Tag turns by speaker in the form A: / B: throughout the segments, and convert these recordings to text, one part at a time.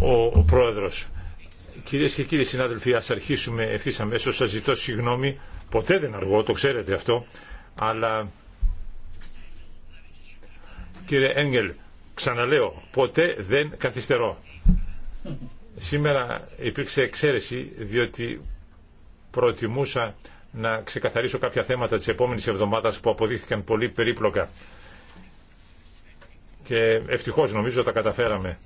A: Ο, ο πρόεδρος. Κυρίες και κύριοι συνάδελφοι, ας αρχίσουμε ευθύς αμέσως. Σας ζητώ συγγνώμη. Ποτέ δεν αργώ, το ξέρετε αυτό. Αλλά, κύριε Έγγελ, ξαναλέω, ποτέ δεν καθυστερώ. Σήμερα υπήρξε εξαίρεση, διότι προτιμούσα να ξεκαθαρίσω κάποια θέματα της επόμενης εβδομάδας που αποδείχθηκαν πολύ περίπλοκα και ευτυχώς νομίζω τα καταφέραμε.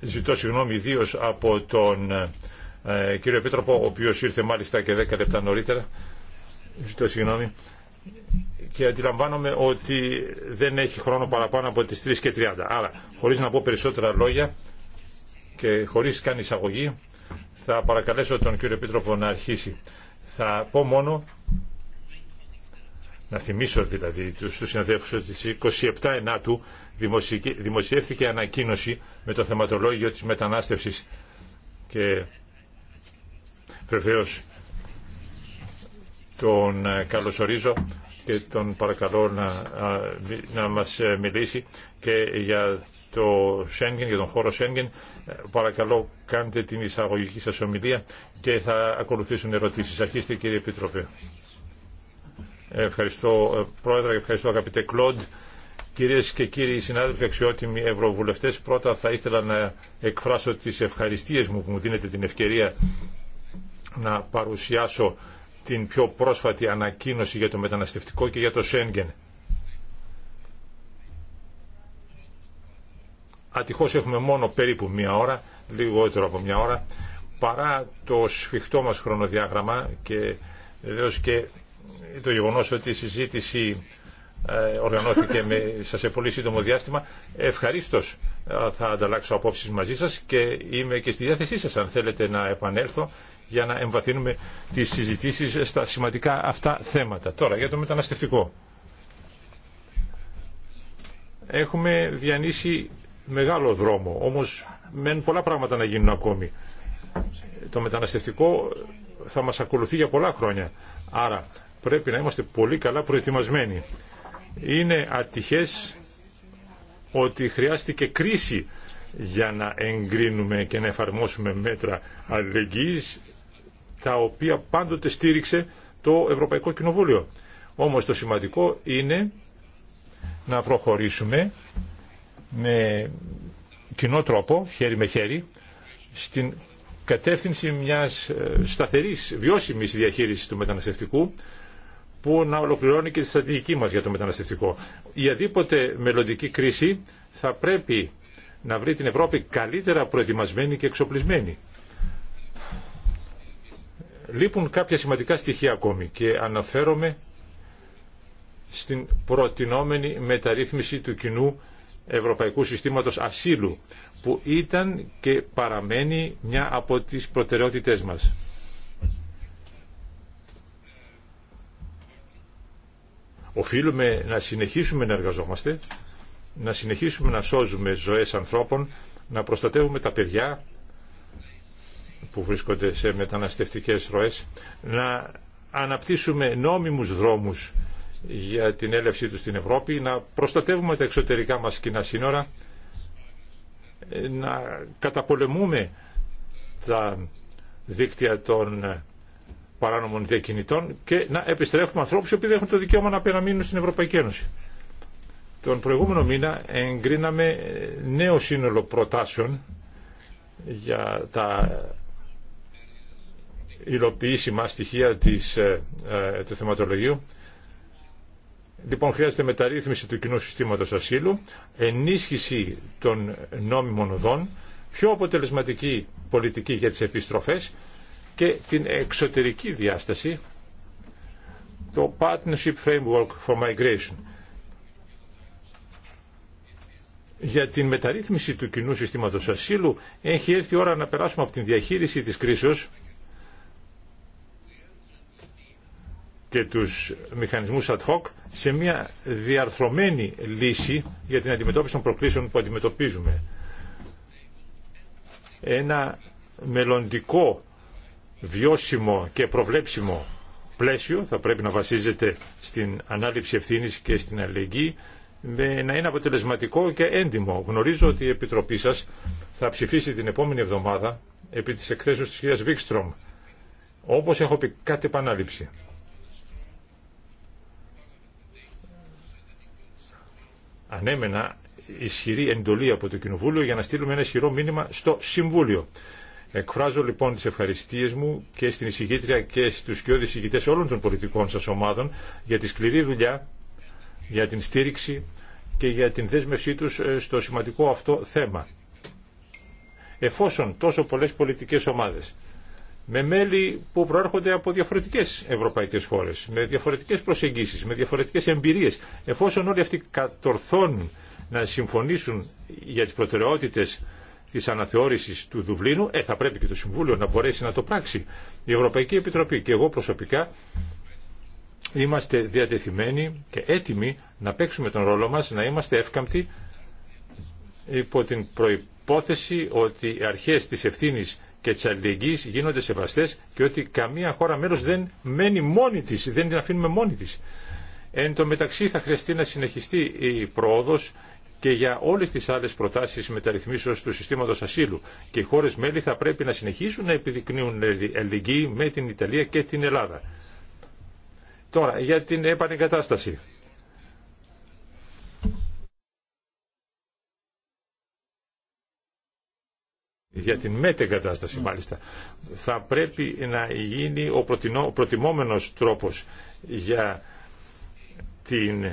A: Ζητώ συγγνώμη ιδίω από τον ε, κύριο Επίτροπο, ο οποίος ήρθε μάλιστα και 10 λεπτά νωρίτερα. Ζητώ συγγνώμη. Και αντιλαμβάνομαι ότι δεν έχει χρόνο παραπάνω από τις 3 και 30. Άρα, χωρίς να πω περισσότερα λόγια και χωρίς καν εισαγωγή, θα παρακαλέσω τον κύριο Επίτροπο να αρχίσει. Θα πω μόνο να θυμίσω δηλαδή στους συναδέλφους ότι στις 27 Ενάτου δημοσιεύθηκε ανακοίνωση με το θεματολόγιο της μετανάστευσης και βεβαίω τον ε, καλωσορίζω και τον παρακαλώ να, να μας ε, μιλήσει και για το για τον χώρο Σέγγεν. Ε, παρακαλώ κάντε την εισαγωγική σας ομιλία και θα ακολουθήσουν ερωτήσεις. Αρχίστε κύριε Επιτροπέ. Ευχαριστώ ε, Πρόεδρε, ευχαριστώ αγαπητέ Κλοντ. Κυρίες και κύριοι συνάδελφοι αξιότιμοι ευρωβουλευτές, πρώτα θα ήθελα να εκφράσω τις ευχαριστίες μου που μου δίνετε την ευκαιρία να παρουσιάσω την πιο πρόσφατη ανακοίνωση για το μεταναστευτικό και για το Σέγγεν. Ατυχώς έχουμε μόνο περίπου μία ώρα, λιγότερο από μία ώρα, παρά το σφιχτό μας χρονοδιάγραμμα και και ε, το γεγονός ότι η συζήτηση ε, οργανώθηκε με, σε πολύ σύντομο διάστημα. ευχαριστώ ε, θα ανταλλάξω απόψεις μαζί σας και είμαι και στη διάθεσή σας αν θέλετε να επανέλθω για να εμβαθύνουμε τις συζητήσεις στα σημαντικά αυτά θέματα. Τώρα για το μεταναστευτικό. Έχουμε διανύσει μεγάλο δρόμο, όμως μένουν πολλά πράγματα να γίνουν ακόμη. Το μεταναστευτικό θα μας ακολουθεί για πολλά χρόνια. Άρα πρέπει να είμαστε πολύ καλά προετοιμασμένοι. Είναι ατυχές ότι χρειάστηκε κρίση για να εγκρίνουμε και να εφαρμόσουμε μέτρα αλληλεγγύης τα οποία πάντοτε στήριξε το Ευρωπαϊκό Κοινοβούλιο. Όμως το σημαντικό είναι να προχωρήσουμε με κοινό τρόπο, χέρι με χέρι, στην κατεύθυνση μιας ε, σταθερής, βιώσιμης διαχείρισης του μεταναστευτικού που να ολοκληρώνει και τη στρατηγική μας για το μεταναστευτικό. Η αδίποτε μελλοντική κρίση θα πρέπει να βρει την Ευρώπη καλύτερα προετοιμασμένη και εξοπλισμένη. Λείπουν κάποια σημαντικά στοιχεία ακόμη και αναφέρομαι στην προτινόμενη μεταρρύθμιση του κοινού Ευρωπαϊκού Συστήματος Ασύλου που ήταν και παραμένει μια από τις προτεραιότητές μας. Οφείλουμε να συνεχίσουμε να εργαζόμαστε, να συνεχίσουμε να σώζουμε ζωές ανθρώπων, να προστατεύουμε τα παιδιά που βρίσκονται σε μεταναστευτικές ροές, να αναπτύσσουμε νόμιμους δρόμους για την έλευσή τους στην Ευρώπη, να προστατεύουμε τα εξωτερικά μας κοινά σύνορα, να καταπολεμούμε τα δίκτυα των παράνομων διακινητών και να επιστρέφουμε ανθρώπους οι οποίοι έχουν το δικαίωμα να παραμείνουν στην Ευρωπαϊκή Ένωση. Τον προηγούμενο μήνα εγκρίναμε ε, νέο σύνολο προτάσεων για τα υλοποιήσιμα στοιχεία της, ε, ε, του θεματολογίου. Λοιπόν, χρειάζεται μεταρρύθμιση του κοινού συστήματος ασύλου, ενίσχυση των νόμιμων οδών, πιο αποτελεσματική πολιτική για τις επιστροφές και την εξωτερική διάσταση, το Partnership Framework for Migration, για την μεταρρύθμιση του κοινού συστήματος ασύλου έχει έρθει η ώρα να περάσουμε από την διαχείριση της κρίσεως και τους μηχανισμούς ad hoc σε μια διαρθρωμένη λύση για την αντιμετώπιση των προκλήσεων που αντιμετωπίζουμε. Ένα μελλοντικό βιώσιμο και προβλέψιμο πλαίσιο θα πρέπει να βασίζεται στην ανάληψη ευθύνης και στην αλληλεγγύη με, να είναι αποτελεσματικό και έντιμο. Γνωρίζω ότι η Επιτροπή σας θα ψηφίσει την επόμενη εβδομάδα επί της εκθέσεως της κυρίας Βίξτρομ. Όπως έχω πει κάτι επανάληψη. Ανέμενα ισχυρή εντολή από το Κοινοβούλιο για να στείλουμε ένα ισχυρό μήνυμα στο Συμβούλιο. Εκφράζω λοιπόν τις ευχαριστίες μου και στην εισηγήτρια και στους και εισηγητές όλων των πολιτικών σας ομάδων για τη σκληρή δουλειά, για την στήριξη και για την δέσμευσή τους ε, στο σημαντικό αυτό θέμα. Εφόσον τόσο πολλές πολιτικές ομάδες με μέλη που προέρχονται από διαφορετικές ευρωπαϊκές χώρες, με διαφορετικές προσεγγίσεις, με διαφορετικές εμπειρίες. Εφόσον όλοι αυτοί κατορθώνουν να συμφωνήσουν για τις προτεραιότητες της αναθεώρησης του Δουβλίνου, ε, θα πρέπει και το Συμβούλιο να μπορέσει να το πράξει. Η Ευρωπαϊκή Επιτροπή και εγώ προσωπικά είμαστε διατεθειμένοι και έτοιμοι να παίξουμε τον ρόλο μας, να είμαστε εύκαμπτοι υπό την προϋπόθεση ότι οι αρχές της ευθύνης και της αλληλεγγύης γίνονται σεβαστέ και ότι καμία χώρα μέρο δεν μένει μόνη τη, δεν την αφήνουμε μόνη τη. Εν τω μεταξύ θα χρειαστεί να συνεχιστεί η πρόοδος και για όλες τις άλλες προτάσεις μεταρρυθμίσεω του συστήματος ασύλου και οι χώρε μέλη θα πρέπει να συνεχίσουν να επιδεικνύουν ελληνική με την Ιταλία και την Ελλάδα. Τώρα, για την επανεγκατάσταση. για την μετεγκατάσταση μάλιστα, θα πρέπει να γίνει ο προτιμόμενος τρόπος για την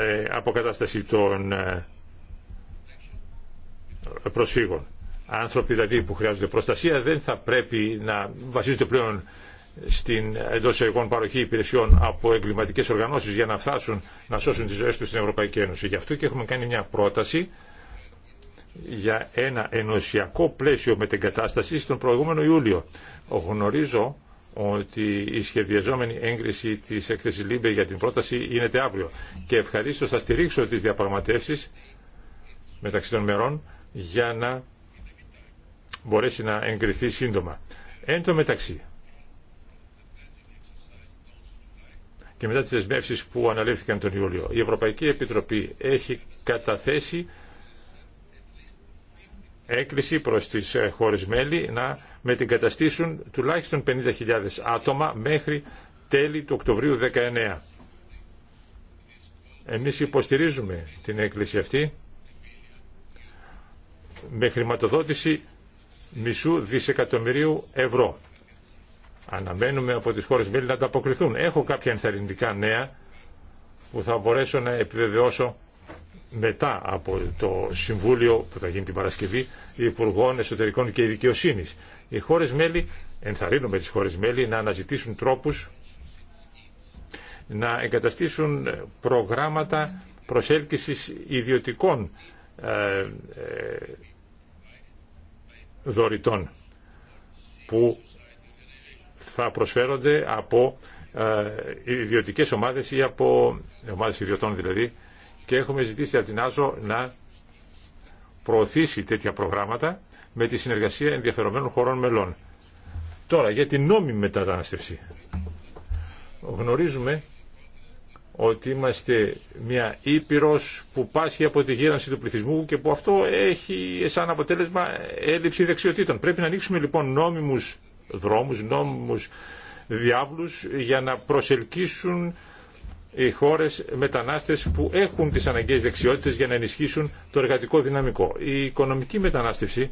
A: ε, αποκατάσταση των ε, προσφύγων. Άνθρωποι δηλαδή που χρειάζονται προστασία δεν θα πρέπει να βασίζονται πλέον στην εντό εγών παροχή υπηρεσιών από εγκληματικέ οργανώσει για να φτάσουν να σώσουν τι ζωέ του στην Ευρωπαϊκή Ένωση. Γι' αυτό και έχουμε κάνει μια πρόταση για ένα ενωσιακό πλαίσιο μετεγκατάσταση τον προηγούμενο Ιούλιο. Γνωρίζω ότι η σχεδιαζόμενη έγκριση τη έκθεση Λίμπε για την πρόταση γίνεται αύριο και ευχαρίστω θα στηρίξω τι διαπραγματεύσει μεταξύ των μερών για να μπορέσει να εγκριθεί σύντομα. Εν τω μεταξύ και μετά τις δεσμεύσεις που αναλήφθηκαν τον Ιούλιο η Ευρωπαϊκή Επιτροπή έχει καταθέσει έκκληση προς τις ε, χώρες μέλη να μετεγκαταστήσουν τουλάχιστον 50.000 άτομα μέχρι τέλη του Οκτωβρίου 19. Εμείς υποστηρίζουμε την έκκληση αυτή με χρηματοδότηση μισού δισεκατομμυρίου ευρώ. Αναμένουμε από τις χώρες μέλη να αποκριθούν. Έχω κάποια ενθαρρυντικά νέα που θα μπορέσω να επιβεβαιώσω μετά από το Συμβούλιο που θα γίνει την Παρασκευή Υπουργών Εσωτερικών και Δικαιοσύνη. Οι χώρε μέλη, ενθαρρύνουμε τι χώρε μέλη να αναζητήσουν τρόπου να εγκαταστήσουν προγράμματα προσέλκυσης ιδιωτικών ε, ε, δωρητών που θα προσφέρονται από ε, ιδιωτικές ομάδες ή από ομάδες ιδιωτών δηλαδή και έχουμε ζητήσει από την ΆΖΟ να προωθήσει τέτοια προγράμματα με τη συνεργασία ενδιαφερομένων χωρών μελών. Τώρα, για την νόμιμη μετανάστευση. Γνωρίζουμε ότι είμαστε μια ήπειρος που πάσχει από τη γύρανση του πληθυσμού και που αυτό έχει σαν αποτέλεσμα έλλειψη δεξιοτήτων. Πρέπει να ανοίξουμε λοιπόν νόμιμους δρόμους, νόμιμους διάβλους για να προσελκύσουν οι χώρε μετανάστες που έχουν τις αναγκαίε δεξιότητες για να ενισχύσουν το εργατικό δυναμικό. Η οικονομική μετανάστευση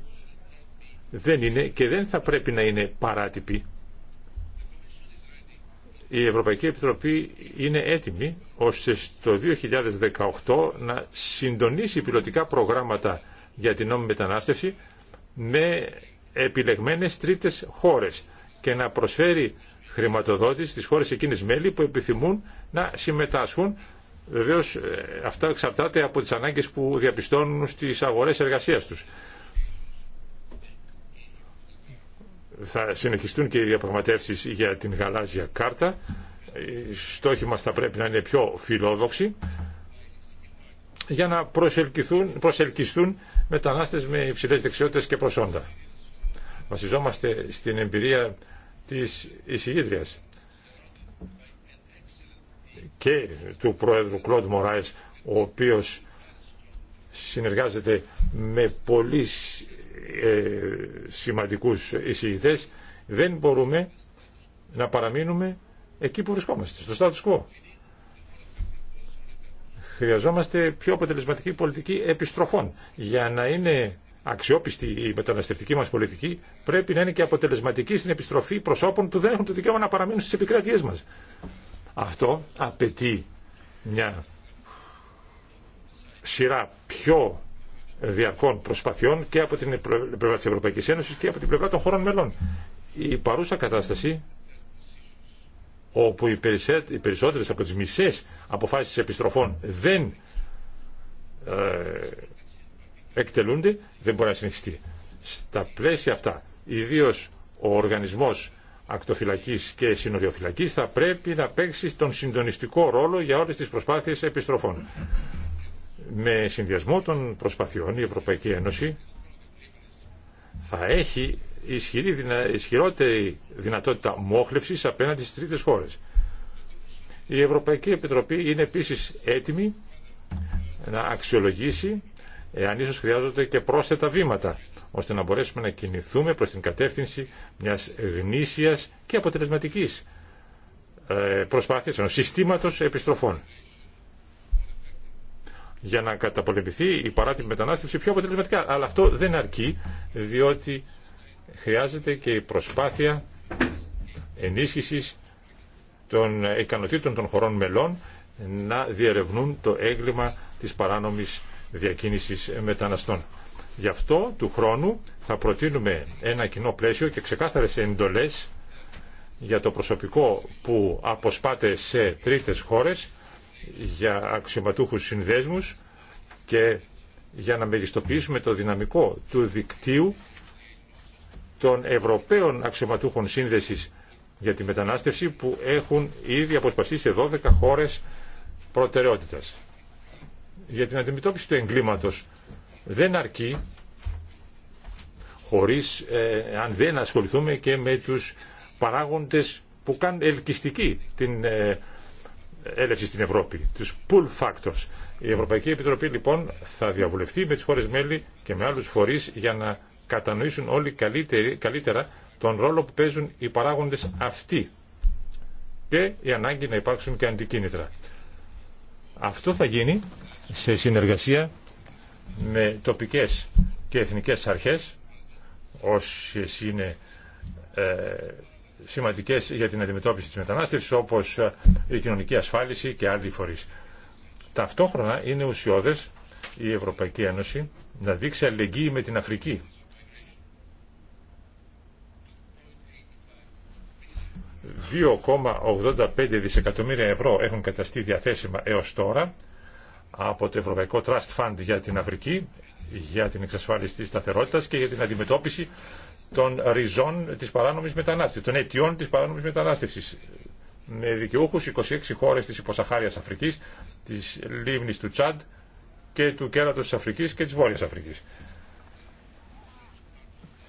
A: δεν είναι και δεν θα πρέπει να είναι παράτυπη. Η Ευρωπαϊκή Επιτροπή είναι έτοιμη ώστε στο 2018 να συντονίσει πιλωτικά προγράμματα για την νόμιμη μετανάστευση με επιλεγμένες τρίτες χώρες και να προσφέρει χρηματοδότηση στις χώρες εκείνες μέλη που επιθυμούν να συμμετάσχουν. Βεβαίως ε, αυτά εξαρτάται από τις ανάγκες που διαπιστώνουν στις αγορές εργασίας τους. Θα συνεχιστούν και οι διαπραγματεύσεις για την γαλάζια κάρτα. Οι στόχοι μας θα πρέπει να είναι πιο φιλόδοξοι για να προσελκυστούν μετανάστες με υψηλές δεξιότητες και προσόντα. Βασιζόμαστε στην εμπειρία της εισηγήτριας και του πρόεδρου Κλοντ Μωράης, ο οποίος συνεργάζεται με πολύ ε, σημαντικούς εισηγητές, δεν μπορούμε να παραμείνουμε εκεί που βρισκόμαστε, στο status quo. Χρειαζόμαστε πιο αποτελεσματική πολιτική επιστροφών για να είναι αξιόπιστη η μεταναστευτική μας πολιτική πρέπει να είναι και αποτελεσματική στην επιστροφή προσώπων που δεν έχουν το δικαίωμα να παραμείνουν στις επικράτειέ μας. Αυτό απαιτεί μια σειρά πιο διαρκών προσπαθειών και από την πλευρά τη Ευρωπαϊκή Ένωση και από την πλευρά των χωρών μελών. Η παρούσα κατάσταση όπου οι περισσότερες από τις μισές αποφάσεις επιστροφών δεν ε, εκτελούνται δεν μπορεί να συνεχιστεί. Στα πλαίσια αυτά, ιδίω ο οργανισμός ακτοφυλακή και συνοριοφυλακής θα πρέπει να παίξει τον συντονιστικό ρόλο για όλες τις προσπάθειες επιστροφών. Με συνδυασμό των προσπαθειών η Ευρωπαϊκή Ένωση θα έχει ισχυρή, ισχυρότερη δυνατότητα μόχλευσης απέναντι στι τρίτες χώρε. Η Ευρωπαϊκή Επιτροπή είναι επίση έτοιμη να αξιολογήσει εάν ίσως χρειάζονται και πρόσθετα βήματα, ώστε να μπορέσουμε να κινηθούμε προς την κατεύθυνση μιας γνήσιας και αποτελεσματικής ε, προσπάθειας, ενός συστήματος επιστροφών για να καταπολεμηθεί η παράτυπη μετανάστευση πιο αποτελεσματικά. Αλλά αυτό δεν αρκεί, διότι χρειάζεται και η προσπάθεια ενίσχυσης των ικανοτήτων των χωρών μελών να διερευνούν το έγκλημα της παράνομης διακίνησης μεταναστών. Γι' αυτό του χρόνου θα προτείνουμε ένα κοινό πλαίσιο και ξεκάθαρες εντολές για το προσωπικό που αποσπάται σε τρίτες χώρες, για αξιωματούχους συνδέσμους και για να μεγιστοποιήσουμε το δυναμικό του δικτύου των Ευρωπαίων αξιωματούχων σύνδεσης για τη μετανάστευση που έχουν ήδη αποσπαστεί σε 12 χώρες προτεραιότητας για την αντιμετώπιση του εγκλήματος δεν αρκεί χωρίς, ε, αν δεν ασχοληθούμε και με τους παράγοντες που κάνουν ελκυστική την ε, έλευση στην Ευρώπη, τους pull factors. Η Ευρωπαϊκή Επιτροπή λοιπόν θα διαβουλευτεί με τις χώρες μέλη και με άλλους φορείς για να κατανοήσουν όλοι καλύτερα τον ρόλο που παίζουν οι παράγοντες αυτοί και η ανάγκη να υπάρξουν και αντικίνητρα. Αυτό θα γίνει σε συνεργασία με τοπικές και εθνικές αρχές όσες είναι ε, σημαντικές για την αντιμετώπιση της μετανάστευσης όπως ε, η κοινωνική ασφάλιση και άλλοι φορείς. Ταυτόχρονα είναι ουσιώδες η Ευρωπαϊκή Ένωση να δείξει αλληλεγγύη με την Αφρική. 2,85 δισεκατομμύρια ευρώ έχουν καταστεί διαθέσιμα έως τώρα από το Ευρωπαϊκό Trust Fund για την Αφρική, για την εξασφάλιση της σταθερότητας και για την αντιμετώπιση των ριζών της παράνομης μετανάστευσης, των αιτιών της παράνομης μετανάστευσης. Με δικαιούχους 26 χώρες της υποσαχάριας Αφρικής, της λίμνης του Τσάντ και του κέρατος της Αφρικής και της Βόρειας Αφρικής.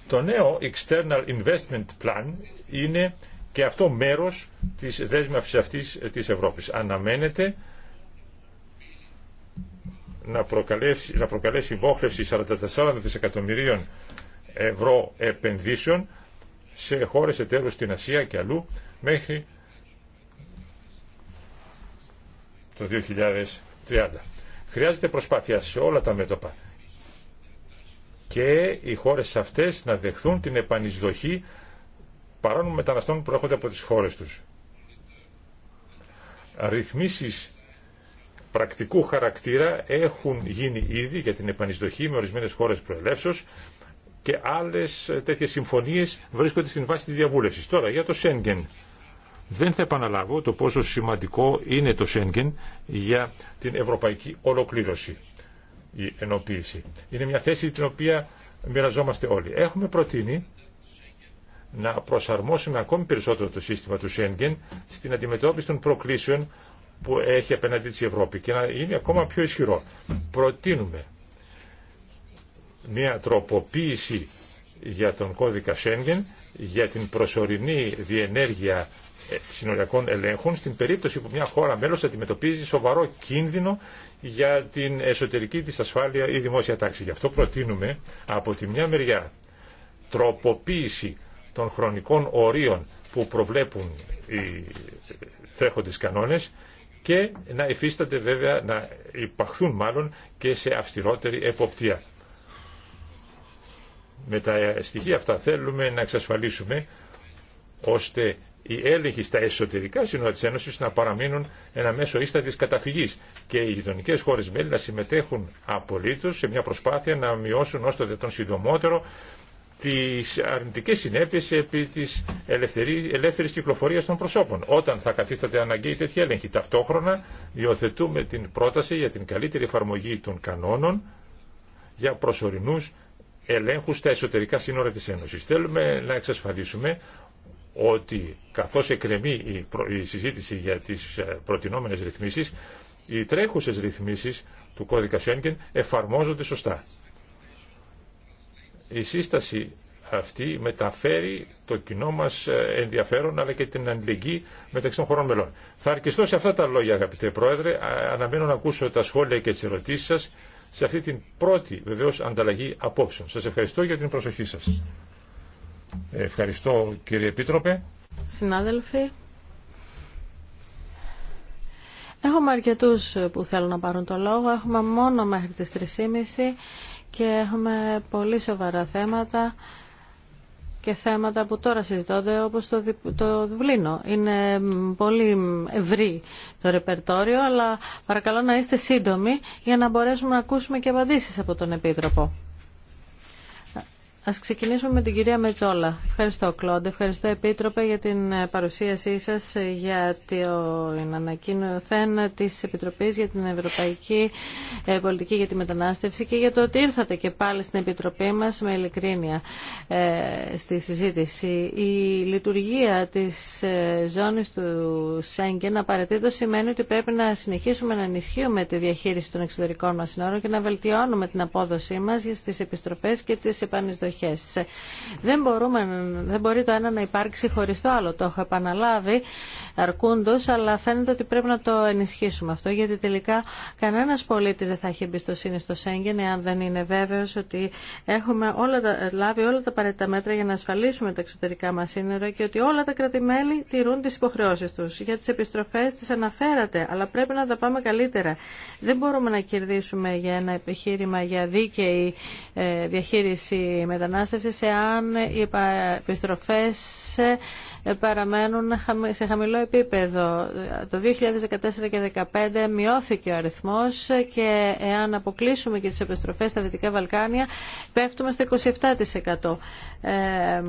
A: Το νέο External Investment Plan είναι και αυτό μέρος της δέσμευσης αυτής της Ευρώπης. Αναμένεται να προκαλέσει, να 44 δισεκατομμυρίων ευρώ επενδύσεων σε χώρες εταίρους στην Ασία και αλλού μέχρι το 2030. Χρειάζεται προσπάθεια σε όλα τα μέτωπα και οι χώρες αυτές να δεχθούν την επανεισδοχή παράνομων μεταναστών που προέρχονται από τις χώρες τους. Ρυθμίσεις πρακτικού χαρακτήρα έχουν γίνει ήδη για την επανεισδοχή με ορισμένες χώρες προελεύσεως και άλλες τέτοιες συμφωνίες βρίσκονται στην βάση της διαβούλευσης. Τώρα για το Σέγγεν. Δεν θα επαναλάβω το πόσο σημαντικό είναι το Σέγγεν για την ευρωπαϊκή ολοκλήρωση, η ενοποίηση. Είναι μια θέση την οποία μοιραζόμαστε όλοι. Έχουμε προτείνει να προσαρμόσουμε ακόμη περισσότερο το σύστημα του Σέγγεν στην αντιμετώπιση των προκλήσεων που έχει απέναντι της Ευρώπη και να είναι ακόμα πιο ισχυρό. Προτείνουμε μια τροποποίηση για τον κώδικα Σέγγεν για την προσωρινή διενέργεια ε, συνοριακών ελέγχων στην περίπτωση που μια χώρα μέλος αντιμετωπίζει σοβαρό κίνδυνο για την εσωτερική της ασφάλεια ή δημόσια τάξη. Γι' αυτό προτείνουμε από τη μια μεριά τροποποίηση των χρονικών ορίων που προβλέπουν οι ε, ε, τρέχοντες κανόνες και να υφίστανται βέβαια, να υπαχθούν μάλλον και σε αυστηρότερη εποπτεία. Με τα στοιχεία αυτά θέλουμε να εξασφαλίσουμε ώστε οι έλεγχοι στα εσωτερικά σύνορα της Ένωσης να παραμείνουν ένα μέσο ίστατης καταφυγής και οι γειτονικέ χώρες μέλη να συμμετέχουν απολύτως σε μια προσπάθεια να μειώσουν ώστε τον συντομότερο τις αρνητικές συνέπειες επί της ελεύθερης κυκλοφορίας των προσώπων. Όταν θα καθίσταται αναγκαίοι τέτοια έλεγχη ταυτόχρονα, υιοθετούμε την πρόταση για την καλύτερη εφαρμογή των κανόνων για προσωρινούς ελέγχους στα εσωτερικά σύνορα της Ένωσης. Θέλουμε να εξασφαλίσουμε ότι καθώς εκκρεμεί η συζήτηση για τις ε, προτινόμενες ρυθμίσεις, οι τρέχουσες ρυθμίσεις του κώδικα Σέγγεν εφαρμόζονται σωστά. Η σύσταση αυτή μεταφέρει το κοινό μα ε, ενδιαφέρον αλλά και την αλληλεγγύη μεταξύ των χωρών μελών. Θα αρκεστώ σε αυτά τα λόγια αγαπητέ Πρόεδρε, αναμένω να ακούσω τα σχόλια και τις ερωτήσει σας σε αυτή την πρώτη βεβαίως ανταλλαγή απόψεων. Σας ευχαριστώ για την προσοχή σας. Ευχαριστώ κύριε Επίτροπε.
B: Συνάδελφοι, έχουμε αρκετούς που θέλουν να πάρουν το λόγο. Έχουμε μόνο μέχρι τις 3.30 και έχουμε πολύ σοβαρά θέματα και θέματα που τώρα συζητώνται όπως το, το Δουβλίνο. Είναι πολύ ευρύ το ρεπερτόριο, αλλά παρακαλώ να είστε σύντομοι για να μπορέσουμε να ακούσουμε και απαντήσεις από τον Επίτροπο. Ας ξεκινήσουμε με την κυρία Μετζόλα. Ευχαριστώ Κλόντ, ευχαριστώ Επίτροπε για την ε, παρουσίασή σας ε, για την ε, ανακοίνωθεν της Επιτροπής για την Ευρωπαϊκή Πολιτική για τη Μετανάστευση και για το ότι ήρθατε και πάλι στην Επιτροπή μας με ειλικρίνεια στη συζήτηση. Η λειτουργία της ζώνης του Σέγγεν απαραίτητο σημαίνει ότι πρέπει να συνεχίσουμε να ενισχύουμε τη διαχείριση των εξωτερικών μας συνόρων και να βελτιώνουμε την απόδοσή μας στις επιστροφές και τις επανεισδοχές δεν, δεν μπορεί το ένα να υπάρξει χωρίς το άλλο. Το έχω επαναλάβει αρκούντος, αλλά φαίνεται ότι πρέπει να το ενισχύσουμε αυτό, γιατί τελικά κανένας πολίτης δεν θα έχει εμπιστοσύνη στο Σέγγεν, εάν δεν είναι βέβαιος ότι έχουμε όλα τα, λάβει όλα τα απαραίτητα μέτρα για να ασφαλίσουμε τα εξωτερικά μας σύνορα και ότι όλα τα κρατημέλη τηρούν τις υποχρεώσεις τους. Για τις επιστροφές τις αναφέρατε, αλλά πρέπει να τα πάμε καλύτερα. Δεν μπορούμε να κερδίσουμε για ένα επιχείρημα για δίκαιη ε, διαχείριση με μετανάστευσης εάν οι επιστροφές ε, παραμένουν σε χαμηλό επίπεδο. Το 2014 και 2015 μειώθηκε ο αριθμός και εάν αποκλείσουμε και τις επιστροφές στα Δυτικά Βαλκάνια πέφτουμε στο 27%. Ε,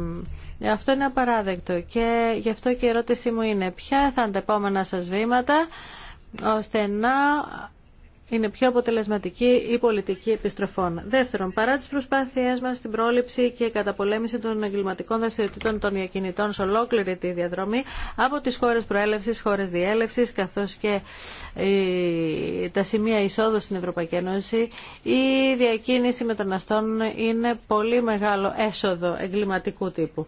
B: αυτό είναι απαράδεκτο και γι' αυτό και η ερώτησή μου είναι ποια θα είναι τα επόμενα σας βήματα ώστε να είναι πιο αποτελεσματική η πολιτική επιστροφών. Δεύτερον, παρά τι προσπάθειέ μα στην πρόληψη και καταπολέμηση των εγκληματικών δραστηριοτήτων των διακινητών σε ολόκληρη τη διαδρομή από τι χώρε προέλευση, χώρε διέλευση, καθώ και ε, τα σημεία εισόδου στην Ευρωπαϊκή Ένωση, η διακίνηση μεταναστών είναι πολύ μεγάλο έσοδο εγκληματικού τύπου.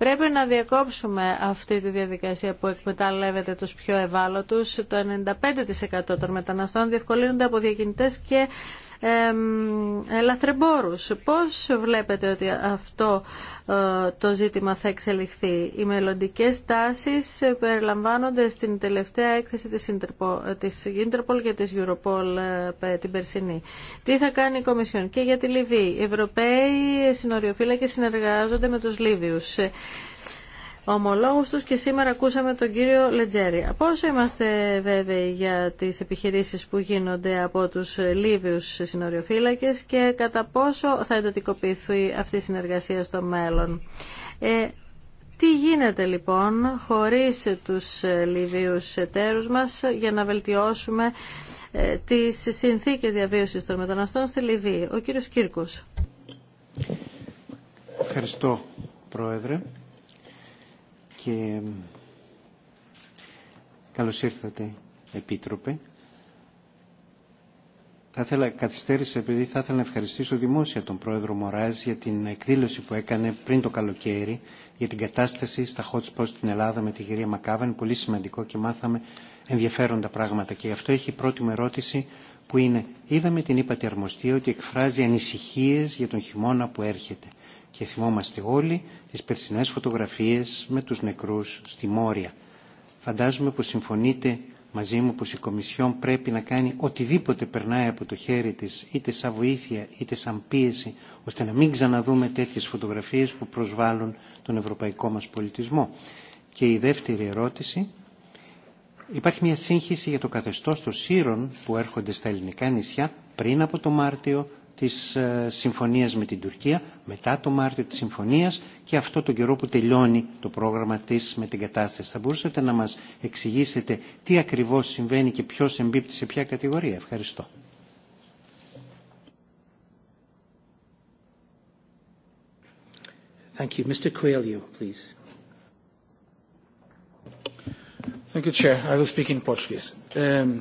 B: Πρέπει να διακόψουμε αυτή τη διαδικασία που εκμεταλλεύεται τους πιο ευάλωτους. Το 95% των μεταναστών διευκολύνονται από διακινητές και λαθρεμπόρους. Πώς βλέπετε ότι αυτό ε, το ζήτημα θα εξελιχθεί. Οι μελλοντικέ τάσεις περιλαμβάνονται στην τελευταία έκθεση της Interpol, της Interpol και της Europol ε, την περσινή. Τι θα κάνει η Κομισιόν και για τη Λιβύη. Οι Ευρωπαίοι συνοριοφύλακες συνεργάζονται με τους Λίβιους ομολόγους τους και σήμερα ακούσαμε τον κύριο Λετζέρη. Πόσο είμαστε βέβαιοι για τις επιχειρήσεις που γίνονται από τους Λίβιους συνοριοφύλακες και κατά πόσο θα εντοτικοποιηθεί αυτή η συνεργασία στο μέλλον. Ε, τι γίνεται λοιπόν χωρίς τους Λιβίους εταίρους μας για να βελτιώσουμε ε, τις συνθήκες διαβίωσης των μεταναστών στη Λιβύη. Ο κύριος Κύρκος.
C: Ευχαριστώ, Πρόεδρε και καλώς ήρθατε Επίτροπε. Θα ήθελα, καθυστέρησα επειδή θα ήθελα να ευχαριστήσω δημόσια τον Πρόεδρο Μωράζ για την εκδήλωση που έκανε πριν το καλοκαίρι για την κατάσταση στα hot spots στην Ελλάδα με τη κυρία Μακάβαν. Πολύ σημαντικό και μάθαμε ενδιαφέροντα πράγματα. Και γι' αυτό έχει η πρώτη μου ερώτηση που είναι είδαμε την ύπατη αρμοστία ότι εκφράζει ανησυχίες για τον χειμώνα που έρχεται και θυμόμαστε όλοι τις περσινές φωτογραφίες με τους νεκρούς στη Μόρια. Φαντάζομαι πως συμφωνείτε μαζί μου πως η Κομισιόν πρέπει να κάνει οτιδήποτε περνάει από το χέρι της, είτε σαν βοήθεια είτε σαν πίεση, ώστε να μην ξαναδούμε τέτοιες φωτογραφίες που προσβάλλουν τον ευρωπαϊκό μας πολιτισμό. Και η δεύτερη ερώτηση, υπάρχει μια σύγχυση για το καθεστώς των σύρων που έρχονται στα ελληνικά νησιά πριν από το Μάρτιο της ε, συμφωνίας με την Τουρκία, μετά το Μάρτιο της συμφωνίας και αυτό τον καιρό που τελειώνει το πρόγραμμα της με την κατάσταση. Θα μπορούσατε να μας εξηγήσετε τι ακριβώς συμβαίνει και ποιος εμπίπτει σε ποια κατηγορία. Ευχαριστώ. Thank you. Mr. Coelho, please. Thank you, Chair. I will speak in Portuguese. Um...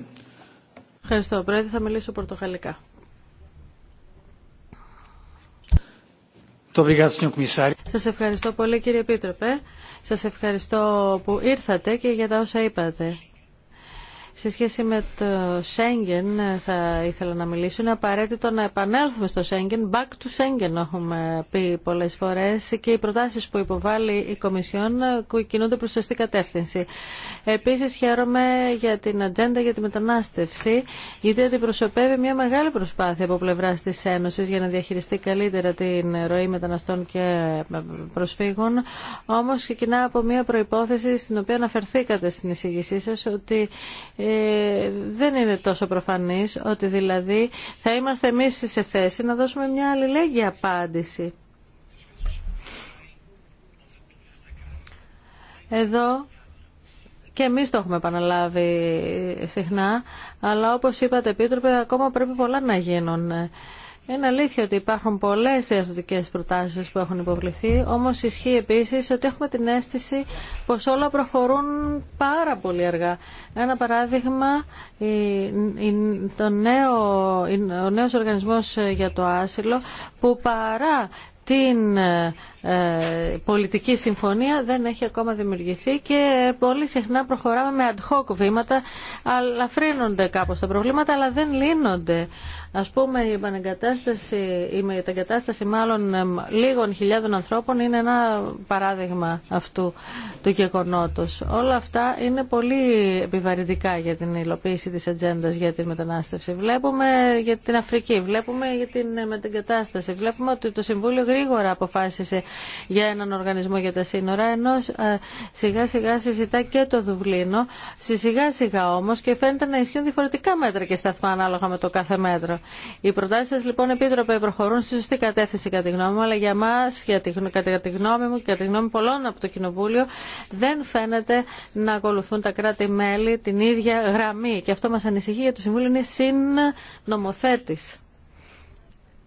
B: Ευχαριστώ, Πρόεδρε. Θα μιλήσω πορτογαλικά. Σας ευχαριστώ πολύ κύριε Επίτροπε. Σας ευχαριστώ που ήρθατε και για τα όσα είπατε σε σχέση με το Σέγγεν ε, θα ήθελα να μιλήσω. Είναι απαραίτητο να επανέλθουμε στο Σέγγεν. Back to Σέγγεν έχουμε πει πολλές φορές και οι προτάσεις που υποβάλλει η Κομισιόν ε, κινούνται προς σωστή κατεύθυνση. Επίσης χαίρομαι για την ατζέντα για τη μετανάστευση γιατί αντιπροσωπεύει μια μεγάλη προσπάθεια από πλευρά τη Ένωση για να διαχειριστεί καλύτερα την ροή μεταναστών και ε, προσφύγων. Όμω ξεκινά από μια προπόθεση στην οποία αναφερθήκατε στην εισήγησή σα ότι δεν είναι τόσο προφανής ότι δηλαδή θα είμαστε εμείς σε θέση να δώσουμε μια αλληλέγγυη απάντηση. Εδώ και εμείς το έχουμε επαναλάβει συχνά, αλλά όπως είπατε επίτροπε ακόμα πρέπει πολλά να γίνουν. Είναι αλήθεια ότι υπάρχουν πολλές διαρθρωτικές προτάσεις που έχουν υποβληθεί, όμως ισχύει επίσης ότι έχουμε την αίσθηση πως όλα προχωρούν πάρα πολύ αργά. Ένα παράδειγμα, το νέο, ο νέος οργανισμός για το άσυλο που παρά την ε, πολιτική συμφωνία δεν έχει ακόμα δημιουργηθεί και πολύ συχνά προχωράμε με ad hoc βήματα, αλλά φρύνονται κάπως τα προβλήματα, αλλά δεν λύνονται. Ας πούμε η επανεγκατάσταση, η μεταγκατάσταση μάλλον ε, λίγων χιλιάδων ανθρώπων είναι ένα παράδειγμα αυτού του γεγονότος. Όλα αυτά είναι πολύ επιβαρυντικά για την υλοποίηση της ατζέντα για την μετανάστευση. Βλέπουμε για την Αφρική, βλέπουμε για την μεταγκατάσταση, βλέπουμε ότι το Συμβούλιο γρήγορα αποφάσισε για έναν οργανισμό για τα σύνορα, ενώ ε, σιγά σιγά συζητά και το Δουβλίνο, σιγά σιγά όμω και φαίνεται να ισχύουν διαφορετικά μέτρα και σταθμά ανάλογα με το κάθε μέτρο. Οι προτάσει, σα λοιπόν επίτροπε προχωρούν στη σωστή κατεύθυνση κατά τη γνώμη μου, αλλά για εμά, κατά τη γνώμη μου και κατά τη γνώμη πολλών από το Κοινοβούλιο, δεν φαίνεται να ακολουθούν τα κράτη-μέλη την ίδια γραμμή. Και αυτό μα ανησυχεί για το Συμβούλιο είναι συνομοθέτης.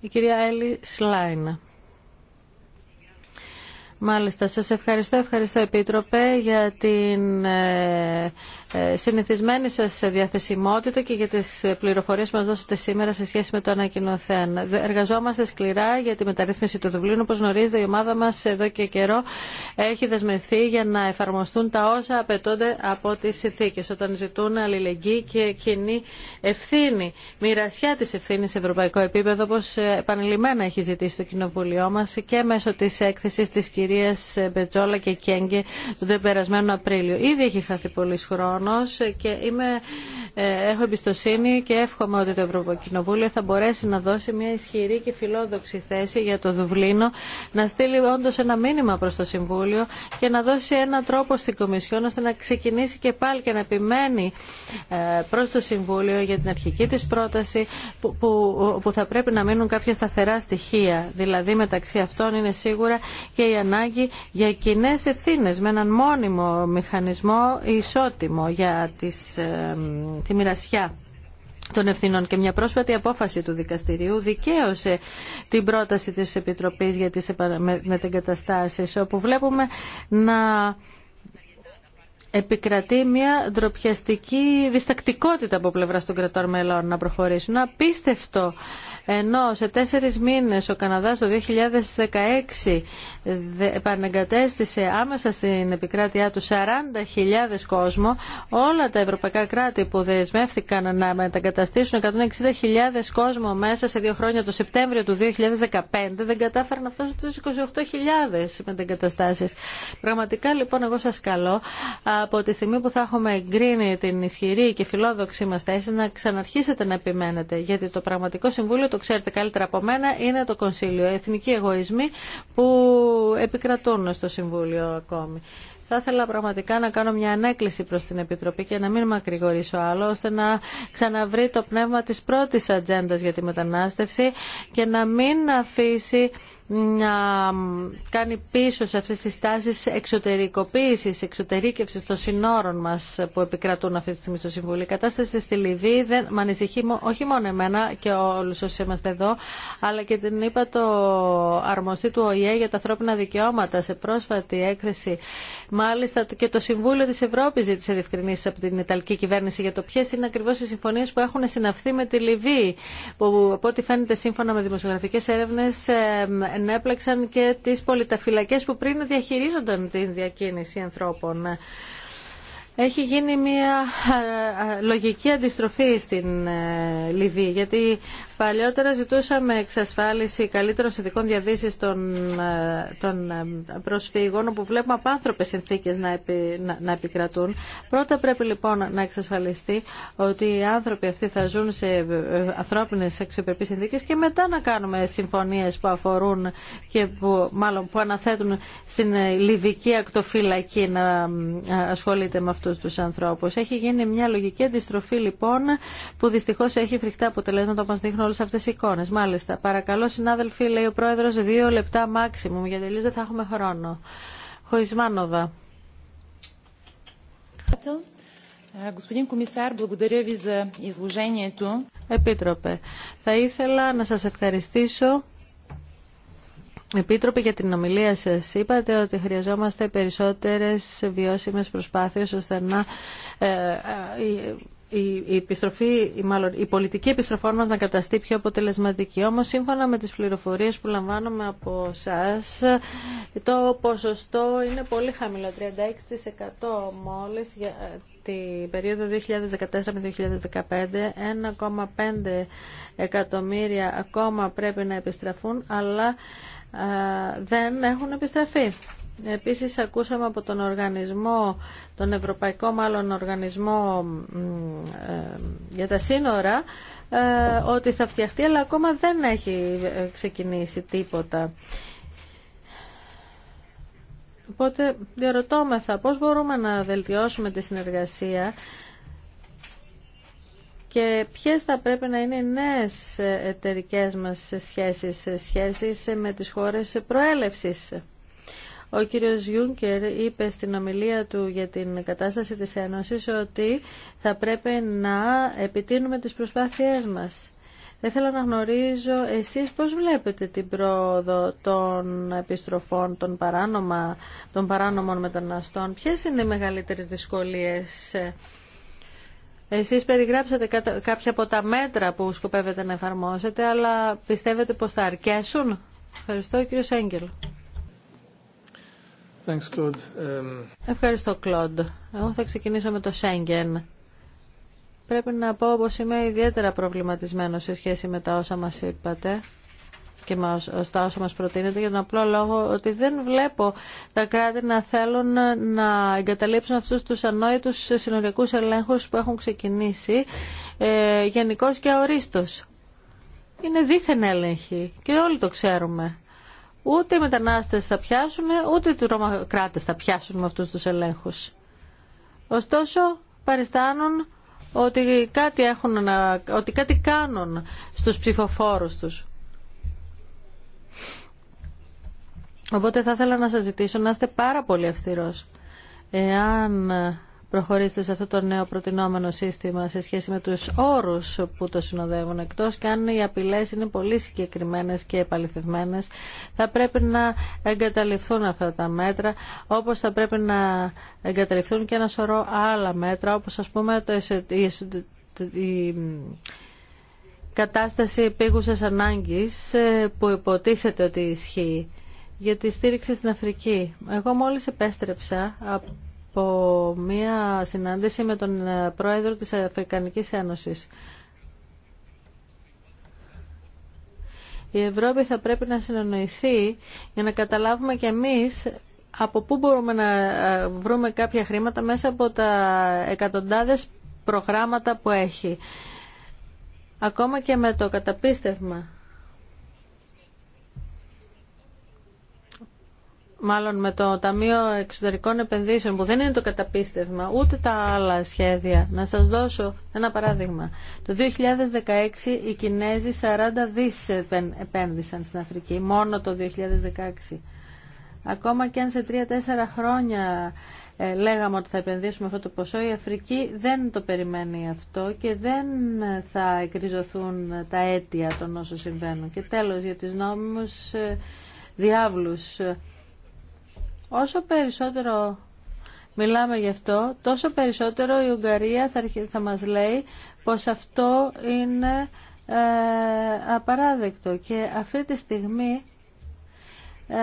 B: Η κυρία Έλλη Σλάινα. Μάλιστα, σας ευχαριστώ, ευχαριστώ Επίτροπε για την ε, ε, συνηθισμένη σας διαθεσιμότητα και για τι πληροφορίε που μα δώσετε σήμερα σε σχέση με το ανακοινωθέν. Εργαζόμαστε σκληρά για τη μεταρρύθμιση του Δουβλίνου. όπω γνωρίζετε η ομάδα μα εδώ και καιρό έχει δεσμευθεί για να εφαρμοστούν τα όσα απαιτούνται από τι συνθήκε όταν ζητούν αλληλεγγύη και κοινή ευθύνη, μοιρασιά τη ευθύνη σε ευρωπαϊκό επίπεδο όπως ε, επανειλημμένα έχει ζητήσει το Κοινοβούλιο μα και μέσω τη έκθεση τη κυρία Μπετζόλα και Κέγκε τον περασμένο Απρίλιο. Ήδη έχει χαθεί χρόνο και είμαι, ε, έχω εμπιστοσύνη και εύχομαι ότι το Ευρωκοινοβούλιο θα μπορέσει να δώσει μια ισχυρή και φιλόδοξη θέση για το Δουβλίνο, να στείλει όντω ένα μήνυμα προς το Συμβούλιο και να δώσει ένα τρόπο στην Κομισιόν ώστε να ξεκινήσει και πάλι και να επιμένει ε, προς το Συμβούλιο για την αρχική της πρόταση που, που, που θα πρέπει να μείνουν κάποια σταθερά στοιχεία. Δηλαδή μεταξύ αυτών είναι σίγουρα και η ανάγκη για κοινέ ευθύνε με έναν μόνιμο μηχανισμό ισότιμο για τις, ε, τη μοιρασιά των ευθυνών και μια πρόσφατη απόφαση του δικαστηρίου δικαίωσε την πρόταση της Επιτροπής για τις μετεγκαταστάσεις όπου βλέπουμε να επικρατεί μια ντροπιαστική διστακτικότητα από πλευρά των κρατών μελών να προχωρήσουν. Απίστευτο ενώ σε τέσσερις μήνες ο Καναδάς το 2016 επανεγκατέστησε άμεσα στην επικράτειά του 40.000 κόσμο, όλα τα ευρωπαϊκά κράτη που δεσμεύτηκαν να μετακαταστήσουν 160.000 κόσμο μέσα σε δύο χρόνια το Σεπτέμβριο του 2015 δεν κατάφεραν αυτό στους 28.000 μετακαταστάσεις. Πραγματικά λοιπόν εγώ σας καλώ από τη στιγμή που θα έχουμε εγκρίνει την ισχυρή και φιλόδοξη μας θέση να ξαναρχίσετε να επιμένετε γιατί το πραγματικό συμβούλιο το ξέρετε καλύτερα από μένα, είναι το κονσίλιο. Εθνικοί εγωισμοί που επικρατούν στο Συμβούλιο ακόμη. Θα ήθελα πραγματικά να κάνω μια ανέκκληση προς την Επιτροπή και να μην μακρηγορήσω άλλο, ώστε να ξαναβρει το πνεύμα της πρώτης ατζέντα για τη μετανάστευση και να μην αφήσει να κάνει πίσω σε αυτές τις τάσεις εξωτερικοποίησης, εξωτερήκευσης των συνόρων μας που επικρατούν αυτή τη στιγμή στο Συμβούλιο. Η κατάσταση στη Λιβύη δεν, με ανησυχεί όχι μόνο εμένα και όλους όσοι είμαστε εδώ, αλλά και την είπα το αρμοστή του ΟΗΕ για τα ανθρώπινα δικαιώματα σε πρόσφατη έκθεση. Μάλιστα και το Συμβούλιο της Ευρώπης ζήτησε διευκρινήσεις από την Ιταλική κυβέρνηση για το ποιε είναι ακριβώς οι συμφωνίες που έχουν συναυθεί με τη Λιβύη, που από ό,τι φαίνεται σύμφωνα με δημοσιογραφικές έρευνες ε, ενέπλεξαν και τις πολιταφυλακές που πριν διαχειρίζονταν την διακίνηση ανθρώπων. Έχει γίνει μια ε, ε, λογική αντιστροφή στην ε, Λιβύη, γιατί Παλιότερα ζητούσαμε εξασφάλιση καλύτερων συνδικών διαβίωσης των, ε, των ε, προσφύγων, όπου βλέπουμε απάνθρωπες συνθήκε να, να, επικρατούν. Πρώτα πρέπει λοιπόν να εξασφαλιστεί ότι οι άνθρωποι αυτοί θα ζουν σε ε, ανθρώπινε αξιοπρεπεί συνθήκε και μετά να κάνουμε συμφωνίε που αφορούν και που, μάλλον, που αναθέτουν στην Λιβική ακτοφυλακή να ασχολείται με αυτού του ανθρώπου. Έχει γίνει μια λογική αντιστροφή λοιπόν που δυστυχώ έχει φρικτά αποτελέσματα μας δείχνουν σε αυτές εικόνες. Μάλιστα. Παρακαλώ, συνάδελφοι, λέει ο Πρόεδρος, δύο λεπτά μάξιμου. γιατί τελείως δεν θα έχουμε χρόνο. Χωρισμάνοβα. Επίτροπε, θα ήθελα να σας ευχαριστήσω Επίτροπε, για την ομιλία σας είπατε ότι χρειαζόμαστε περισσότερες βιώσιμες προσπάθειες ώστε να ε, ε, η, επιστροφή, η πολιτική επιστροφών μας να καταστεί πιο αποτελεσματική. Όμως σύμφωνα με τις πληροφορίες που λαμβάνουμε από εσά, το ποσοστό είναι πολύ χαμηλό, 36% μόλις για ε, την περίοδο 2014-2015, 1,5 εκατομμύρια ακόμα πρέπει να επιστραφούν, αλλά ε, δεν έχουν επιστραφεί. Επίσης ακούσαμε από τον οργανισμό, τον Ευρωπαϊκό μάλλον οργανισμό ε, για τα σύνορα, ε, ότι θα φτιαχτεί, αλλά ακόμα δεν έχει ε, ξεκινήσει τίποτα. Οπότε διαρωτώμεθα πώς μπορούμε να βελτιώσουμε τη συνεργασία και ποιες θα πρέπει να είναι οι νέες εταιρικές μας σχέσεις, σχέσεις με τις χώρες προέλευσης. Ο κύριος Γιούνκερ είπε στην ομιλία του για την κατάσταση της Ένωσης ότι θα πρέπει να επιτείνουμε τις προσπάθειές μας. Δεν θέλω να γνωρίζω εσείς πώς βλέπετε την πρόοδο των επιστροφών των, παράνομα, των παράνομων μεταναστών. Ποιες είναι οι μεγαλύτερες δυσκολίες εσείς περιγράψατε κάποια από τα μέτρα που σκοπεύετε να εφαρμόσετε, αλλά πιστεύετε πως θα αρκέσουν. Ευχαριστώ, κύριο Σέγγελ.
D: Thanks, Claude. Um,
B: Ευχαριστώ, Κλοντ. Εγώ θα ξεκινήσω με το Σέγγεν. Πρέπει να πω πως είμαι ιδιαίτερα προβληματισμένο σε σχέση με τα όσα μας είπατε και τα όσα μας προτείνετε για τον απλό λόγο ότι δεν βλέπω τα κράτη να θέλουν να εγκαταλείψουν αυτούς τους ανόητους συνοριακούς ελέγχους που έχουν ξεκινήσει ε, γενικώ και ορίστως. Είναι δίθεν έλεγχοι και όλοι το ξέρουμε. Ούτε οι μετανάστες θα πιάσουν, ούτε οι Ρωμακράτες θα πιάσουν με αυτούς τους ελέγχους. Ωστόσο, παριστάνουν ότι κάτι, έχουν να, ότι κάτι κάνουν στους ψηφοφόρους τους. Οπότε θα ήθελα να σας ζητήσω να είστε πάρα πολύ αυστηρός. Εάν προχωρήσετε σε αυτό το νέο προτινόμενο σύστημα σε σχέση με τους όρους που το συνοδεύουν εκτός και αν οι απειλές είναι πολύ συγκεκριμένες και επαληθευμένες θα πρέπει να εγκαταλειφθούν αυτά τα μέτρα όπως θα πρέπει να εγκαταλειφθούν και ένα σωρό άλλα μέτρα όπως ας πούμε το, η κατάσταση επίγουσας ανάγκης ε, που υποτίθεται ότι ισχύει για τη στήριξη στην Αφρική. Εγώ μόλις επέστρεψα από μία συνάντηση με τον ε, πρόεδρο της Αφρικανικής Ένωσης. Η Ευρώπη θα πρέπει να συνεννοηθεί για να καταλάβουμε και εμείς από πού μπορούμε να ε, βρούμε κάποια χρήματα μέσα από τα εκατοντάδες προγράμματα που έχει. Ακόμα και με το καταπίστευμα μάλλον με το Ταμείο Εξωτερικών Επενδύσεων που δεν είναι το καταπίστευμα ούτε τα άλλα σχέδια. Να σας δώσω ένα παράδειγμα. Το 2016 οι Κινέζοι 40 δις επένδυσαν στην Αφρική, μόνο το 2016. Ακόμα και αν σε 3-4 χρόνια ε, λέγαμε ότι θα επενδύσουμε αυτό το ποσό, η Αφρική δεν το περιμένει αυτό και δεν θα εκριζωθούν τα αίτια των όσων συμβαίνουν. Και τέλος, για τις νόμιμους ε, διάβλους. Ε, Όσο περισσότερο μιλάμε γι' αυτό, τόσο περισσότερο η Ουγγαρία θα, θα μας λέει πως αυτό είναι ε, απαράδεκτο. Και αυτή τη στιγμή ε,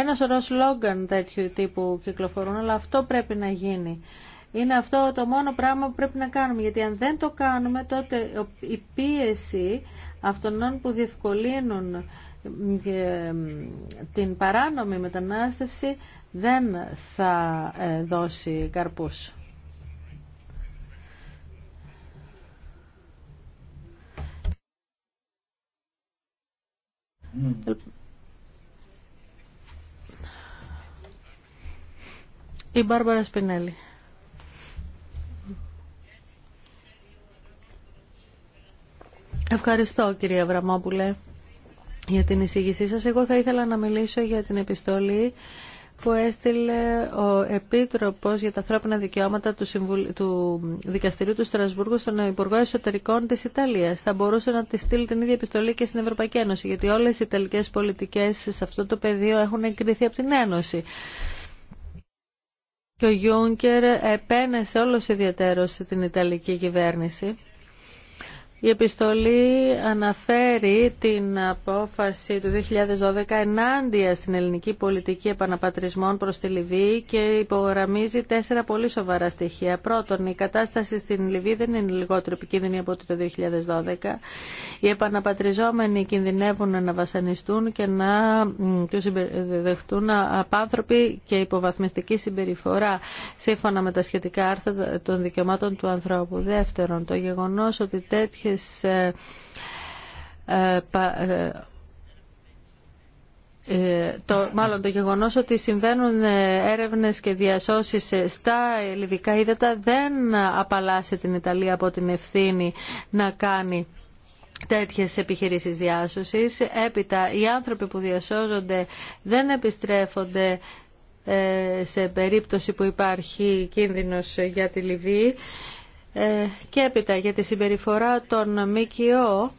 B: ένα σωρό σλόγγαν τέτοιου τύπου κυκλοφορούν, αλλά αυτό πρέπει να γίνει. Είναι αυτό το μόνο πράγμα που πρέπει να κάνουμε, γιατί αν δεν το κάνουμε τότε η πίεση αυτών που διευκολύνουν την παράνομη μετανάστευση δεν θα ε, δώσει καρπούς. Η Μπάρμπαρα Σπινέλη. Ευχαριστώ κύριε Βραμόπουλε για την εισήγησή σας. Εγώ θα ήθελα να μιλήσω για την επιστολή που έστειλε ο Επίτροπος για τα ανθρώπινα δικαιώματα του, του Δικαστηρίου του Στρασβούργου στον Υπουργό Εσωτερικών της Ιταλίας. Θα μπορούσε να τη στείλει την ίδια επιστολή και στην Ευρωπαϊκή Ένωση, γιατί όλες οι Ιταλικές πολιτικές σε αυτό το πεδίο έχουν εγκριθεί από την Ένωση. Και ο Γιούγκερ επένεσε όλος ιδιαίτερος την Ιταλική κυβέρνηση η επιστολή αναφέρει την απόφαση του 2012 ενάντια στην ελληνική πολιτική επαναπατρισμών προς τη Λιβύη και υπογραμμίζει τέσσερα πολύ σοβαρά στοιχεία. Πρώτον, η κατάσταση στην Λιβύη δεν είναι λιγότερο επικίνδυνη από το 2012. Οι επαναπατριζόμενοι κινδυνεύουν να βασανιστούν και να τους δεχτούν απάνθρωποι και υποβαθμιστική συμπεριφορά σύμφωνα με τα σχετικά άρθρα των δικαιωμάτων του ανθρώπου. Δεύτερον, το γεγονός ότι ε, ε, ε, το, μάλλον το γεγονός ότι συμβαίνουν έρευνες και διασώσεις στα ελληνικά ύδατα δεν απαλλάσσει την Ιταλία από την ευθύνη να κάνει τέτοιες επιχειρήσεις διάσωσης. Έπειτα οι άνθρωποι που διασώζονται δεν επιστρέφονται σε περίπτωση που υπάρχει κίνδυνος για τη Λιβύη ε, και έπειτα για τη συμπεριφορά των ΜΚΟ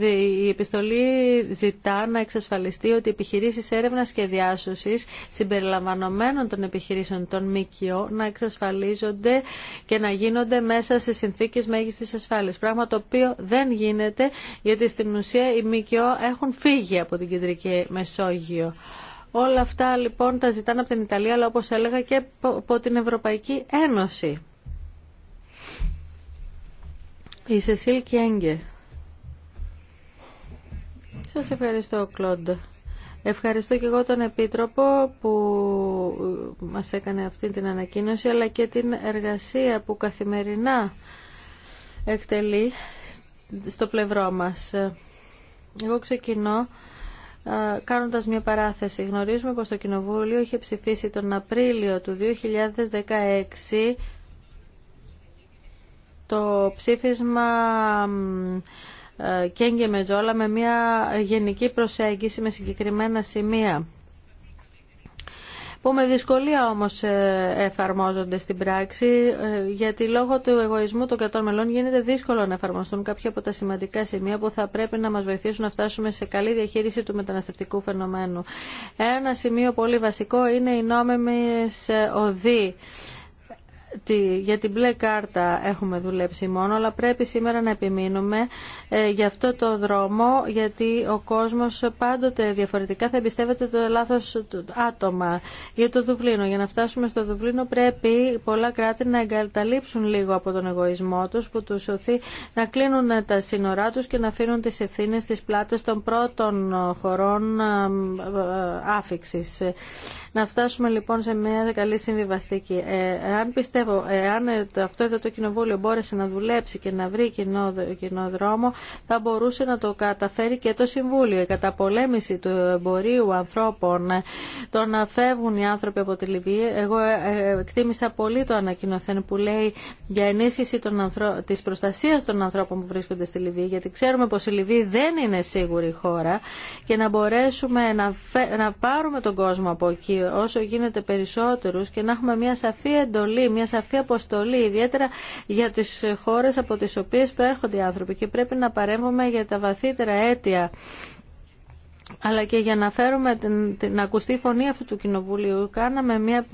B: η επιστολή ζητά να εξασφαλιστεί ότι οι επιχειρήσεις έρευνας και διάσωσης συμπεριλαμβανομένων των επιχειρήσεων των ΜΚΟ να εξασφαλίζονται και να γίνονται μέσα σε συνθήκες μέγιστης ασφάλειας. Πράγμα το οποίο δεν γίνεται γιατί στην ουσία οι ΜΚΟ έχουν φύγει από την Κεντρική Μεσόγειο. Όλα αυτά λοιπόν τα ζητάνε από την Ιταλία αλλά όπως έλεγα και από την Ευρωπαϊκή Ένωση. Η Σεσίλ Σας ευχαριστώ, Κλοντ. Ευχαριστώ και εγώ τον Επίτροπο που μας έκανε αυτή την ανακοίνωση, αλλά και την εργασία που καθημερινά εκτελεί στο πλευρό μας. Εγώ ξεκινώ κάνοντας μια παράθεση. Γνωρίζουμε πως το Κοινοβούλιο είχε ψηφίσει τον Απρίλιο του 2016 το ψήφισμα ε, Κέγγε Μετζόλα με μια γενική προσέγγιση με συγκεκριμένα σημεία που με δυσκολία όμως ε, εφαρμόζονται στην πράξη, ε, γιατί λόγω του εγωισμού των κατών μελών γίνεται δύσκολο να εφαρμοστούν κάποια από τα σημαντικά σημεία που θα πρέπει να μας βοηθήσουν να φτάσουμε σε καλή διαχείριση του μεταναστευτικού φαινομένου. Ένα σημείο πολύ βασικό είναι οι νόμιμες οδοί για την μπλε κάρτα έχουμε δουλέψει μόνο, αλλά πρέπει σήμερα να επιμείνουμε ε, για αυτό το δρόμο, γιατί ο κόσμος πάντοτε διαφορετικά θα εμπιστεύεται το λάθος άτομα. Για το Δουβλίνο, για να φτάσουμε στο Δουβλίνο πρέπει πολλά κράτη να εγκαταλείψουν λίγο από τον εγωισμό τους, που τους σωθεί να κλείνουν τα σύνορά τους και να αφήνουν τις ευθύνε στις πλάτες των πρώτων χωρών ε, ε, άφηξης. Να φτάσουμε λοιπόν σε μια καλή συμβιβαστική. Ε, αν πιστεύω, εάν ε, αυτό εδώ το κοινοβούλιο μπόρεσε να δουλέψει και να βρει κοινό, κοινό δρόμο, θα μπορούσε να το καταφέρει και το Συμβούλιο. Η καταπολέμηση του εμπορίου ανθρώπων, ε, το να φεύγουν οι άνθρωποι από τη Λιβύη, εγώ ε, εκτίμησα πολύ το ανακοινωθέν που λέει για ενίσχυση ανθρω... της προστασίας των ανθρώπων που βρίσκονται στη Λιβύη, γιατί ξέρουμε πω η Λιβύη δεν είναι σίγουρη χώρα και να μπορέσουμε να, να πάρουμε τον κόσμο από εκεί όσο γίνεται περισσότερους και να έχουμε μια σαφή εντολή, μια σαφή αποστολή, ιδιαίτερα για τις χώρες από τις οποίες προέρχονται οι άνθρωποι και πρέπει να παρέμβουμε για τα βαθύτερα αίτια αλλά και για να φέρουμε την, την ακουστή φωνή αυτού του κοινοβουλίου. Κάναμε μια,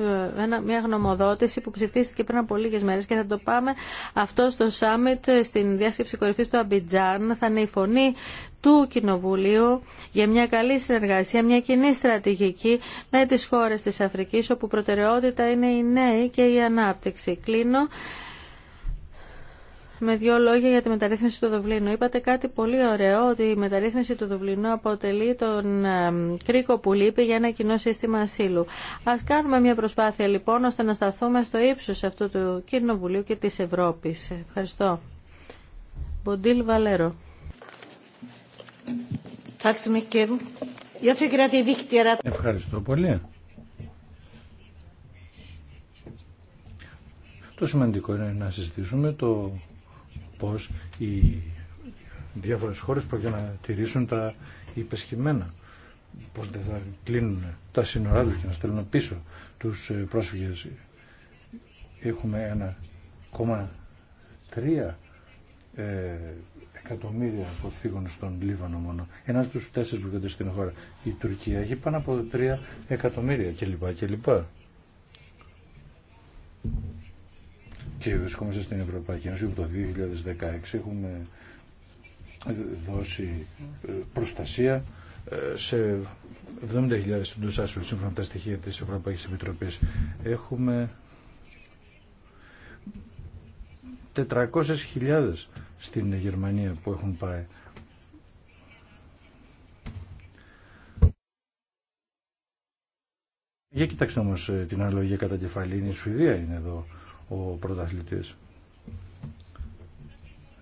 B: μια γνωμοδότηση που ψηφίστηκε πριν από λίγε μέρες και θα το πάμε αυτό στο summit στην διάσκεψη κορυφής του Αμπιτζάν. Θα είναι η φωνή του Κοινοβουλίου για μια καλή συνεργασία, μια κοινή στρατηγική με τις χώρες της Αφρικής όπου προτεραιότητα είναι οι νέοι και η ανάπτυξη. Κλείνω με δύο λόγια για τη μεταρρύθμιση του Δουβλίνου. Είπατε κάτι πολύ ωραίο, ότι η μεταρρύθμιση του Δουβλίνου αποτελεί τον κρίκο που λείπει για ένα κοινό σύστημα ασύλου. Α κάνουμε μια προσπάθεια λοιπόν ώστε να σταθούμε στο ύψο αυτού του Κοινοβουλίου και τη Ευρώπη. Ευχαριστώ. Μποντίλ Βαλέρο.
D: Ευχαριστώ πολύ. Το σημαντικό είναι να συζητήσουμε το πως οι διάφορες χώρες πρόκειται να τηρήσουν τα υπεσχημένα πως δεν θα κλείνουν τα σύνορά τους και να στέλνουν πίσω τους ε, πρόσφυγες έχουμε ένα 1,3 ε, εκατομμύρια που φύγουν στον Λίβανο μόνο. Ένα στου τέσσερι βρίσκονται στην χώρα. Η Τουρκία έχει πάνω από 3 εκατομμύρια κλπ. κλπ και βρισκόμαστε στην Ευρωπαϊκή Ένωση που το 2016 έχουμε δώσει ε, προστασία ε, σε 70.000 συντούς σύμφωνα με τα στοιχεία της Ευρωπαϊκής Επιτροπής. Έχουμε 400.000 στην Γερμανία που έχουν πάει. Για κοιτάξτε όμως ε, την αναλογία κατά κεφαλή, είναι η Σουηδία είναι εδώ ο πρωταθλητής.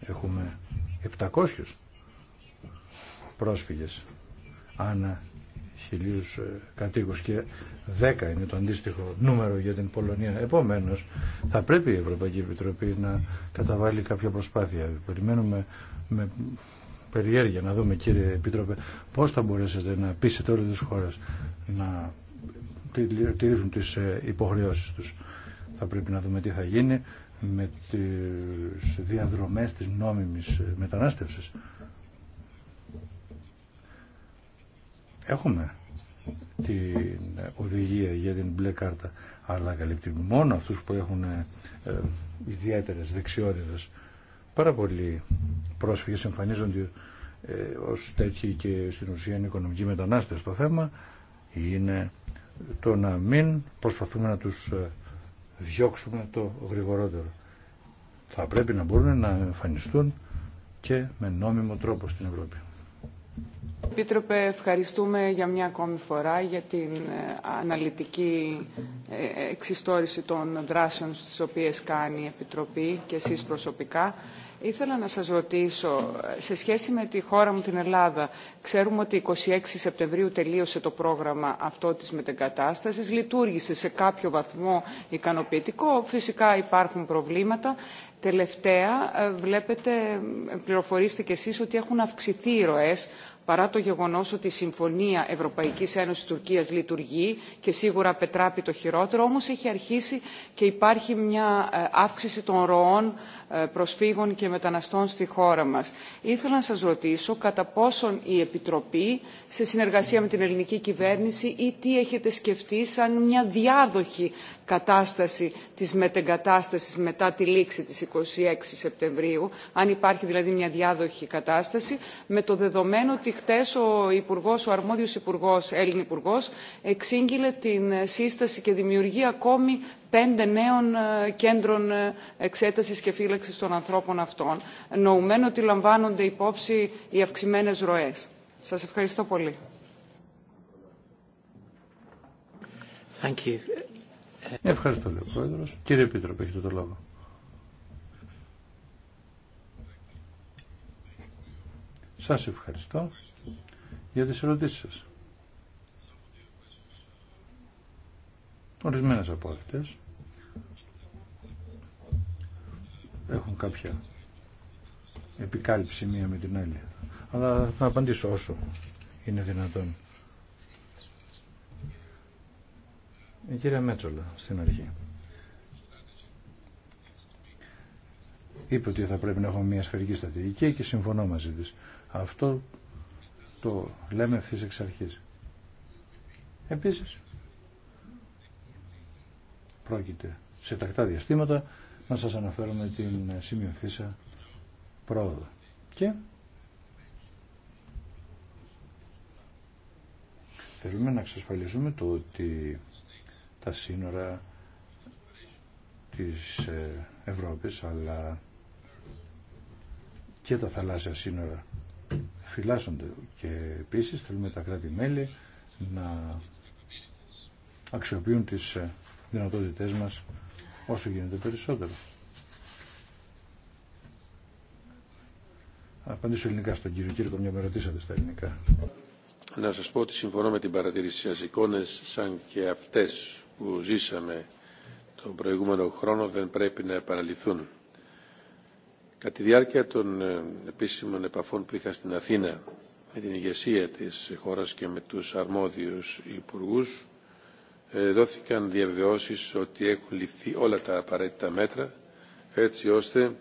D: Έχουμε 700 πρόσφυγες ανά χιλίους ε, κατοίκους και 10 είναι το αντίστοιχο νούμερο για την Πολωνία. Επομένως θα πρέπει η Ευρωπαϊκή Επιτροπή να καταβάλει κάποια προσπάθεια. Περιμένουμε με περιέργεια να δούμε κύριε Επίτροπε πώς θα μπορέσετε να πείσετε όλες τις χώρες να τηρήσουν τις ε, υποχρεώσεις τους πρέπει να δούμε τι θα γίνει με τις διαδρομές της νόμιμης μετανάστευσης. Έχουμε την οδηγία για την μπλε κάρτα, αλλά καλύπτει μόνο αυτούς που έχουν ε, ιδιαίτερες δεξιότητες. Πάρα πολλοί πρόσφυγες εμφανίζονται ε, ως τέτοιοι και στην ουσία είναι οικονομικοί μετανάστες. Το θέμα είναι το να μην προσπαθούμε να τους ε, διώξουμε το γρηγορότερο. Θα πρέπει να μπορούν να εμφανιστούν και με νόμιμο τρόπο στην Ευρώπη.
E: Επίτροπε, ευχαριστούμε για μια ακόμη φορά για την ε, αναλυτική ε, εξιστόρηση των δράσεων στις οποίες κάνει η Επιτροπή και εσείς προσωπικά. Ήθελα να σας ρωτήσω, ε, σε σχέση με τη χώρα μου την Ελλάδα, ξέρουμε ότι 26 Σεπτεμβρίου τελείωσε το πρόγραμμα αυτό της μετεγκατάστασης, λειτουργήσε σε κάποιο βαθμό ικανοποιητικό, φυσικά υπάρχουν προβλήματα. Τελευταία, βλέπετε, πληροφορήστε κι εσείς ότι έχουν αυξηθεί οι ροές παρά το γεγονός ότι η Συμφωνία Ευρωπαϊκής Ένωσης Τουρκίας λειτουργεί και σίγουρα πετράπει το χειρότερο, όμως έχει αρχίσει και υπάρχει μια ε, αύξηση των ροών ε, προσφύγων και μεταναστών στη χώρα μας. Ήθελα να σας ρωτήσω κατά πόσον η Επιτροπή, σε συνεργασία με την ελληνική κυβέρνηση, ή τι έχετε σκεφτεί σαν μια διάδοχη κατάσταση της μετεγκατάστασης μετά τη λήξη της 26 Σεπτεμβρίου, αν υπάρχει δηλαδή μια διάδοχη κατάσταση, με το δεδομένο ότι χτες ο, υπουργός, ο αρμόδιος υπουργός, Έλληνη υπουργός, εξήγηλε την σύσταση και δημιουργεί ακόμη πέντε νέων ε, κέντρων ε, εξέτασης και φύλαξης των ανθρώπων αυτών, νοουμένου ότι λαμβάνονται υπόψη οι αυξημένες ροές. Σας ευχαριστώ πολύ.
C: Thank you.
D: Ευχαριστώ, λέει Πρόεδρος. Κύριε Επίτροπε, έχετε το λόγο. Σας ευχαριστώ για τις ερωτήσεις σας. Ορισμένες από αυτές έχουν κάποια επικάλυψη μία με την άλλη. Αλλά θα απαντήσω όσο είναι δυνατόν. Η κυρία Μέτσολα στην αρχή. Είπε ότι θα πρέπει να έχουμε μια σφαιρική στρατηγική και συμφωνώ μαζί της. Αυτό το λέμε ευθύς εξ αρχής. Επίσης, πρόκειται σε τακτά διαστήματα να σας αναφέρουμε την σημειωθήσα πρόοδο. Και θέλουμε να εξασφαλίσουμε το ότι τα σύνορα της ε, Ευρώπης αλλά και τα θαλάσσια σύνορα φυλάσσονται και επίσης θέλουμε τα κράτη-μέλη να αξιοποιούν τις ε, δυνατότητές μας όσο γίνεται περισσότερο. Απαντήσω ελληνικά στον κύριο Κύρκο, μια με ρωτήσατε στα ελληνικά.
F: Να σας πω ότι συμφωνώ με την παρατηρήση σας. Εικόνες σαν και αυτές που ζήσαμε τον προηγούμενο χρόνο δεν πρέπει να επαναληφθούν. Κατά τη διάρκεια των ε, επίσημων επαφών που είχα στην Αθήνα με την ηγεσία της χώρας και με τους αρμόδιους υπουργούς ε, δόθηκαν διαβεβαιώσεις ότι έχουν ληφθεί όλα τα απαραίτητα μέτρα έτσι ώστε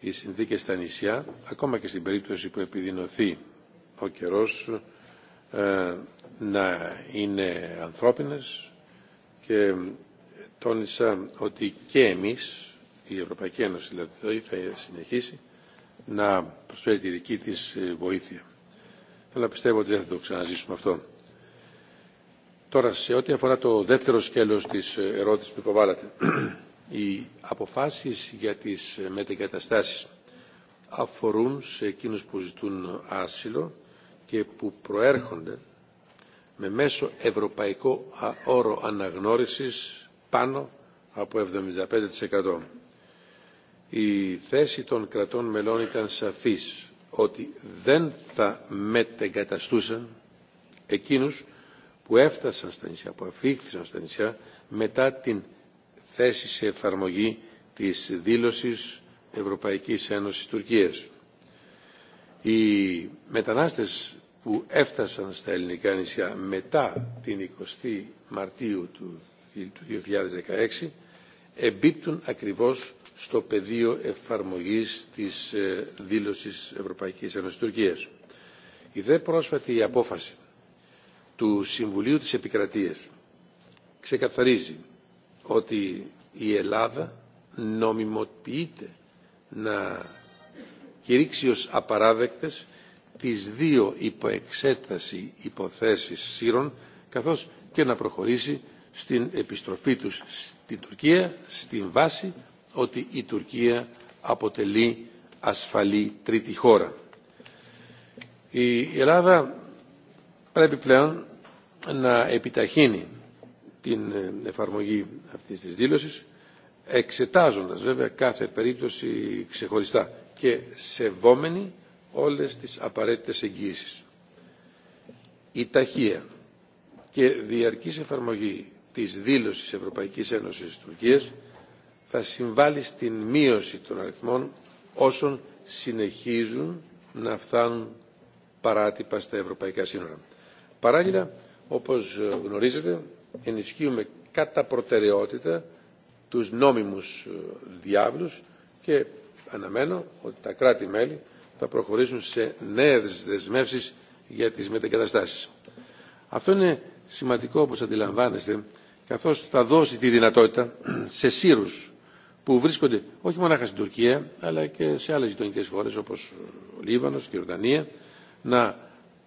F: οι συνθήκες στα νησιά, ακόμα και στην περίπτωση που επιδεινωθεί ο καιρός, ε, να είναι ανθρώπινες και τόνισα ότι και εμείς, η Ευρωπαϊκή Ένωση δηλαδή, θα συνεχίσει να προσφέρει τη δική της ε, βοήθεια. Θέλω να πιστεύω ότι δεν θα το ξαναζήσουμε αυτό. Τώρα, σε ό,τι αφορά το δεύτερο σκέλος της ε, ερώτησης που υποβάλλατε, οι αποφάσεις για τις ε, μετεγκαταστάσεις αφορούν σε εκείνους που ζητούν άσυλο και που προέρχονται με μέσο ευρωπαϊκό όρο αναγνώρισης πάνω από 75%. Η θέση των κρατών μελών ήταν σαφής ότι δεν θα μετεγκαταστούσαν εκείνους που έφτασαν στα νησιά, που αφήχθησαν στα νησιά μετά την θέση σε εφαρμογή της δήλωσης Ευρωπαϊκής Ένωσης Τουρκίας. Οι μετανάστες που έφτασαν στα ελληνικά νησιά μετά την 20η Μαρτίου του 2016 εμπίπτουν ακριβώς στο πεδίο εφαρμογής της ε, δήλωσης Ευρωπαϊκής Ένωσης Τουρκίας. Η δε πρόσφατη απόφαση του Συμβουλίου της Επικρατείας ξεκαθαρίζει ότι η Ελλάδα νομιμοποιείται να κηρύξει ως απαράδεκτες τις δύο υποεξέταση υποθέσεις σύρων καθώς και να προχωρήσει στην επιστροφή τους στην Τουρκία στην βάση ότι η Τουρκία αποτελεί ασφαλή τρίτη χώρα. Η Ελλάδα πρέπει πλέον να επιταχύνει την ε, εφαρμογή αυτής της δήλωσης εξετάζοντας βέβαια κάθε περίπτωση ξεχωριστά και σεβόμενη όλες τις απαραίτητες εγγύησεις. Η ταχεία και διαρκής εφαρμογή της δήλωσης Ευρωπαϊκής Ένωσης Τουρκίας θα συμβάλλει στην μείωση των αριθμών όσων συνεχίζουν να φτάνουν παράτυπα στα ευρωπαϊκά σύνορα. Παράλληλα, όπως γνωρίζετε, ενισχύουμε κατά προτεραιότητα τους νόμιμους ε, διάβλους και αναμένω ότι τα κράτη-μέλη θα προχωρήσουν σε νέες δεσμεύσεις για τις μετεγκαταστάσεις. Αυτό είναι σημαντικό όπως αντιλαμβάνεστε καθώς θα δώσει τη δυνατότητα σε σύρους που βρίσκονται όχι μόνο στην Τουρκία αλλά και σε άλλες γειτονικές χώρες όπως ο Λίβανος και η Ορδανία να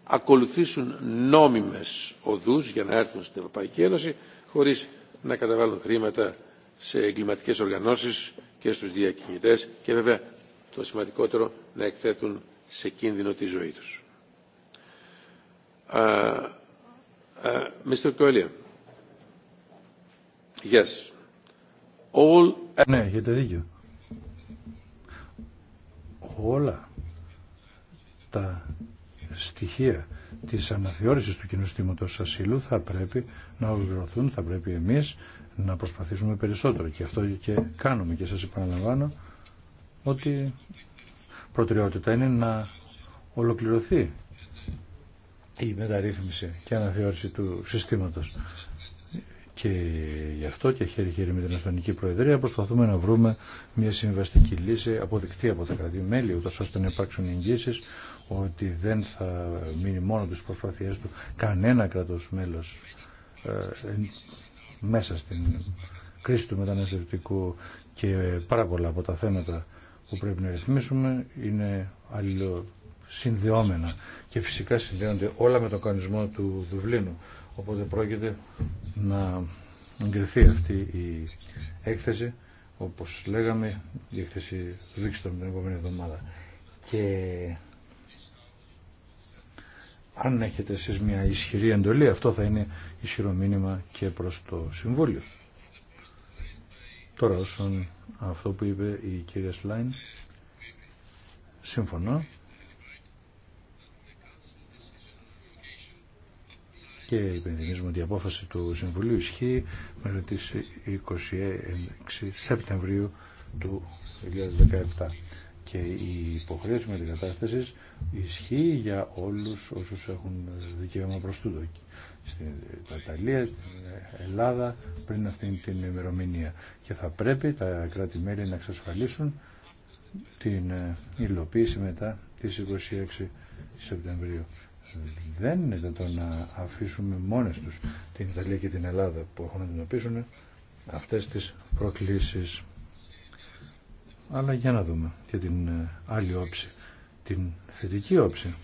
F: ακολουθήσουν νόμιμες οδούς για να έρθουν στην Ευρωπαϊκή Ένωση χωρίς να καταβάλουν χρήματα σε εγκληματικές οργανώσεις και στους διακινητές και βέβαια το σημαντικότερο να εκθέτουν σε κίνδυνο τη ζωή τους. Uh, uh,
D: Yes. All... Ναι, έχετε δίκιο. Όλα τα στοιχεία της αναθεώρησης του κοινού σύστηματος ασύλου θα πρέπει να ολοκληρωθούν, θα πρέπει εμείς να προσπαθήσουμε περισσότερο και αυτό και κάνουμε και σας επαναλαμβάνω ότι προτεραιότητα είναι να ολοκληρωθεί η μεταρρύθμιση και αναθεώρηση του συστήματος. Και γι' αυτό και χέρι-χέρι με την Αστωνική Προεδρία προσπαθούμε να βρούμε μια συμβαστική λύση αποδεκτή από τα κρατή μέλη, ούτως ώστε να υπάρξουν εγγύσεις ότι δεν θα μείνει μόνο τις προσπαθειές του κανένα κρατός μέλος ε, μέσα στην κρίση του μεταναστευτικού και πάρα πολλά από τα θέματα που πρέπει να ρυθμίσουμε είναι αλληλοσυνδεόμενα και φυσικά συνδέονται όλα με τον κανονισμό του Δουβλίνου. Οπότε πρόκειται να εγκριθεί αυτή η έκθεση, όπως λέγαμε, η έκθεση του την επόμενη εβδομάδα. Και αν έχετε εσείς μια ισχυρή εντολή, αυτό θα είναι ισχυρό μήνυμα και προς το Συμβούλιο. Τώρα όσον αυτό που είπε η κυρία Σλάιν, συμφωνώ και υπενθυμίζουμε ότι η απόφαση του Συμβουλίου ισχύει μέχρι τις 26 Σεπτεμβρίου του 2017 και η υποχρέωση κατάσταση ισχύει για όλους όσους έχουν δικαίωμα προ τούτο. Στην Ιταλία, την Ελλάδα, πριν αυτήν την ημερομηνία. Και θα πρέπει τα κράτη-μέλη να εξασφαλίσουν την ε, υλοποίηση μετά τις 26 Σεπτεμβρίου. Δεν είναι το να αφήσουμε μόνες τους την Ιταλία και την Ελλάδα που έχουν να αντιμετωπίσουν αυτές τις προκλήσεις. Αλλά για να δούμε και την ε, άλλη όψη, την θετική όψη.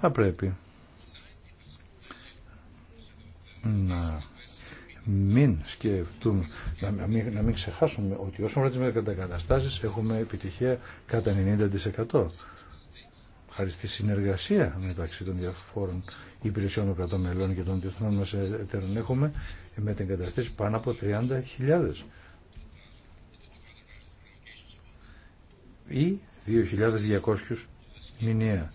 D: Θα πρέπει να μην σκεφτούμε, να μην, να μην ξεχάσουμε ότι όσο αφορά τις έχουμε επιτυχία κατά 90% χάρη στη συνεργασία μεταξύ των διαφόρων υπηρεσιών των κρατών μελών και των διεθνών μας εταίρων έχουμε με την καταστήση πάνω από 30.000 ή 2.200 μηνιαία.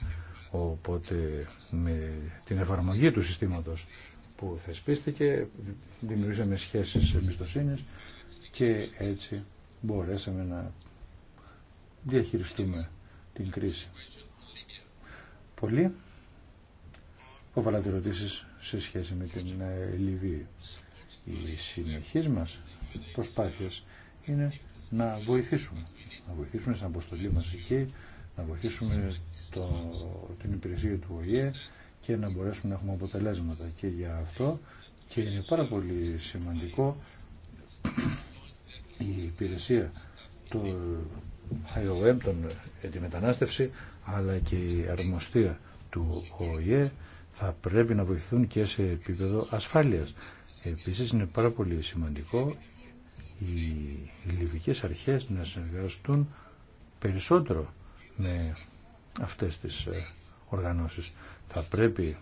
D: Οπότε με την εφαρμογή του συστήματος που θεσπίστηκε δημιουργήσαμε σχέσεις εμπιστοσύνη και έτσι μπορέσαμε να διαχειριστούμε την κρίση. Πολύ που βάλατε σε σχέση με την ε, Λιβύη. Οι συνεχείς μας προσπάθειες είναι να βοηθήσουμε. Να βοηθήσουμε στην αποστολή μας εκεί, να βοηθήσουμε το, την υπηρεσία του ΟΗΕ και να μπορέσουμε να έχουμε αποτελέσματα και για αυτό και είναι πάρα πολύ σημαντικό η υπηρεσία του IOM, των ε, μετανάστευση αλλά και η αρμοστία του ΟΗΕ θα πρέπει να βοηθούν και σε επίπεδο ασφάλειας. Επίσης είναι πάρα πολύ σημαντικό οι λιβικές αρχές να συνεργαστούν περισσότερο με αυτές τις ε, οργανώσεις. Θα πρέπει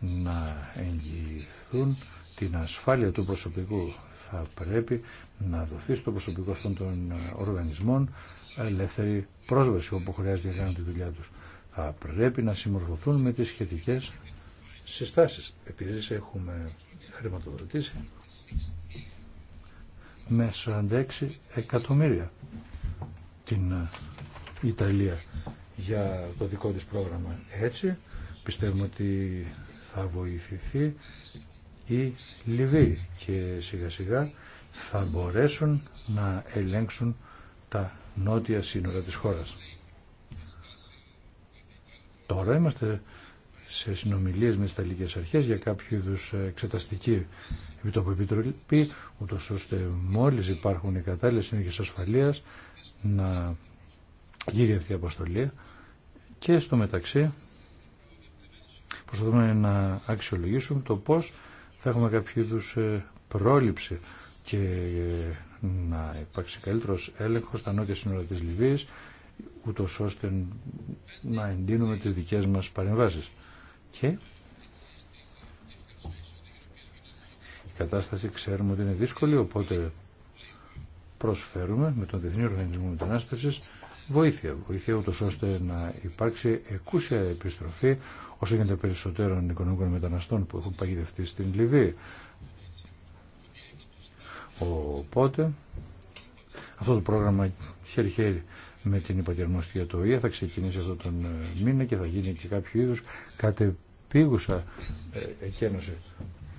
D: να εγγυηθούν την ασφάλεια του προσωπικού. Θα πρέπει να δοθεί στο προσωπικό αυτών των ε, οργανισμών ε, ελεύθερη πρόσβαση όπου χρειάζεται να κάνουν τη δουλειά τους θα πρέπει να συμμορφωθούν με τις σχετικές συστάσεις. Επίσης έχουμε χρηματοδοτήσει με 46 εκατομμύρια την ε, Ιταλία για το δικό της πρόγραμμα. Έτσι πιστεύουμε ότι θα βοηθηθεί η Λιβύη και σιγά σιγά θα μπορέσουν να ελέγξουν τα νότια σύνορα της χώρας. Τώρα είμαστε σε συνομιλίες με τις Ιταλικές Αρχές για κάποιο είδου εξεταστική επιτροπή, ούτως ώστε μόλις υπάρχουν οι κατάλληλες συνέχειες ασφαλείας να γύρει αυτή η αποστολή και στο μεταξύ προσπαθούμε να αξιολογήσουμε το πώς θα έχουμε κάποιο είδου ε, πρόληψη και να υπάρξει καλύτερος έλεγχος στα νότια σύνορα της Λιβύης ούτως ώστε να εντείνουμε τις δικές μας παρεμβάσεις. Και η κατάσταση ξέρουμε ότι είναι δύσκολη, οπότε προσφέρουμε με τον Διεθνή Οργανισμό Μετανάστευσης βοήθεια. Βοήθεια ούτως ώστε να υπάρξει εκούσια επιστροφή όσο γίνεται περισσότερων οικονομικών μεταναστών που έχουν παγιδευτεί στην Λιβύη. Οπότε αυτό το πρόγραμμα χέρι-χέρι με την υποκερμοστή το Θα ξεκινήσει αυτό τον ε, μήνα και θα γίνει και κάποιο είδους κατεπίγουσα ε, εκένωση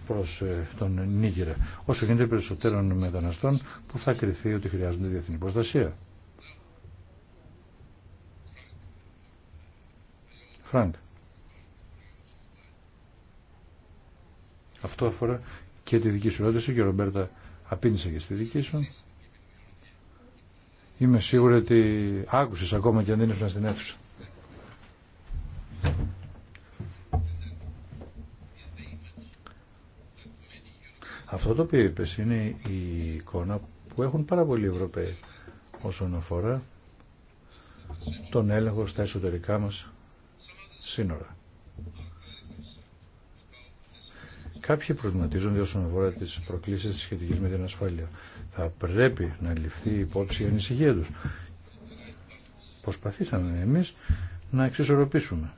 D: προς ε, τον Νίγηρα. Όσο γίνεται περισσότερων μεταναστών που θα κριθεί ότι χρειάζονται διεθνή προστασία. Φρανκ. Αυτό αφορά και τη δική σου ερώτηση και ο Ρομπέρτα απήντησε και στη δική σου. Είμαι σίγουρη ότι άκουσες ακόμα και αν δεν ήσουν στην αίθουσα. Αυτό το οποίο είπε είναι η εικόνα που έχουν πάρα πολλοί Ευρωπαίοι όσον αφορά τον έλεγχο στα εσωτερικά μας σύνορα. Κάποιοι προβληματίζονται όσον αφορά τι προκλήσει σχετικέ με την ασφάλεια. Θα πρέπει να ληφθεί υπόψη η ανησυχία του. Προσπαθήσαμε εμεί να εξισορροπήσουμε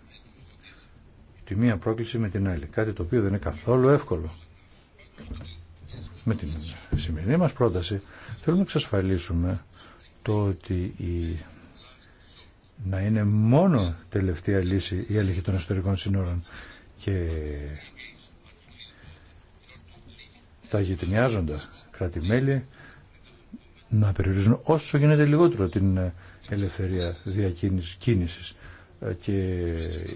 D: τη μία πρόκληση με την άλλη. Κάτι το οποίο δεν είναι καθόλου εύκολο. Με την σημερινή μας πρόταση θέλουμε να εξασφαλίσουμε το ότι η... να είναι μόνο τελευταία λύση η αλήθεια των εσωτερικών σύνορων και τα γειτονιάζοντα κράτη-μέλη να περιορίζουν όσο γίνεται λιγότερο την ε, ελευθερία διακίνησης κίνησης ε, και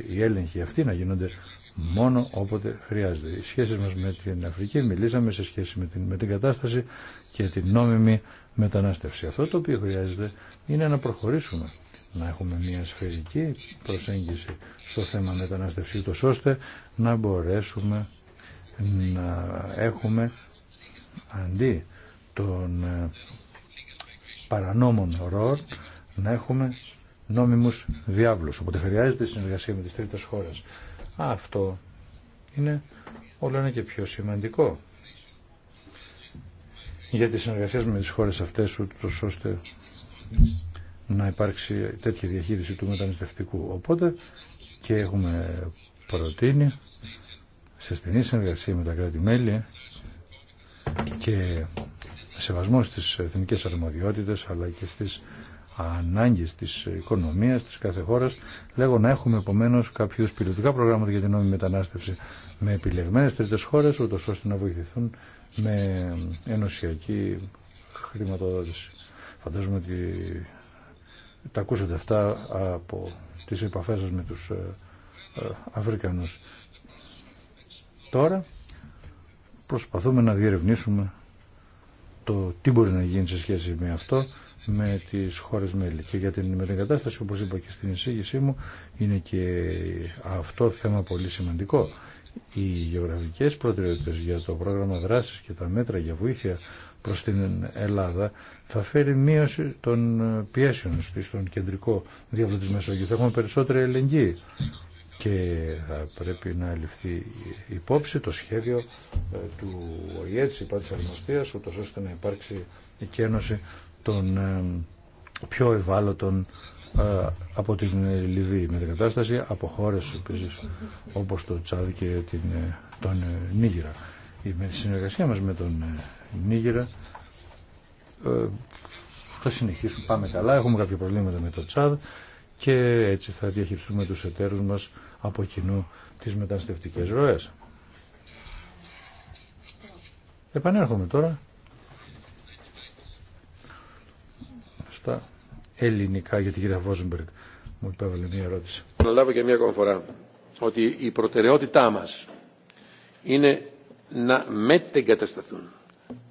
D: οι έλεγχοι αυτοί να γίνονται μόνο όποτε χρειάζεται. Οι σχέσεις μας με την Αφρική μιλήσαμε σε σχέση με την, κατάσταση και την νόμιμη μετανάστευση. Αυτό το οποίο χρειάζεται είναι να προχωρήσουμε να έχουμε μια σφαιρική προσέγγιση στο θέμα μετανάστευση ώστε να μπορέσουμε να έχουμε αντί των ε, παρανόμων ρορ να έχουμε νόμιμους διάβλους. Οπότε χρειάζεται συνεργασία με τις τρίτες χώρες. αυτό είναι όλο ένα και πιο σημαντικό για τις συνεργασίες με τις χώρες αυτές ούτως ώστε να υπάρξει τέτοια διαχείριση του μεταναστευτικού. Οπότε και έχουμε προτείνει σε στενή συνεργασία με τα κράτη-μέλη και σεβασμός στις εθνικές αρμοδιότητες αλλά και στις ανάγκες της οικονομίας της κάθε χώρας λέγω να έχουμε επομένως κάποιους πιλωτικά προγράμματα για την νόμιμη μετανάστευση με επιλεγμένες τρίτες χώρες ούτως ώστε να βοηθηθούν με ενωσιακή χρηματοδότηση. Φαντάζομαι ότι τα ακούσατε αυτά από τις επαφές σας με τους ε, ε, Αφρικανούς. Τώρα προσπαθούμε να διερευνήσουμε το τι μπορεί να γίνει σε σχέση με αυτό με τις χώρες μέλη. Και για την μετεγκατάσταση, όπως είπα και στην εισήγησή μου, είναι και αυτό θέμα πολύ σημαντικό. Οι γεωγραφικές προτεραιότητες για το πρόγραμμα δράσης και τα μέτρα για βοήθεια προς την Ελλάδα θα φέρει μείωση των πιέσεων στον κεντρικό διάβολο της Μεσογείου. Θα έχουμε περισσότερη ελεγγύη και θα πρέπει να ληφθεί υπόψη το σχέδιο ε, του ΟΗΕ της υπάτης αρμοστίας ούτως ώστε να υπάρξει η κένωση των ε, πιο ευάλωτων ε, από την Λιβύη με την κατάσταση από χώρες επίσης, όπως το Τσάδ και την, τον Νίγηρα. Η συνεργασία μας με τον Νίγηρα θα συνεχίσουμε, πάμε καλά, έχουμε κάποια προβλήματα με το Τσάδ και έτσι θα διαχειριστούμε τους εταίρους μας από κοινού τις μεταναστευτικές ροές. Επανέρχομαι τώρα στα ελληνικά, γιατί η κυρία μου υπέβαλε μια ερώτηση.
F: Να λάβω και μια ακόμα φορά ότι η προτεραιότητά μας είναι να μετεγκατασταθούν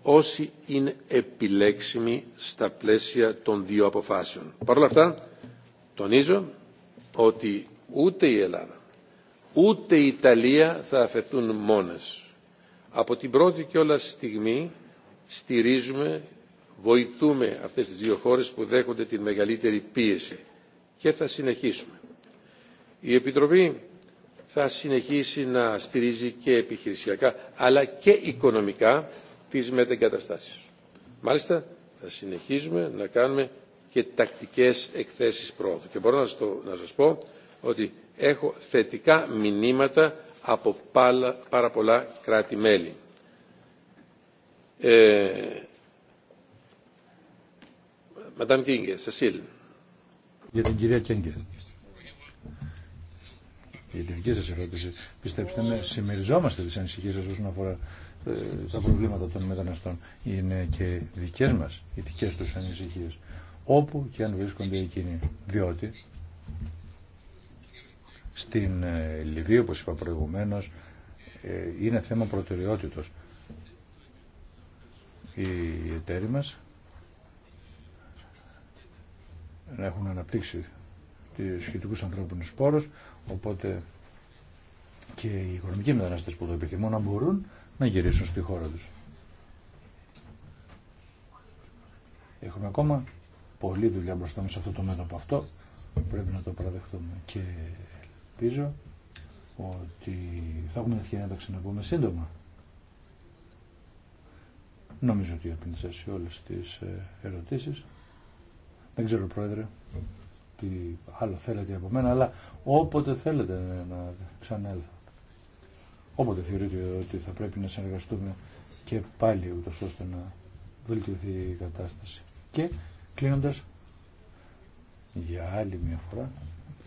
F: όσοι είναι επιλέξιμοι στα πλαίσια των δύο αποφάσεων. Παρ' όλα αυτά, τονίζω ότι ούτε η Ελλάδα ούτε η Ιταλία θα αφαιθούν μόνες. Από την πρώτη και όλα στιγμή στηρίζουμε, βοηθούμε αυτές τις δύο χώρες που δέχονται την μεγαλύτερη πίεση και θα συνεχίσουμε. Η Επιτροπή θα συνεχίσει να στηρίζει και επιχειρησιακά αλλά και οικονομικά τις μετεγκαταστάσεις. Μάλιστα θα συνεχίζουμε να κάνουμε και τακτικές εκθέσεις πρόοδου. Και μπορώ να να σας πω ότι έχω θετικά μηνύματα από πάρα πολλά κράτη-μέλη. Ε,
D: Για την κυρία Κέγκε. Για την δική σας ερώτηση. Πιστέψτε με, συμμεριζόμαστε τις ανησυχίες σας όσον αφορά ε, τα προβλήματα των μεταναστών. Είναι και δικές μας, οι δικές τους ανησυχίες. Όπου και αν βρίσκονται εκείνοι. Διότι στην ε, Λιβύη, όπως είπα προηγουμένως, ε, είναι θέμα προτεραιότητος. Οι εταίροι μας έχουν αναπτύξει τους σχετικούς ανθρώπινους σπόρους, οπότε και οι οικονομικοί μετανάστες που το επιθυμούν να μπορούν να γυρίσουν στη χώρα τους. Έχουμε ακόμα πολλή δουλειά μπροστά μας σε αυτό το μέτωπο αυτό. Πρέπει να το παραδεχτούμε. Και Ελπίζω ότι θα έχουμε ευκαιρία να τα ξαναπούμε σύντομα. Νομίζω ότι απήντησα σε όλες τις ε, ερωτήσεις. Δεν ξέρω, Πρόεδρε, τι άλλο θέλετε από μένα, αλλά όποτε θέλετε να ξανέλθω. Όποτε θεωρείτε ότι θα πρέπει να συνεργαστούμε και πάλι ούτως ώστε να βελτιωθεί η κατάσταση. Και κλείνοντας, για άλλη μια φορά,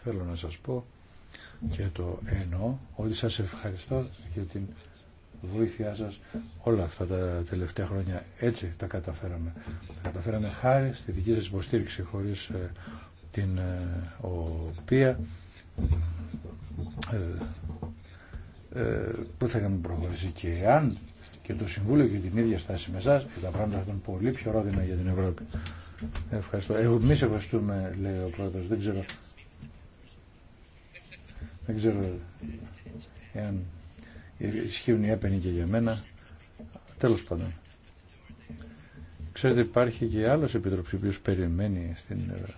D: θέλω να σας πω και το εννοώ ότι σας ευχαριστώ για την βοήθειά σας όλα αυτά τα τελευταία χρόνια. Έτσι τα καταφέραμε. Τα καταφέραμε χάρη στη δική σας υποστήριξη, χωρίς ε, την ε, οποία ε, που θα είχαμε προχωρήσει και αν και το Συμβούλιο και την ίδια στάση με εσά και τα πράγματα θα ήταν πολύ πιο ρόδινα για την Ευρώπη. Ευχαριστώ. Εγώ, εμεί ευχαριστούμε, λέει ο πρόεδρο. Δεν ξέρω δεν ξέρω εάν ισχύουν οι έπαινοι και για μένα. Τέλος πάντων. Ξέρετε υπάρχει και άλλος επιτροπής που περιμένει στην ε,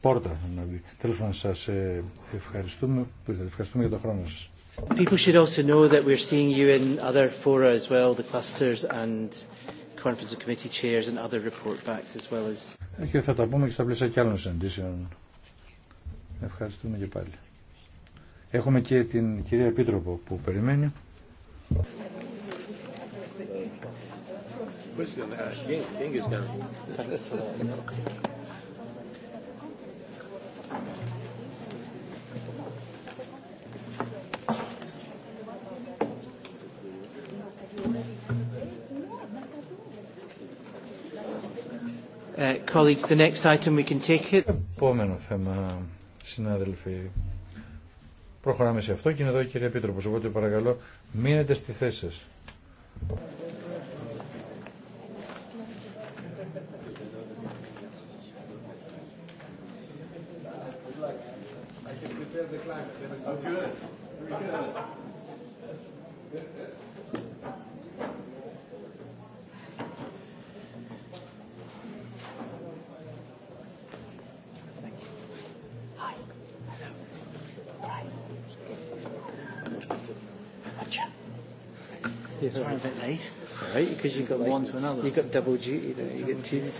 D: πόρτα να μπει. Τέλος πάντων σας ε, ευχαριστούμε που Ευχαριστούμε για τον χρόνο σας.
C: People should also know that we're seeing you in other fora as well, the clusters and conference of committee chairs and other report backs as well as...
D: Ε, και θα τα πούμε και στα πλαίσια και άλλων συναντήσεων. Ευχαριστούμε και πάλι. Έχουμε και την κυρία Επίτροπο που περιμένει. Uh, Επόμενο θέμα συνάδελφοι. Προχωράμε σε αυτό και είναι εδώ η κυρία Εγώ οπότε παρακαλώ μείνετε στη θέση σα.
C: Sorry, a bit late. Sorry, because you got like, you got double duty. You, know, you get two.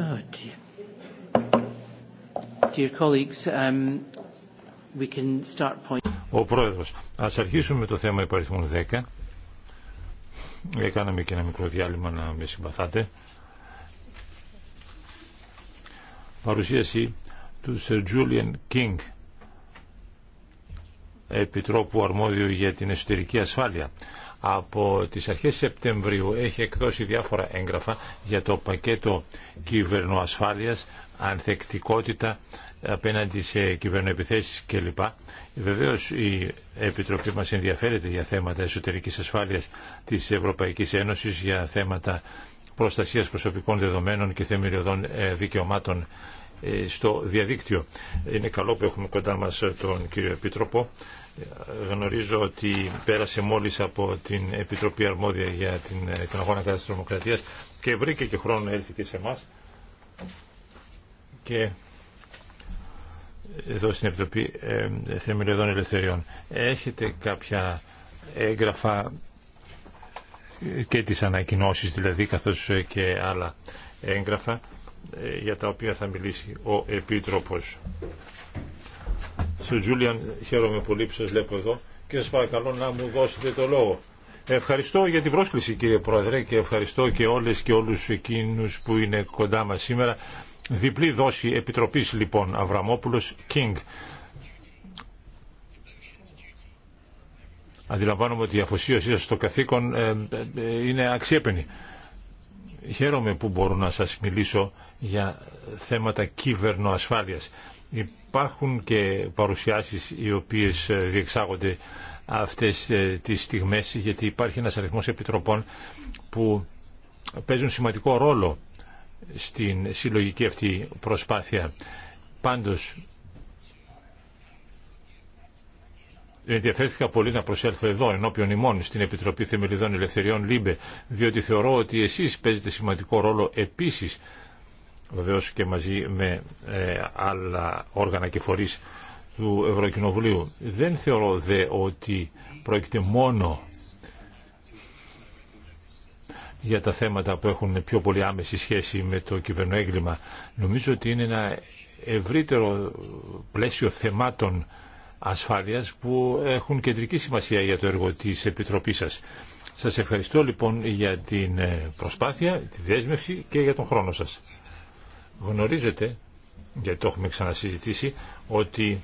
C: Oh, dear.
A: Dear colleagues, um, we can start point... Ο Πρόεδρος, ας αρχίσουμε με το θέμα υπαριθμών 10. Έκαναμε και ένα μικρό διάλειμμα να με συμπαθάτε. Παρουσίαση του Sir Julian King, Επιτρόπου Αρμόδιου για την Εσωτερική Ασφάλεια από τις αρχές Σεπτεμβρίου έχει εκδώσει διάφορα έγγραφα για το πακέτο κυβερνοασφάλειας, ανθεκτικότητα απέναντι σε κυβερνοεπιθέσεις κλπ. Βεβαίως η Επιτροπή μας ενδιαφέρεται για θέματα εσωτερικής ασφάλειας της Ευρωπαϊκής Ένωσης, για θέματα προστασίας προσωπικών δεδομένων και θεμελιωδών ε, δικαιωμάτων ε, στο διαδίκτυο. Είναι καλό που έχουμε κοντά μας τον κύριο Επίτροπο Γνωρίζω ότι πέρασε μόλις από την Επιτροπή Αρμόδια για την, ε, τον αγώνα και βρήκε και χρόνο να έλθει και σε εμά. και εδώ στην Επιτροπή ε, Θεμελιωδών Ελευθεριών. Έχετε κάποια έγγραφα ε, και τις ανακοινώσεις δηλαδή καθώς ε, και άλλα έγγραφα για τα οποία θα μιλήσει ο Επίτροπος. Σου Τζούλιαν, χαίρομαι πολύ που σα βλέπω εδώ και σα παρακαλώ να μου δώσετε το λόγο. Ευχαριστώ για την πρόσκληση κύριε Πρόεδρε και ευχαριστώ και όλες και όλους εκείνους που είναι κοντά μας σήμερα. Διπλή δόση Επιτροπής λοιπόν Αβραμόπουλος King. Αντιλαμβάνομαι ότι η αφοσίωσή σας στο καθήκον ε, ε, είναι αξιέπαινη. Χαίρομαι που μπορώ να σας μιλήσω για θέματα κυβερνοασφάλειας. Υπάρχουν και παρουσιάσεις οι οποίες ε, διεξάγονται αυτές ε, τις στιγμές γιατί υπάρχει ένας αριθμός επιτροπών που παίζουν σημαντικό ρόλο στην συλλογική αυτή προσπάθεια. Πάντως, ενδιαφέρθηκα πολύ να προσέλθω εδώ ενώπιον ημών στην Επιτροπή Θεμελιδών Ελευθεριών ΛΥΜΠΕ διότι θεωρώ ότι εσείς παίζετε σημαντικό ρόλο επίσης βεβαίως και μαζί με ε, άλλα όργανα και φορείς του Ευρωκοινοβουλίου. Δεν θεωρώ δε ότι πρόκειται μόνο για τα θέματα που έχουν πιο πολύ άμεση σχέση με το κυβερνοέγκλημα. Νομίζω ότι είναι ένα ευρύτερο πλαίσιο θεμάτων ασφάλειας που έχουν κεντρική σημασία για το έργο της Επιτροπής σας. Σας ευχαριστώ λοιπόν για την ε, προσπάθεια, τη δέσμευση και για τον χρόνο σας. Γνωρίζετε, γιατί το έχουμε ξανασυζητήσει, ότι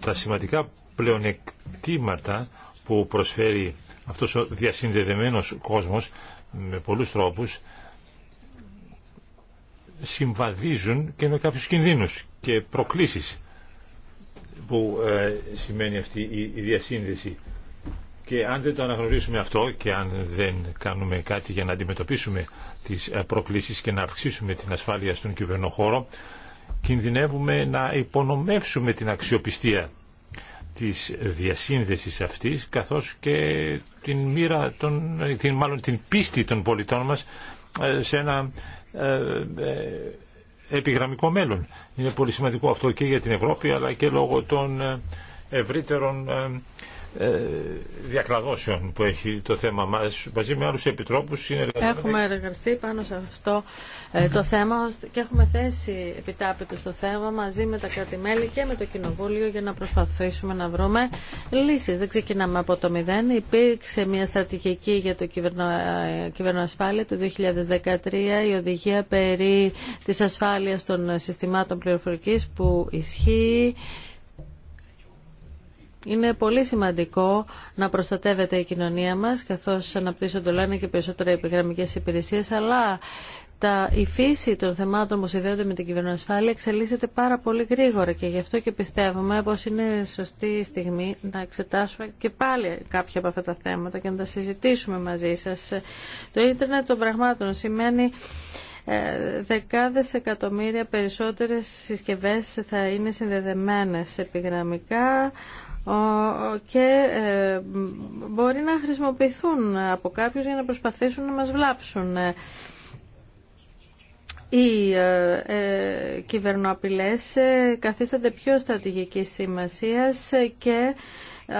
A: τα σημαντικά πλεονεκτήματα που προσφέρει αυτός ο διασυνδεδεμένος κόσμος με πολλούς τρόπους συμβαδίζουν και με κάποιους κινδύνους και προκλήσεις που ε, σημαίνει αυτή η διασύνδεση και αν δεν το αναγνωρίσουμε αυτό και αν δεν κάνουμε κάτι για να αντιμετωπίσουμε τις ε, προκλήσεις και να αυξήσουμε την ασφάλεια στον κυβερνοχώρο, κινδυνεύουμε να υπονομεύσουμε την αξιοπιστία της διασύνδεσης αυτής, καθώς και την, μοίρα των, ε, την, μάλλον την πίστη των πολιτών μας ε, σε ένα επιγραμμικό μέλλον. Είναι πολύ σημαντικό αυτό και για την Ευρώπη, αλλά και λόγω των ευρύτερων ε, διακλαδώσεων που έχει το θέμα μας μαζί με άλλους επιτρόπους Έχουμε
B: εργαστεί πάνω σε αυτό ε, το θέμα και έχουμε θέσει επιτάπητο στο θέμα μαζί με τα κρατημέλη και με το Κοινοβούλιο για να προσπαθήσουμε να βρούμε λύσεις. Δεν ξεκινάμε από το μηδέν. Υπήρξε μια στρατηγική για το κυβερνο, ε, κυβερνοασφάλεια του 2013 η οδηγία περί της ασφάλειας των συστημάτων πληροφορικής που ισχύει είναι πολύ σημαντικό να προστατεύεται η κοινωνία μας, καθώς αναπτύσσονται όλα και περισσότερα επιγραμμικές υπηρεσίες, αλλά τα, η φύση των θεμάτων που συνδέονται με την κυβερνοασφάλεια εξελίσσεται πάρα πολύ γρήγορα και γι' αυτό και πιστεύουμε πως είναι σωστή η στιγμή να εξετάσουμε και πάλι κάποια από αυτά τα θέματα και να τα συζητήσουμε μαζί σας. Το ίντερνετ των πραγμάτων σημαίνει ε, δεκάδες εκατομμύρια περισσότερες συσκευές θα είναι συνδεδεμένες επιγραμμικά και ε, μπορεί να χρησιμοποιηθούν από κάποιους για να προσπαθήσουν να μας βλάψουν. Ε, οι ε, ε κυβερνοαπειλές καθίστανται πιο στρατηγική σημασίας και ε,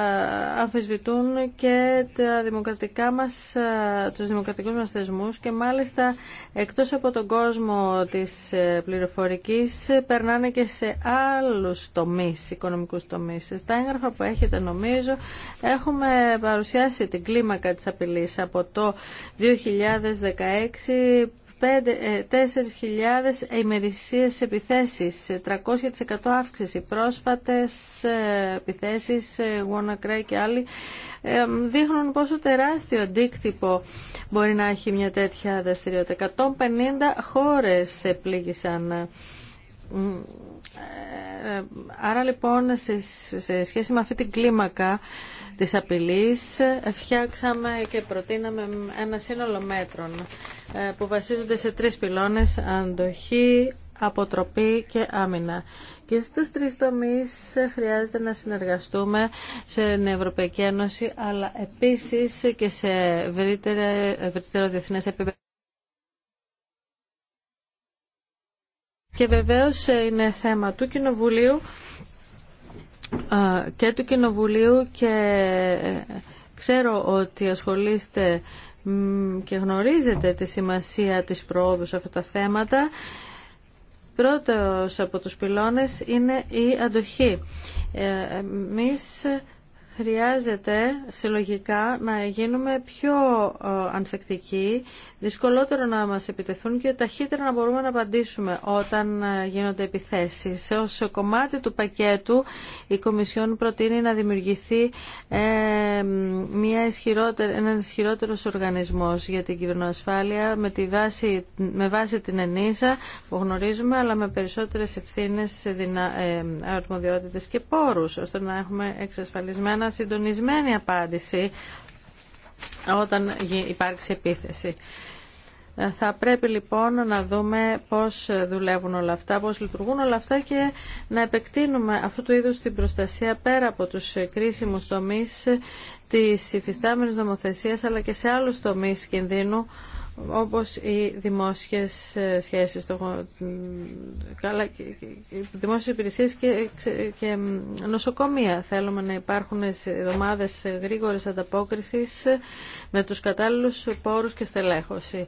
B: αμφισβητούν και τα δημοκρατικά μας, ε, τους δημοκρατικούς μας θεσμούς και μάλιστα εκτός από τον κόσμο της ε, πληροφορικής περνάνε και σε άλλους τομείς, οικονομικούς τομείς. Στα έγγραφα που έχετε νομίζω έχουμε παρουσιάσει την κλίμακα της απειλής από το 2016 4.000 ε, ημερησίες επιθέσεις, 300% αύξηση, πρόσφατες ε, επιθέσεις, ε, WannaCry και άλλοι, δείχνουν πόσο τεράστιο αντίκτυπο μπορεί να έχει μια τέτοια δραστηριότητα. 150 χώρες πλήγησαν ε, άρα λοιπόν σε σχέση με αυτή την κλίμακα της απειλής φτιάξαμε και προτείναμε ένα σύνολο μέτρων ε, που βασίζονται σε τρεις πυλώνες αντοχή, αποτροπή και άμυνα. Και στους τρεις τομείς χρειάζεται να συνεργαστούμε σε Ευρωπαϊκή Ένωση αλλά επίσης και σε ευρύτερο διεθνές επίπεδο. και βεβαίως ε, είναι θέμα του Κοινοβουλίου ε, και του Κοινοβουλίου και ε, ξέρω ότι ασχολείστε και γνωρίζετε τη σημασία της προόδου σε αυτά τα θέματα. Πρώτος από τους πυλώνες είναι η αντοχή. Εμείς χρειάζεται συλλογικά να γίνουμε πιο ε, ανθεκτικοί, δυσκολότερο να μας επιτεθούν και ταχύτερα να μπορούμε να απαντήσουμε όταν ε, γίνονται επιθέσεις. Ως κομμάτι του πακέτου η Κομισιόν προτείνει να δημιουργηθεί ε, μια ισχυρότερη, ένας ισχυρότερος οργανισμός για την κυβερνοασφάλεια με, βάση, την Ενίζα που γνωρίζουμε αλλά με περισσότερες ευθύνες, αρμοδιότητες και πόρους ώστε να έχουμε εξασφαλισμένα συντονισμένη απάντηση όταν υπάρξει επίθεση. Ε, θα πρέπει λοιπόν να δούμε πώς δουλεύουν όλα αυτά, πώς λειτουργούν όλα αυτά και να επεκτείνουμε αυτού του είδους την προστασία πέρα από τους κρίσιμους τομείς της υφιστάμενης νομοθεσίας αλλά και σε άλλους τομείς κινδύνου όπως οι δημόσιες ε, σχέσεις, το, καλά, δημόσιες υπηρεσίες και, και νοσοκομεία. Θέλουμε να υπάρχουν εβδομάδες γρήγορης ανταπόκρισης με τους κατάλληλους πόρους και στελέχωση.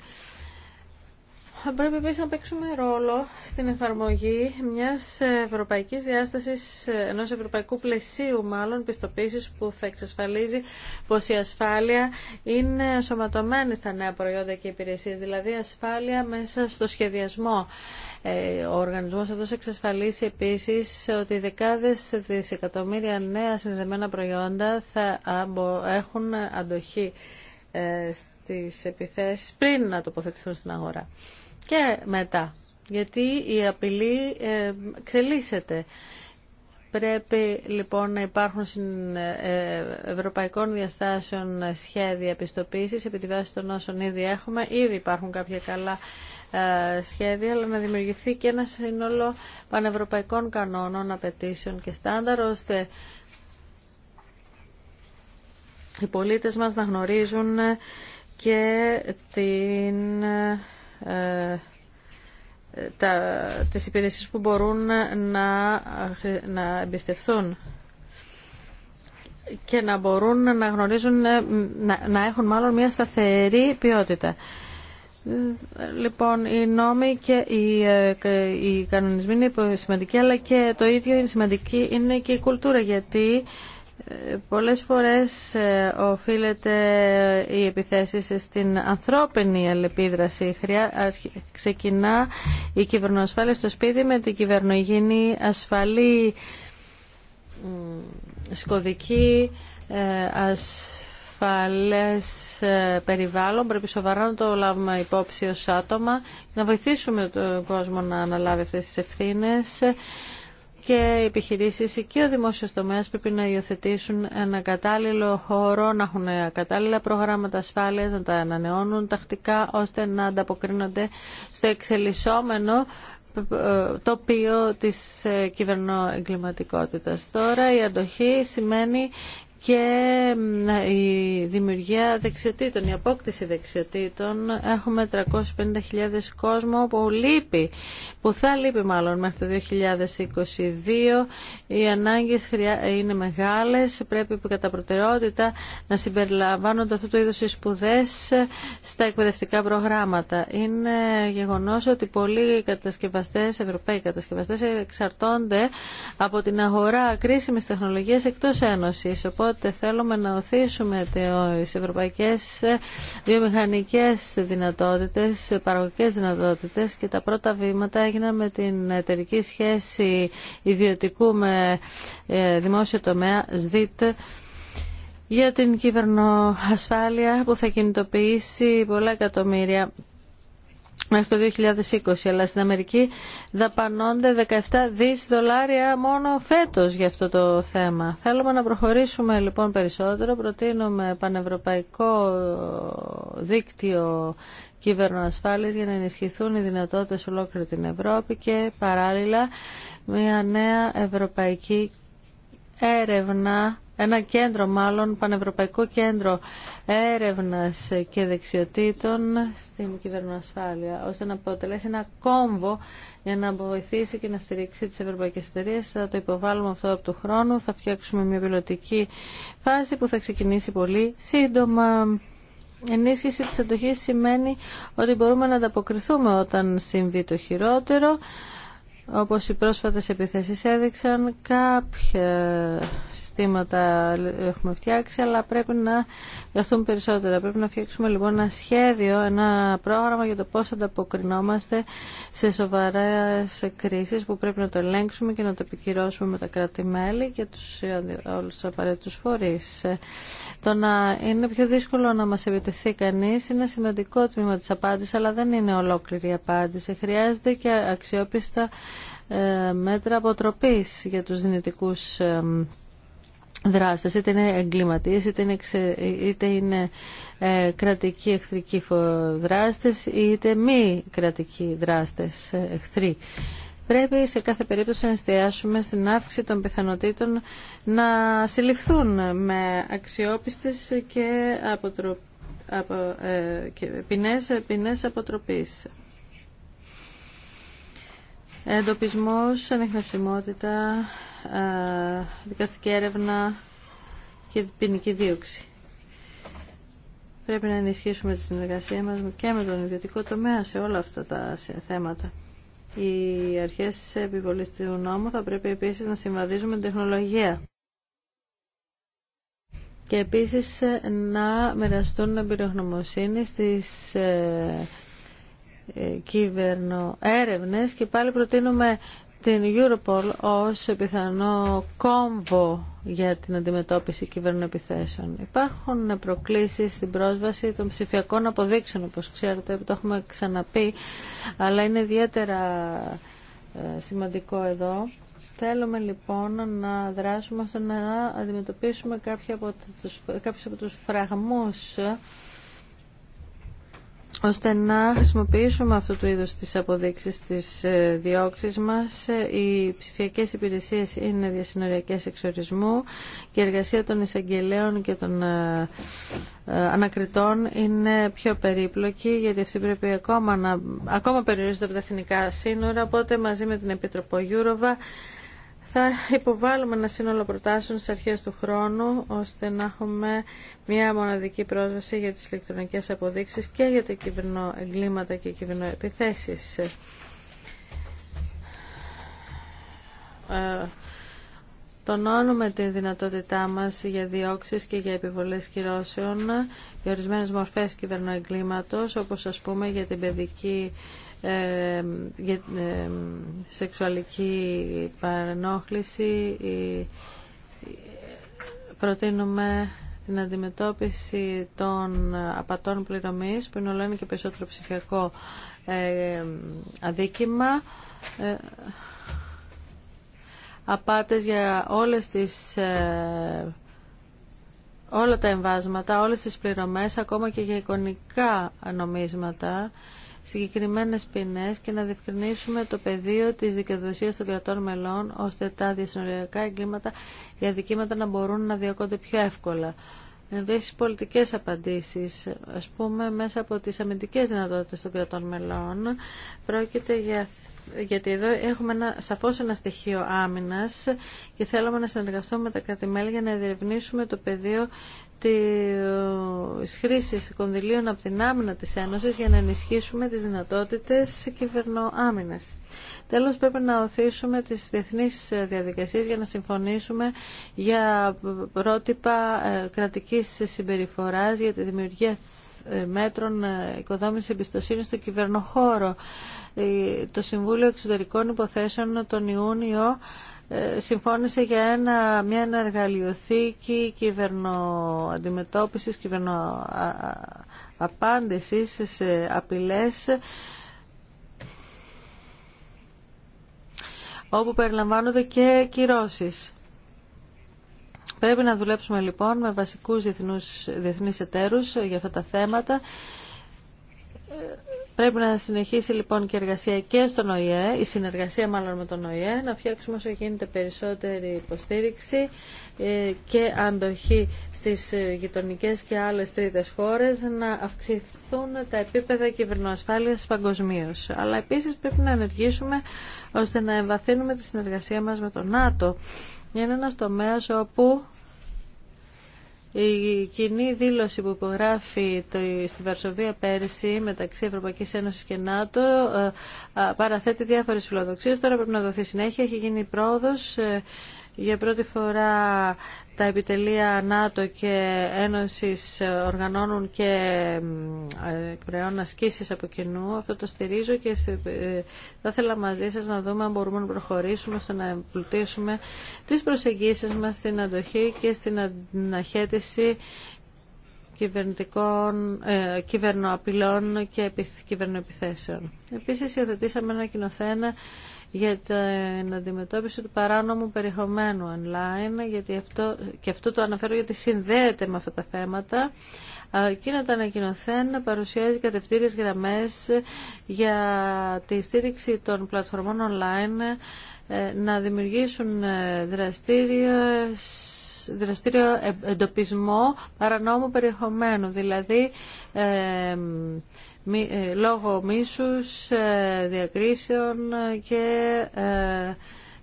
B: Πρέπει επίσης να παίξουμε ρόλο στην εφαρμογή μιας ευρωπαϊκής διάστασης, ενός ευρωπαϊκού πλαισίου μάλλον πιστοποίησης που θα εξασφαλίζει πως η ασφάλεια είναι σωματωμένη στα νέα προϊόντα και υπηρεσίες, δηλαδή ασφάλεια μέσα στο σχεδιασμό. Ε, ο οργανισμός αυτό εξασφαλίσει επίσης ότι δεκάδες δισεκατομμύρια νέα συνδεμένα προϊόντα θα έχουν αντοχή ε, στις επιθέσεις πριν να τοποθετηθούν στην αγορά και μετά. Γιατί η απειλή ε, εξελίσσεται. Πρέπει λοιπόν να υπάρχουν ε, ε, ευρωπαϊκών διαστάσεων σχέδια επιστοποίησης επί τη βάση των όσων ήδη έχουμε. Ήδη υπάρχουν κάποια καλά σχέδια, αλλά να δημιουργηθεί και ένα σύνολο πανευρωπαϊκών κανόνων, απαιτήσεων και στάνταρ, ώστε οι πολίτες μας να γνωρίζουν και την ε, τα, τις υπηρεσίες που μπορούν να, να εμπιστευθούν και να μπορούν να γνωρίζουν, ε, να, να έχουν μάλλον μια σταθερή ποιότητα. Λοιπόν, οι νόμοι και οι, ε, οι κανονισμοί είναι σημαντικοί, αλλά και το ίδιο είναι σημαντική είναι και η κουλτούρα, γιατί Πολλές φορές ε, οφείλεται ε, η επιθέσεις στην ανθρώπινη αλληλεπίδραση. Ξεκινά η κυβερνοασφάλεια στο σπίτι με την κυβερνογενή ασφαλή σκοδική ε, ασφαλές περιβάλλον. Πρέπει σοβαρά να το λάβουμε υπόψη ως άτομα και να βοηθήσουμε τον κόσμο να αναλάβει αυτές τις ευθύνες και οι επιχειρήσεις και ο δημόσιος τομέας πρέπει να υιοθετήσουν ένα κατάλληλο χώρο, να έχουν κατάλληλα προγράμματα ασφάλειας, να τα ανανεώνουν τακτικά ώστε να ανταποκρίνονται στο εξελισσόμενο ε, τοπίο της ε, κυβερνοεγκληματικότητας. Τώρα η αντοχή σημαίνει και η δημιουργία δεξιοτήτων, η απόκτηση δεξιοτήτων. Έχουμε 350.000 κόσμο που λείπει, που θα λείπει μάλλον μέχρι το 2022. Οι ανάγκες είναι μεγάλες, πρέπει που κατά προτεραιότητα να συμπεριλαμβάνονται αυτού του είδους οι σπουδές στα εκπαιδευτικά προγράμματα. Είναι γεγονός ότι πολλοί κατασκευαστές, ευρωπαίοι κατασκευαστές εξαρτώνται από την αγορά κρίσιμης τεχνολογίας εκτός Ένωσης. Οπότε θέλουμε να οθήσουμε τις ευρωπαϊκές ε, βιομηχανικές δυνατότητες, παραγωγικές δυνατότητες και τα πρώτα βήματα έγιναν με την εταιρική σχέση ιδιωτικού με ε, δημόσιο τομέα, ΣΔΙΤ, για την κυβερνοασφάλεια που θα κινητοποιήσει πολλά εκατομμύρια μέχρι το 2020, αλλά στην Αμερική δαπανώνται 17 δις δολάρια μόνο φέτος για αυτό το θέμα. Θέλουμε να προχωρήσουμε λοιπόν περισσότερο, προτείνουμε πανευρωπαϊκό δίκτυο ασφάλειας για να ενισχυθούν οι δυνατότητες ολόκληρη την Ευρώπη και παράλληλα μια νέα ευρωπαϊκή έρευνα ένα κέντρο μάλλον, πανευρωπαϊκό κέντρο έρευνας και δεξιοτήτων στην κυβερνοασφάλεια, ώστε να αποτελέσει ένα κόμβο για να βοηθήσει και να στηρίξει τις ευρωπαϊκές εταιρείε. Θα το υποβάλουμε αυτό από το χρόνο. θα φτιάξουμε μια πιλωτική φάση που θα ξεκινήσει πολύ σύντομα. Ενίσχυση της αντοχής σημαίνει ότι μπορούμε να ανταποκριθούμε όταν συμβεί το χειρότερο. Όπως οι πρόσφατες επιθέσεις έδειξαν, κάποια συστήματα έχουμε φτιάξει, αλλά πρέπει να γραφτούν περισσότερα. Πρέπει να φτιάξουμε λοιπόν ένα σχέδιο, ένα πρόγραμμα για το πώς ανταποκρινόμαστε σε σοβαρέ κρίσει που πρέπει να το ελέγξουμε και να το επικυρώσουμε με τα κράτη-μέλη και τους, όλους τους Το να είναι πιο δύσκολο να μα επιτεθεί κανεί, είναι σημαντικό τμήμα τη απάντησης, αλλά δεν είναι ολόκληρη η απάντηση. Χρειάζεται και αξιόπιστα ε, μέτρα αποτροπής για τους δυνητικούς ε, δράστες, είτε είναι εγκληματίες, είτε είναι, είναι ε, κρατικοί εχθρικοί δράστες, είτε μη κρατικοί δράστες ε, εχθροί. Πρέπει σε κάθε περίπτωση να εστιάσουμε στην αύξηση των πιθανότητων να συλληφθούν με αξιόπιστες και, αποτρο... απο... ε, και ποινές αποτροπής. Εντοπισμός, ανεχνευσιμότητα, δικαστική έρευνα και ποινική δίωξη. Πρέπει να ενισχύσουμε τη συνεργασία μας και με τον ιδιωτικό τομέα σε όλα αυτά τα θέματα. Οι αρχές επιβολής του νόμου θα πρέπει επίσης να συμβαδίζουν με την τεχνολογία και επίσης να μοιραστούν εμπειρογνωμοσύνη στις ε, ε κυβερνοέρευνες και πάλι προτείνουμε την Europol ως πιθανό κόμβο για την αντιμετώπιση επιθέσεων. Υπάρχουν προκλήσεις στην πρόσβαση των ψηφιακών αποδείξεων, όπως ξέρετε, που το έχουμε ξαναπεί, αλλά είναι ιδιαίτερα ε, σημαντικό εδώ. Θέλουμε λοιπόν να δράσουμε ώστε να αντιμετωπίσουμε κάποιους από τους φραγμούς ώστε να χρησιμοποιήσουμε αυτό του είδους τις αποδείξεις της ε, διώξης μας. Ε, οι ψηφιακές υπηρεσίες είναι διασυνοριακές εξορισμού και η εργασία των εισαγγελέων και των ε, ανακριτών είναι πιο περίπλοκη γιατί αυτή πρέπει ακόμα, να, ακόμα περιορίζονται από τα εθνικά σύνορα οπότε μαζί με την Επιτροπό Γιούροβα θα υποβάλουμε ένα σύνολο προτάσεων στις αρχές του χρόνου, ώστε να έχουμε μία μοναδική πρόσβαση για τις ηλεκτρονικές αποδείξεις και για τα κυβερνοεγκλήματα και κυβερνοεπιθέσεις. Ε, τονώνουμε τη δυνατότητά μας για διώξεις και για επιβολές κυρώσεων για ορισμένες μορφές κυβερνοεγκλήματος, όπως ας πούμε για την παιδική ε, ε, σεξουαλική παρενόχληση προτείνουμε την αντιμετώπιση των απατών πληρωμής που είναι όλο και περισσότερο ψηφιακό ε, αδίκημα απάτες για όλες τις όλα τα εμβάσματα, όλες τις πληρωμές, ακόμα και για εικονικά νομίσματα συγκεκριμένες ποινές και να διευκρινίσουμε το πεδίο της δικαιοδοσίας των κρατών μελών ώστε τα διασυνοριακά εγκλήματα για δικήματα να μπορούν να διωκόνται πιο εύκολα. Επίση, πολιτικέ απαντήσεις, ας πούμε, μέσα από τις αμυντικέ δυνατότητες των κρατών μελών, πρόκειται για γιατί εδώ έχουμε ένα, σαφώς ένα στοιχείο άμυνας και θέλουμε να συνεργαστούμε με τα κράτη-μέλη για να διευνήσουμε το πεδίο της χρήσης κονδυλίων από την άμυνα της Ένωσης για να ενισχύσουμε τις δυνατότητες κυβερνοάμυνας. Τέλος πρέπει να οθήσουμε τις διεθνείς διαδικασίες για να συμφωνήσουμε για πρότυπα ε, κρατικής συμπεριφοράς για τη δημιουργία ε, μέτρων ε, οικοδόμησης εμπιστοσύνη στο κυβερνοχώρο. Ε, το Συμβούλιο Εξωτερικών Υποθέσεων τον Ιούνιο συμφώνησε για ένα, μια εναργαλειοθήκη κυβερνοαντιμετώπισης, κυβερνοαπάντησης σε απειλές όπου περιλαμβάνονται και κυρώσεις. Πρέπει να δουλέψουμε λοιπόν με βασικούς διεθνούς, διεθνείς εταίρους για αυτά τα θέματα. Πρέπει να συνεχίσει λοιπόν και η εργασία και στον ΟΗΕ, η συνεργασία μάλλον με τον ΟΗΕ, να φτιάξουμε όσο γίνεται περισσότερη υποστήριξη ε, και αντοχή στις γειτονικέ και άλλες τρίτες χώρες, να αυξηθούν τα επίπεδα κυβερνοασφάλειας παγκοσμίω. Αλλά επίσης πρέπει να ενεργήσουμε ώστε να εμβαθύνουμε τη συνεργασία μας με τον ΝΑΤΟ είναι ένας τομέας όπου η κοινή δήλωση που υπογράφει το, στη Βαρσοβία πέρυσι μεταξύ Ευρωπαϊκής Ένωσης και ΝΑΤΟ ε, παραθέτει διάφορες φιλοδοξίες. Τώρα πρέπει να δοθεί συνέχεια. Έχει γίνει πρόοδος ε, για πρώτη φορά τα επιτελεία ΝΑΤΟ και Ένωσης οργανώνουν και κρεών ασκήσεις από κοινού. Αυτό το στηρίζω και ε, θα ήθελα μαζί σας να δούμε αν μπορούμε να προχωρήσουμε ώστε να εμπλουτίσουμε τις προσεγγίσεις μας στην αντοχή και στην αναχέτηση κυβερνητικών, ε, κυβερνοαπειλών και κυβερνοεπιθέσεων. Επίσης, υιοθετήσαμε ένα κοινοθένα για την αντιμετώπιση του παράνομου περιεχομένου online, γιατί αυτό, και αυτό το αναφέρω γιατί συνδέεται με αυτά τα θέματα. Εκείνα τα ανακοινωθέν παρουσιάζει κατευθύνες γραμμές για τη στήριξη των πλατφορμών online ε, να δημιουργήσουν ε, δραστήριες δραστήριο εντοπισμό παρανόμου περιεχομένου, δηλαδή ε, ε, λόγω μίσους, ε, διακρίσεων και ε,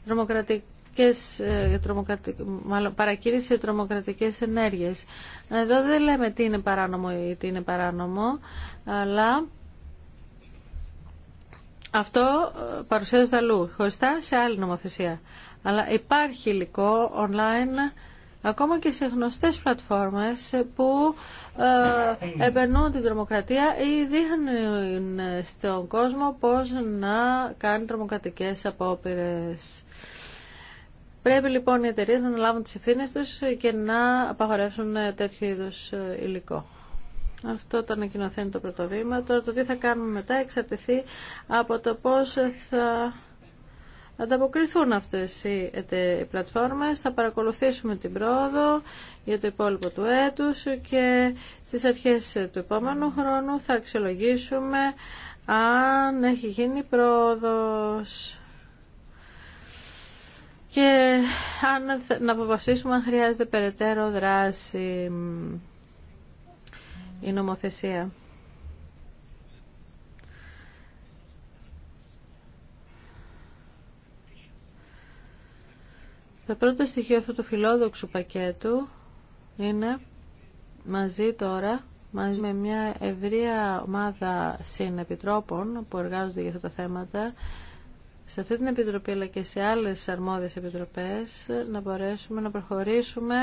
B: τρομοκρατικές, μάλλον, παρακήρυξη τρομοκρατικές ενέργειες. Εδώ δεν λέμε τι είναι παράνομο ή τι είναι παράνομο, αλλά αυτό παρουσιάζεται αλλού, χωριστά σε άλλη νομοθεσία. Αλλά υπάρχει υλικό online ακόμα και σε γνωστές πλατφόρμες που ε, την τρομοκρατία ή δείχνουν στον κόσμο πώς να κάνει τρομοκρατικές απόπειρες. Πρέπει λοιπόν οι εταιρείε να αναλάβουν τις ευθύνες τους και να απαγορεύσουν τέτοιο είδους υλικό. Αυτό το ανακοινωθένει το πρώτο Τώρα το τι θα κάνουμε μετά εξαρτηθεί από το πώς θα ανταποκριθούν αυτές οι, πλατφόρμες. Θα παρακολουθήσουμε την πρόοδο για το υπόλοιπο του έτους και στις αρχές του επόμενου χρόνου θα αξιολογήσουμε αν έχει γίνει πρόοδος και αν, να αποφασίσουμε αν χρειάζεται περαιτέρω δράση η νομοθεσία. Το πρώτο στοιχείο αυτού του φιλόδοξου πακέτου είναι μαζί τώρα, μαζί με μια ευρεία ομάδα συνεπιτρόπων που εργάζονται για αυτά τα θέματα, σε αυτή την Επιτροπή αλλά και σε άλλες αρμόδιες επιτροπές να μπορέσουμε να προχωρήσουμε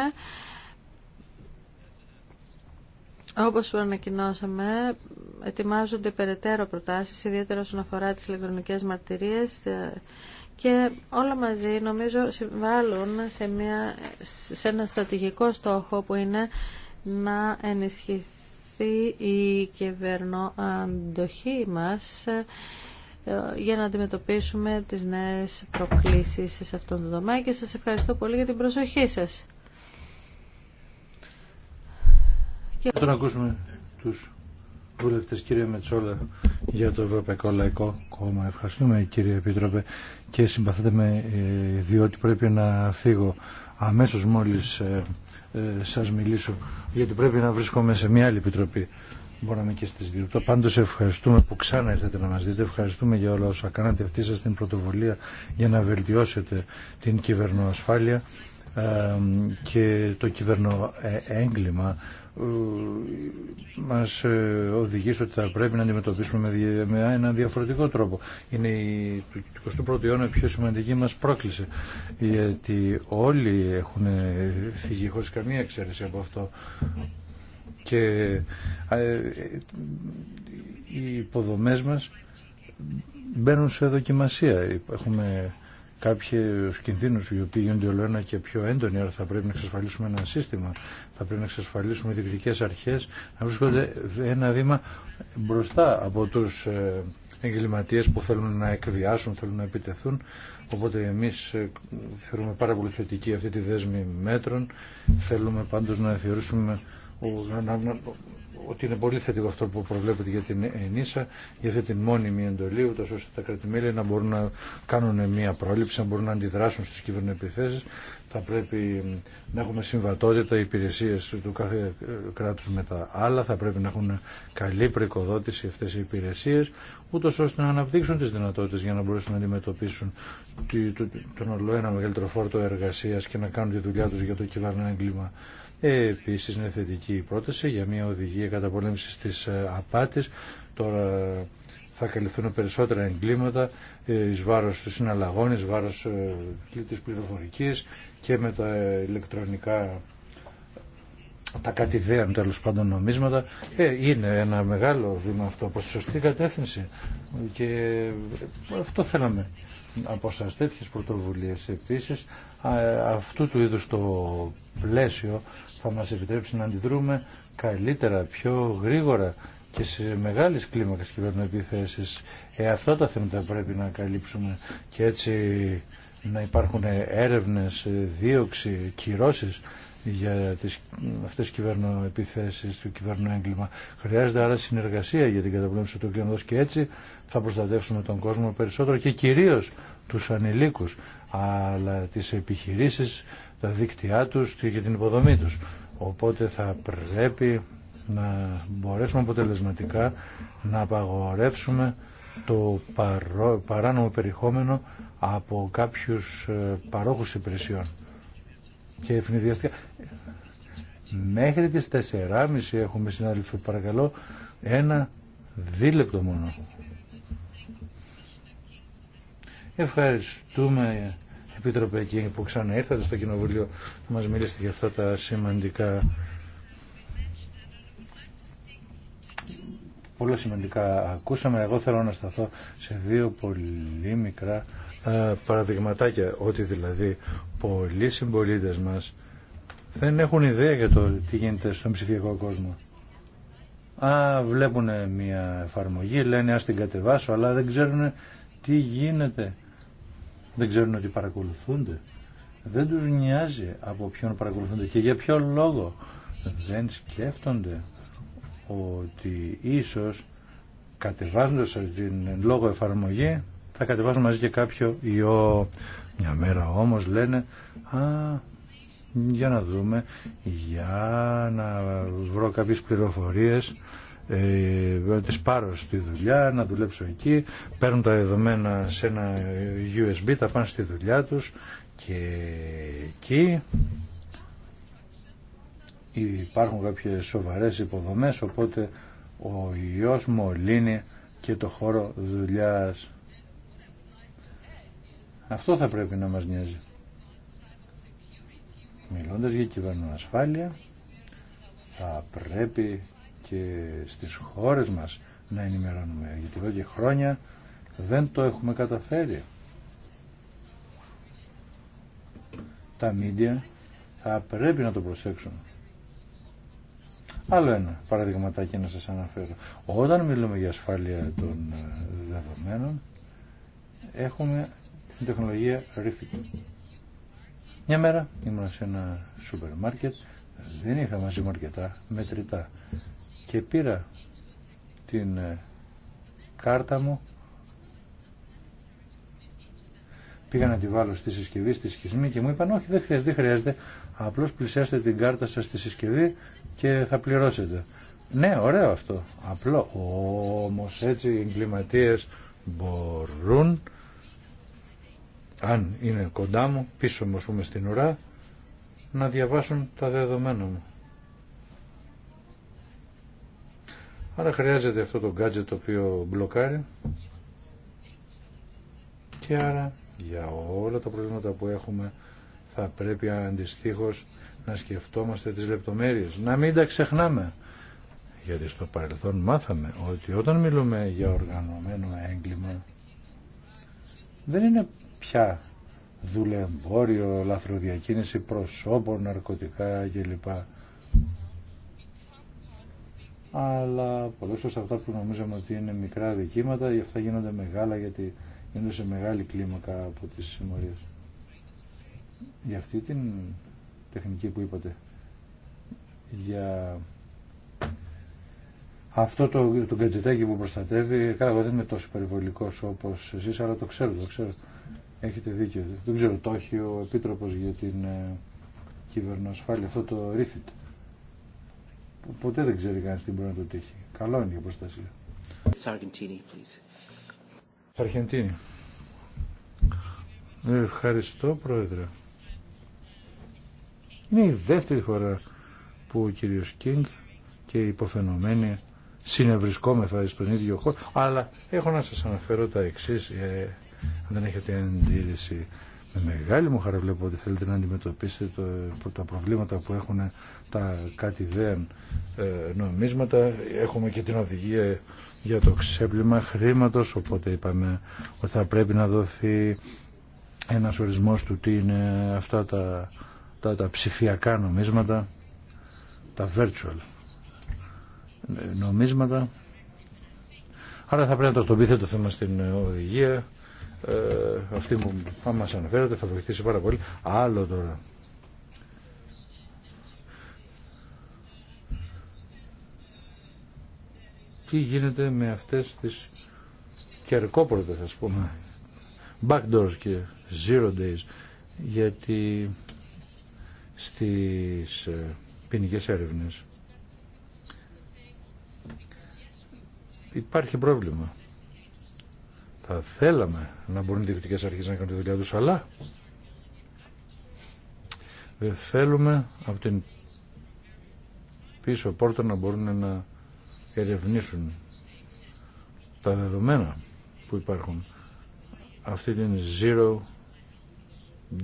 B: όπως ανακοινώσαμε, ετοιμάζονται περαιτέρω προτάσεις, ιδιαίτερα όσον αφορά τις ηλεκτρονικές μαρτυρίες, και όλα μαζί νομίζω συμβάλλουν σε, μια, σε ένα στρατηγικό στόχο που είναι να ενισχυθεί η κυβερνοαντοχή μας ε, για να αντιμετωπίσουμε τις νέες προκλήσεις σε αυτόν τον τομέα και σας ευχαριστώ πολύ για την προσοχή σας. Και...
D: ακούσουμε τους κύριε Μετσόλα για το Ευρωπαϊκό Λαϊκό Κόμμα. Ευχαριστούμε κύριε Επίτροπε και συμπαθέτε με ε, διότι πρέπει να φύγω αμέσως μόλις ε, ε, σας μιλήσω γιατί πρέπει να βρίσκομαι σε μια άλλη επιτροπή. Μπορούμε και στις δύο. πάντως ευχαριστούμε που ξανά ήρθατε να μας δείτε. Ευχαριστούμε για όλα όσα κάνατε αυτή σας την πρωτοβουλία για να βελτιώσετε την κυβερνοασφάλεια και το κυβερνοέγκλημα μας ε, οδηγεί ότι θα πρέπει να αντιμετωπίσουμε με έναν διαφορετικό τρόπο. Είναι η 21 ου αιώνα η πιο σημαντική μας πρόκληση, γιατί όλοι έχουν ε, φύγει χωρίς καμία εξαίρεση από αυτό. Και ε, οι υποδομές μας μπαίνουν σε δοκιμασία. Έχουμε κάποιου κινδύνου οι οποίοι γίνονται όλο και πιο έντονοι, άρα θα πρέπει να εξασφαλίσουμε ένα σύστημα. Θα πρέπει να εξασφαλίσουμε διοικητικέ αρχέ να βρίσκονται ένα βήμα μπροστά από του ε, εγκληματίε που θέλουν να εκβιάσουν, θέλουν να επιτεθούν. Οπότε εμεί ε, θεωρούμε πάρα πολύ θετική αυτή τη δέσμη μέτρων. Θέλουμε πάντω να θεωρήσουμε να, ότι είναι πολύ θετικό αυτό που προβλέπετε για την ΕΝΗΣΑ, για αυτή την μόνιμη εντολή, ούτω ώστε τα κρατημέλια να μπορούν να κάνουν μια πρόληψη, να μπορούν να αντιδράσουν στι κυβερνοεπιθέσει. Θα πρέπει να έχουμε συμβατότητα οι υπηρεσίε του κάθε ε, κράτου με τα άλλα, θα πρέπει να έχουν καλή προοικοδότηση αυτέ οι υπηρεσίε, ούτω ώστε να αναπτύξουν τι δυνατότητε για να μπορέσουν να αντιμετωπίσουν τον ολοένα μεγαλύτερο φόρτο εργασία και να κάνουν τη δουλειά του για το κυβερνοέγκλημα. Ε, επίσης είναι θετική η πρόταση για μια οδηγία καταπολέμησης της ε, απάτης. Τώρα θα καλυφθούν περισσότερα εγκλήματα ε, εις βάρος του συναλλαγών, εις βάρος της πληροφορικής και με τα ηλεκτρονικά τα κατηδέαν τέλο πάντων νομίσματα. Ε, είναι ένα μεγάλο βήμα αυτό προς τη σωστή κατεύθυνση και αυτό θέλαμε από σα τέτοιε πρωτοβουλίε. Επίση, αυτού του είδου το πλαίσιο θα μας επιτρέψει να αντιδρούμε καλύτερα, πιο γρήγορα και σε μεγάλες κλίμακες κυβερνοεπιθέσεις. Ε, αυτά τα θέματα πρέπει να καλύψουμε και έτσι να υπάρχουν έρευνες, δίωξη, κυρώσεις για τις, αυτές τις κυβερνοεπιθέσεις, το κυβερνοέγκλημα. Χρειάζεται άρα συνεργασία για την καταπολέμηση του κλίματος και έτσι θα προστατεύσουμε τον κόσμο περισσότερο και κυρίως τους ανηλίκους, αλλά τις επιχειρήσεις τα δίκτυά τους και την υποδομή τους. Οπότε θα πρέπει να μπορέσουμε αποτελεσματικά να απαγορεύσουμε το παράνομο περιεχόμενο από κάποιους ε, παρόχους υπηρεσιών και ευνηδιαστικά. Μέχρι τις 4.30 έχουμε συνάδελφοι, παρακαλώ, ένα δίλεπτο μόνο. Ευχαριστούμε Επίτροπε, εκεί που ήρθατε στο Κοινοβούλιο, που μας μιλήσετε για αυτά τα σημαντικά πολύ σημαντικά ακούσαμε. Εγώ θέλω να σταθώ σε δύο πολύ μικρά ε, παραδειγματάκια. Ότι δηλαδή πολλοί συμπολίτε μας δεν έχουν ιδέα για το τι γίνεται στον ψηφιακό κόσμο. Α, βλέπουν μια εφαρμογή, λένε ας την κατεβάσω, αλλά δεν ξέρουν τι γίνεται δεν ξέρουν ότι παρακολουθούνται. Δεν τους νοιάζει από ποιον παρακολουθούνται και για ποιο λόγο. Δεν σκέφτονται ότι ίσως κατεβάζοντας την λόγο εφαρμογή θα κατεβάζουν μαζί και κάποιο ιό. Μια μέρα όμως λένε «Α, για να δούμε, για να βρω κάποιες πληροφορίες ε, τις πάρω στη δουλειά, να δουλέψω εκεί, παίρνουν τα δεδομένα σε ένα USB, τα πάνε στη δουλειά τους και εκεί υπάρχουν κάποιες σοβαρές υποδομές, οπότε ο ιός μολύνει και το χώρο δουλειάς. Αυτό θα πρέπει να μας νοιάζει. Μιλώντας για κυβερνοασφάλεια, θα πρέπει και στις χώρες μας να ενημερώνουμε γιατί εδώ και χρόνια δεν το έχουμε καταφέρει. Τα μίντια θα πρέπει να το προσέξουν. Άλλο ένα παραδειγματάκι να σας αναφέρω. Όταν μιλούμε για ασφάλεια των ε, δεδομένων έχουμε την τεχνολογία RFID. Μια μέρα ήμουν σε ένα σούπερ μάρκετ, δεν είχα μαζί μου αρκετά μετρητά και πήρα την ε, κάρτα μου πήγα να τη βάλω στη συσκευή, στη σχισμή και μου είπαν όχι δεν χρειάζεται, δεν χρειάζεται απλώς πλησιάστε την κάρτα σας στη συσκευή και θα πληρώσετε ναι ωραίο αυτό απλό όμως έτσι οι εγκληματίες μπορούν αν είναι κοντά μου, πίσω μου ας πούμε στην ουρά να διαβάσουν τα δεδομένα μου Άρα χρειάζεται αυτό το gadget το οποίο μπλοκάρει και άρα για όλα τα προβλήματα που έχουμε θα πρέπει αντιστοίχω να σκεφτόμαστε τις λεπτομέρειες, να μην τα ξεχνάμε. Γιατί στο παρελθόν μάθαμε ότι όταν μιλούμε για οργανωμένο έγκλημα δεν είναι πια δουλεμπόριο, λαθροδιακίνηση προσώπων, ναρκωτικά κλπ αλλά πολλέ φορέ αυτά που νομίζαμε ότι είναι μικρά δικήματα, αυτά γίνονται μεγάλα γιατί γίνονται σε μεγάλη κλίμακα από τι συμμορίε. Για αυτή την τεχνική που είπατε, για αυτό το, το γκατζετάκι που προστατεύει, καλά εγώ δεν είμαι τόσο περιβολικός όπω εσεί αλλά το ξέρω, το ξέρω. Έχετε δίκιο. Δεν ξέρω, το έχει ο Επίτροπος για την ε, κυβερνοασφάλεια, αυτό το ρίθιτο ποτέ δεν ξέρει κανείς τι μπορεί να το τύχει. Καλό είναι για προστασία. Σαργεντίνη, please. Ευχαριστώ, Πρόεδρε. Είναι η δεύτερη φορά που ο κύριος Κίνγκ και οι υποφαινομένοι συνευρισκόμεθα στον ίδιο χώρο, αλλά έχω να σας αναφέρω τα εξής, ε, αν δεν έχετε αντίρρηση. Με μεγάλη μου χαρά βλέπω ότι θέλετε να αντιμετωπίσετε το, τα προβλήματα που έχουν τα κάτι ε, νομίσματα. Έχουμε και την οδηγία για το ξέπλυμα χρήματος, οπότε είπαμε ότι θα πρέπει να δοθεί ένας ορισμός του τι είναι αυτά τα, τα, τα ψηφιακά νομίσματα, τα virtual νομίσματα. Άρα θα πρέπει να το το θέμα στην οδηγία ε, αυτή μου, αν μας αναφέρεται θα βοηθήσει πάρα πολύ. Άλλο τώρα. Τι γίνεται με αυτές τις κερκόπορτες, ας πούμε, backdoors και zero days, γιατί στις ε, ποινικέ έρευνες υπάρχει πρόβλημα. Θα θέλαμε να μπορούν οι διοικητικέ αρχές να κάνουν τη δουλειά του, αλλά δεν θέλουμε από την πίσω πόρτα να μπορούν να ερευνήσουν τα δεδομένα που υπάρχουν. Αυτή την zero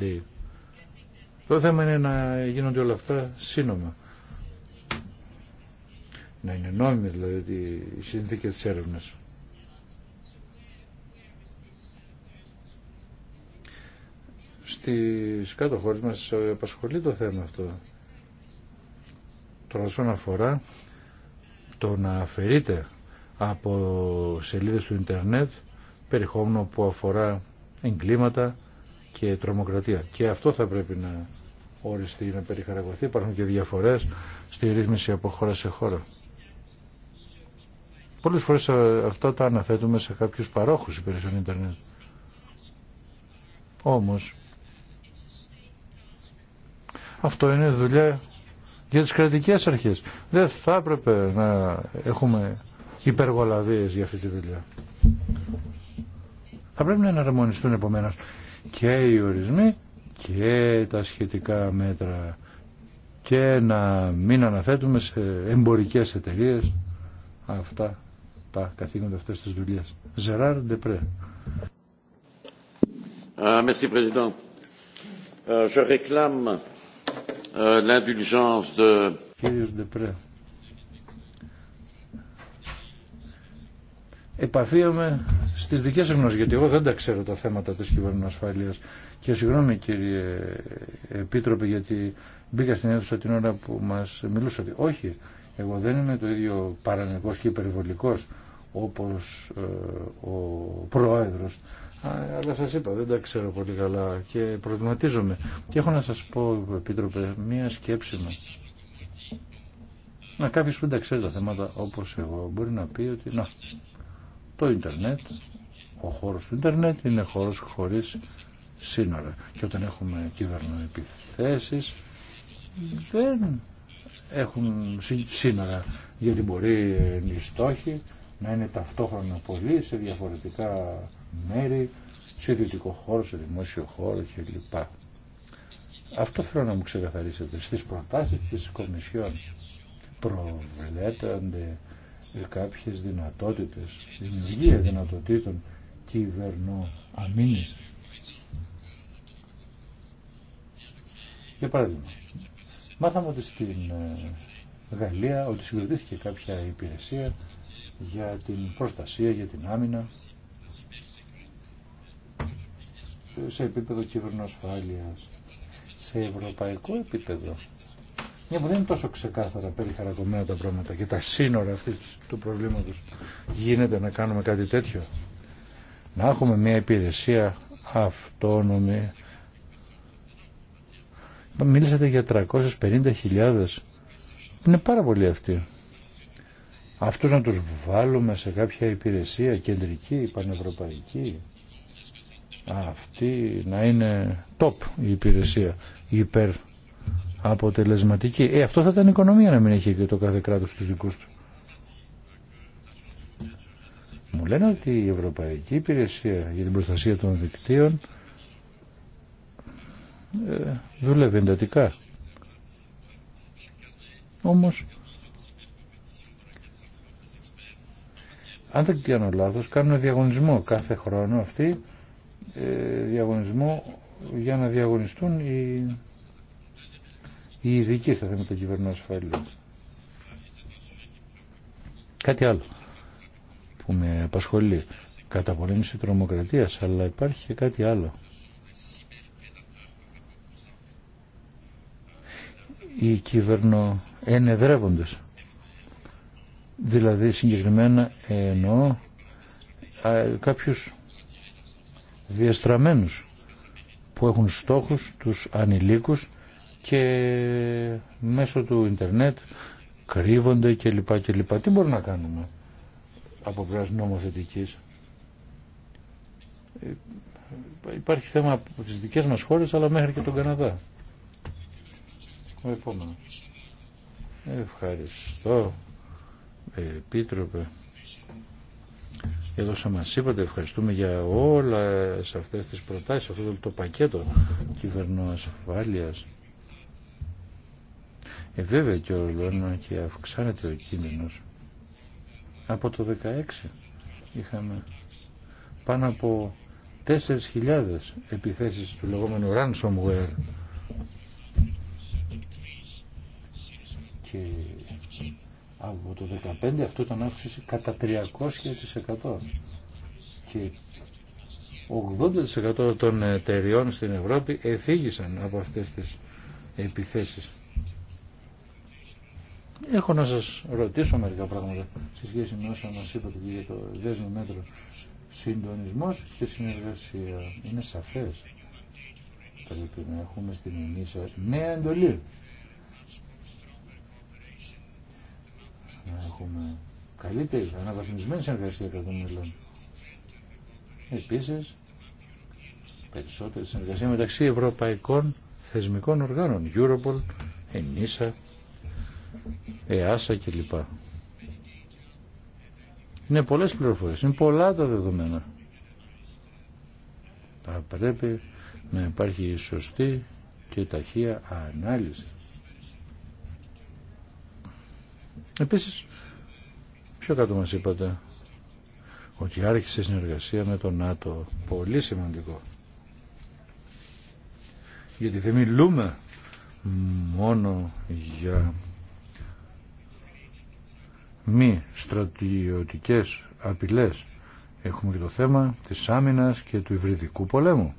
D: day. Το θέμα είναι να γίνονται όλα αυτά σύνομα. Να είναι νόμιμη δηλαδή οι συνθήκε της έρευνας. στις κάτω χώρες μας απασχολεί το θέμα αυτό. Τώρα όσον αφορά το να αφαιρείται από σελίδες του ίντερνετ περιεχόμενο που αφορά εγκλήματα και τρομοκρατία. Και αυτό θα πρέπει να οριστεί, να περιχαραγωθεί. Υπάρχουν και διαφορές στη ρύθμιση από χώρα σε χώρα. Πολλές φορές αυτά τα αναθέτουμε σε κάποιους παρόχους υπηρεσιών ίντερνετ. Όμως αυτό είναι δουλειά για τις κρατικές αρχές. Δεν θα έπρεπε να έχουμε υπεργολαβίες για αυτή τη δουλειά. Θα πρέπει να εναρμονιστούν επομένω και οι ορισμοί και τα σχετικά μέτρα και να μην αναθέτουμε σε εμπορικές εταιρείες αυτά τα καθήκοντα αυτές τις δουλειές. Ζεράρ Ντεπρέ.
F: Ah, merci, euh, Euh, l'indulgence de...
D: Κύριος στις δικές γνώσεις, γιατί εγώ δεν τα ξέρω τα θέματα της ασφαλείας. Και συγγνώμη κύριε Επίτροπε, γιατί μπήκα στην αίθουσα την ώρα που μας μιλούσατε. Όχι, εγώ δεν είμαι το ίδιο παρανεκός και υπερβολικός όπως ε, ο πρόεδρος αλλά σας είπα δεν τα ξέρω πολύ καλά και προβληματίζομαι και έχω να σας πω επίτροπε μία σκέψη μου να κάποιος που δεν τα ξέρει τα θέματα όπως εγώ μπορεί να πει ότι να, το ίντερνετ ο χώρος του ίντερνετ είναι χώρος χωρίς σύνορα και όταν έχουμε επιθέσεις δεν έχουν σύνορα γιατί μπορεί οι στόχοι να είναι ταυτόχρονα πολλοί σε διαφορετικά μέρη, σε ιδιωτικό χώρο, σε δημόσιο χώρο κλπ. Αυτό θέλω να μου ξεκαθαρίσετε. Στις προτάσεις της Κομισιόν προβλέπονται κάποιες δυνατότητες, δημιουργία δυνατοτήτων κυβερνό αμήνης. Για παράδειγμα, μάθαμε ότι στην ε, Γαλλία ότι συγκροτήθηκε κάποια υπηρεσία για την προστασία, για την άμυνα σε επίπεδο κυβερνοσφάλειας σε ευρωπαϊκό επίπεδο. Μια που δεν είναι τόσο ξεκάθαρα περιχαρακωμένα τα πράγματα και τα σύνορα αυτή του προβλήματος γίνεται να κάνουμε κάτι τέτοιο. Να έχουμε μια υπηρεσία αυτόνομη. Μίλησατε για 350.000. Είναι πάρα πολλοί αυτοί. Αυτούς να τους βάλουμε σε κάποια υπηρεσία κεντρική, πανευρωπαϊκή αυτή να είναι top η υπηρεσία υπερ αποτελεσματική. Ε, αυτό θα ήταν οικονομία να μην έχει και το κάθε κράτος τους δικούς του. Μου λένε ότι η Ευρωπαϊκή Υπηρεσία για την Προστασία των Δικτύων ε, δούλευε εντατικά. Όμως, αν δεν κάνω λάθος, κάνουν διαγωνισμό κάθε χρόνο αυτή. Ε, διαγωνισμό για να διαγωνιστούν οι, οι ειδικοί στα θέματα κυβερνών ασφαλείων. Κάτι άλλο που με απασχολεί. Καταπολέμηση τρομοκρατίας, αλλά υπάρχει και κάτι άλλο. Οι κυβερνο Δηλαδή συγκεκριμένα εννοώ κάποιους Διαστραμμένους που έχουν στόχους τους ανηλίκους και μέσω του ίντερνετ κρύβονται κλπ. λοιπά Τι μπορούμε να κάνουμε από πλευράς νομοθετικής. Ε, υπάρχει θέμα από τις δικές μας χώρες αλλά μέχρι και τον Καναδά. Ο επόμενος. Ευχαριστώ. Επίτροπε. Εδώ το μας είπατε. Ευχαριστούμε για όλα σε αυτές τις προτάσεις, αυτό το πακέτο κυβερνοασφάλειας. Ε, βέβαια και όλο και αυξάνεται ο κίνδυνος. Από το 16 είχαμε πάνω από 4.000 επιθέσεις του λεγόμενου ransomware και από το 2015 αυτό ήταν αύξηση κατά 300% και 80% των εταιριών στην Ευρώπη εφήγησαν από αυτές τις επιθέσεις. Έχω να σας ρωτήσω μερικά πράγματα σε σχέση με όσα μας είπατε για το δέσμο μέτρο. Συντονισμός και συνεργασία. Είναι σαφές. Πρέπει να έχουμε στην Ενίσα νέα εντολή να έχουμε καλύτερη, αναβαθμισμένη συνεργασία τον μελών. Επίσης, περισσότερη συνεργασία μεταξύ ευρωπαϊκών θεσμικών οργάνων, Europol, ENISA, EASA κλπ. Είναι πολλές πληροφορίες, είναι πολλά τα δεδομένα. Θα πρέπει να υπάρχει η σωστή και ταχεία ανάλυση Επίσης, πιο κάτω μας είπατε ότι άρχισε συνεργασία με τον ΝΑΤΟ. Πολύ σημαντικό. Γιατί δεν μιλούμε μόνο για μη στρατιωτικές απειλές. Έχουμε και το θέμα της άμυνας και του υβριδικού πολέμου.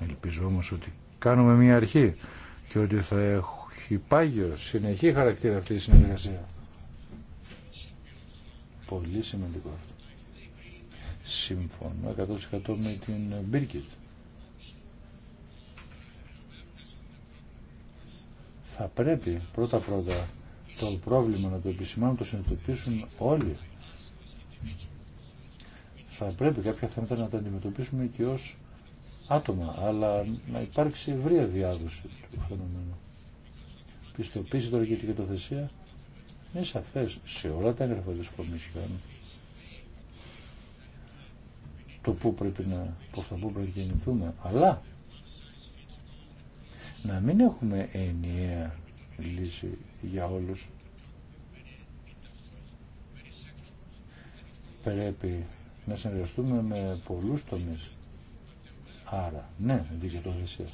D: Ελπίζω όμως ότι κάνουμε μία αρχή και ότι θα έχουμε Υπάγειο συνεχή χαρακτήρα αυτή η συνεργασία. Πολύ σημαντικό αυτό. Συμφωνώ 100% με την Μπίρκετ. Θα πρέπει πρώτα-πρώτα το πρόβλημα να το επισημάνουν, το συνειδητοποιήσουν όλοι. Θα πρέπει κάποια θέματα να τα αντιμετωπίσουμε και ως άτομα, αλλά να υπάρξει ευρία διάδοση του φαινομένου πιστοποίηση τώρα και την κατοθεσία. είναι σαφέ σε όλα τα έγγραφα τη Κομισιόν το που πρέπει να, προς τα που πρέπει να αλλά να μην έχουμε ενιαία λύση για όλους. Πρέπει να συνεργαστούμε με πολλούς τομείς. Άρα, ναι, δικαιοθεσία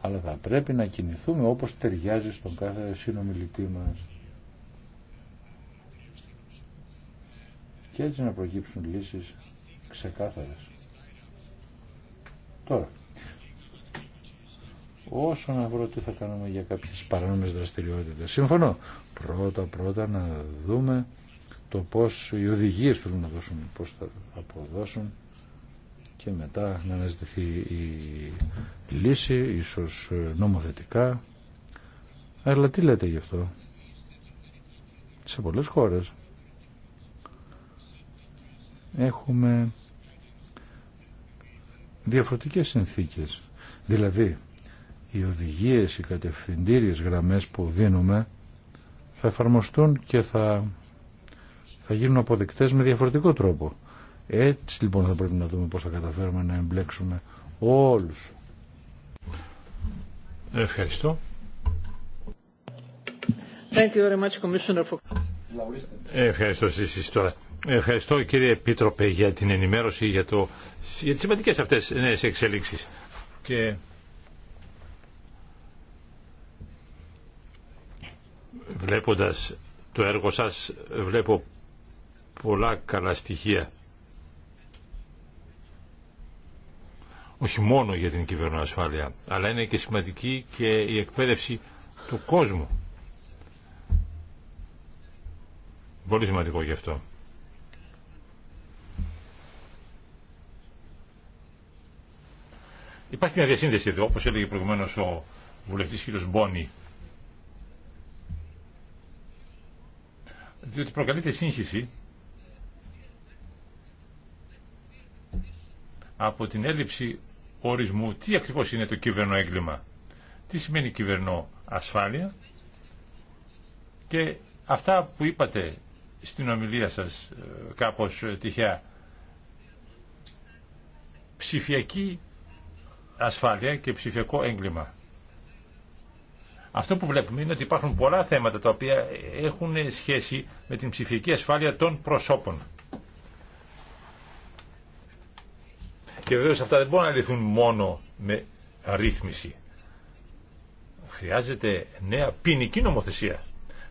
D: αλλά θα πρέπει να κινηθούμε όπως ταιριάζει στον κάθε συνομιλητή μας. Και έτσι να προκύψουν λύσεις ξεκάθαρες. Τώρα, όσο να βρω τι θα κάνουμε για κάποιες παράνομες δραστηριότητες. Σύμφωνο, Πρώτα πρώτα να δούμε το πώς οι οδηγίες πρέπει να δώσουν, πώς θα αποδώσουν και μετά να αναζητηθεί η λύση, ίσως ε, νομοθετικά. Αλλά τι λέτε γι' αυτό. Σε πολλές χώρες έχουμε διαφορετικές συνθήκες. Δηλαδή, οι οδηγίες, οι κατευθυντήριες γραμμές που δίνουμε θα εφαρμοστούν και θα, θα γίνουν αποδεκτές με διαφορετικό τρόπο. Έτσι λοιπόν θα πρέπει να δούμε πώς θα καταφέρουμε να εμπλέξουμε όλους.
A: Ευχαριστώ.
C: Thank you very much, Commissioner.
A: Ευχαριστώ εσείς Ευχαριστώ κύριε Επίτροπε για την ενημέρωση για, το, για τις σημαντικές αυτές νέες εξελίξεις. Και... Βλέποντας το έργο σας βλέπω πολλά καλά στοιχεία όχι μόνο για την κυβερνοασφάλεια, αλλά είναι και σημαντική και η εκπαίδευση του κόσμου. Πολύ σημαντικό γι' αυτό. Υπάρχει μια διασύνδεση εδώ, όπως έλεγε προηγουμένως ο βουλευτής κ. Μπόνι. Διότι προκαλείται σύγχυση από την έλλειψη ορισμού τι ακριβώς είναι το κυβερνό έγκλημα, τι σημαίνει κυβερνό ασφάλεια και αυτά που είπατε στην ομιλία σας ε, κάπως ε, τυχαία ψηφιακή ασφάλεια και ψηφιακό έγκλημα. Αυτό που βλέπουμε είναι ότι υπάρχουν πολλά θέματα τα οποία έχουν σχέση με την ψηφιακή ασφάλεια των προσώπων. Και βεβαίω αυτά δεν μπορούν να λυθούν μόνο με ρύθμιση. Χρειάζεται νέα ποινική νομοθεσία.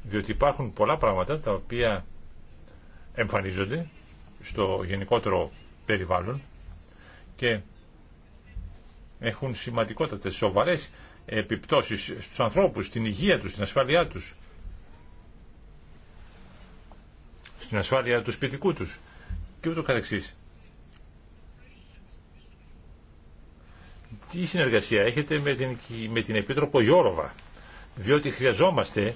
A: Διότι υπάρχουν πολλά πράγματα τα οποία εμφανίζονται στο γενικότερο περιβάλλον και έχουν σημαντικότατες σοβαρές επιπτώσεις στους ανθρώπους, στην υγεία τους, στην ασφάλειά τους, στην ασφάλεια του σπιτικού τους και ούτω καθεξής. τι συνεργασία έχετε με την, με την Επίτροπο Γιώροβα, διότι χρειαζόμαστε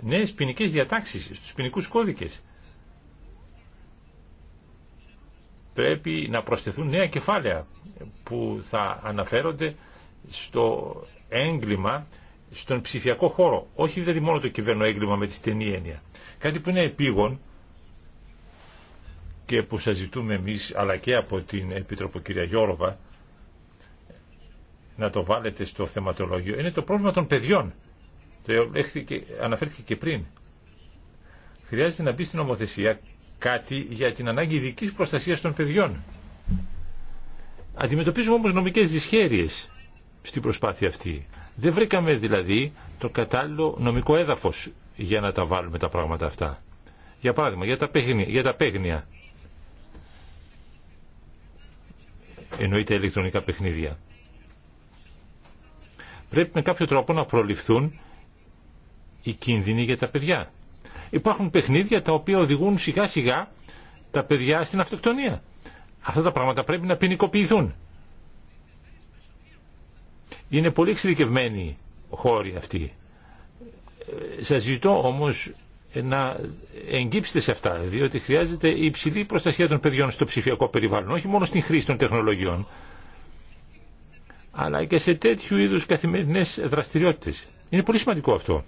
A: νέες ποινικέ διατάξεις στους ποινικού κώδικες. Πρέπει να προσθεθούν νέα κεφάλαια που θα αναφέρονται στο έγκλημα στον ψηφιακό χώρο. Όχι δηλαδή μόνο το κυβέρνο έγκλημα με τη στενή έννοια. Κάτι που είναι επίγον και που σας ζητούμε εμείς αλλά και από την Επίτροπο κυρία Γιώροβα να το βάλετε στο θεματολόγιο είναι το πρόβλημα των παιδιών. Το αναφέρθηκε και πριν. Χρειάζεται να μπει στην νομοθεσία κάτι για την ανάγκη ειδική προστασία των παιδιών. Αντιμετωπίζουμε όμως νομικές δυσχέρειες στην προσπάθεια αυτή. Δεν βρήκαμε δηλαδή το κατάλληλο νομικό έδαφος για να τα βάλουμε τα πράγματα αυτά. Για παράδειγμα, για τα παίγνια. Για τα παίγνια. Εννοείται ηλεκτρονικά παιχνίδια πρέπει με κάποιο τρόπο να προληφθούν οι κίνδυνοι για τα παιδιά. Υπάρχουν παιχνίδια τα οποία οδηγούν σιγά σιγά τα παιδιά στην αυτοκτονία. Αυτά τα πράγματα πρέπει να ποινικοποιηθούν. Είναι πολύ εξειδικευμένοι χώροι αυτοί. Ε, σας ζητώ όμως να εγκύψετε σε αυτά, διότι χρειάζεται η υψηλή προστασία των παιδιών στο ψηφιακό περιβάλλον, όχι μόνο στην χρήση των τεχνολογιών, αλλά και σε τέτοιου είδους καθημερινές δραστηριότητες. Είναι πολύ σημαντικό αυτό.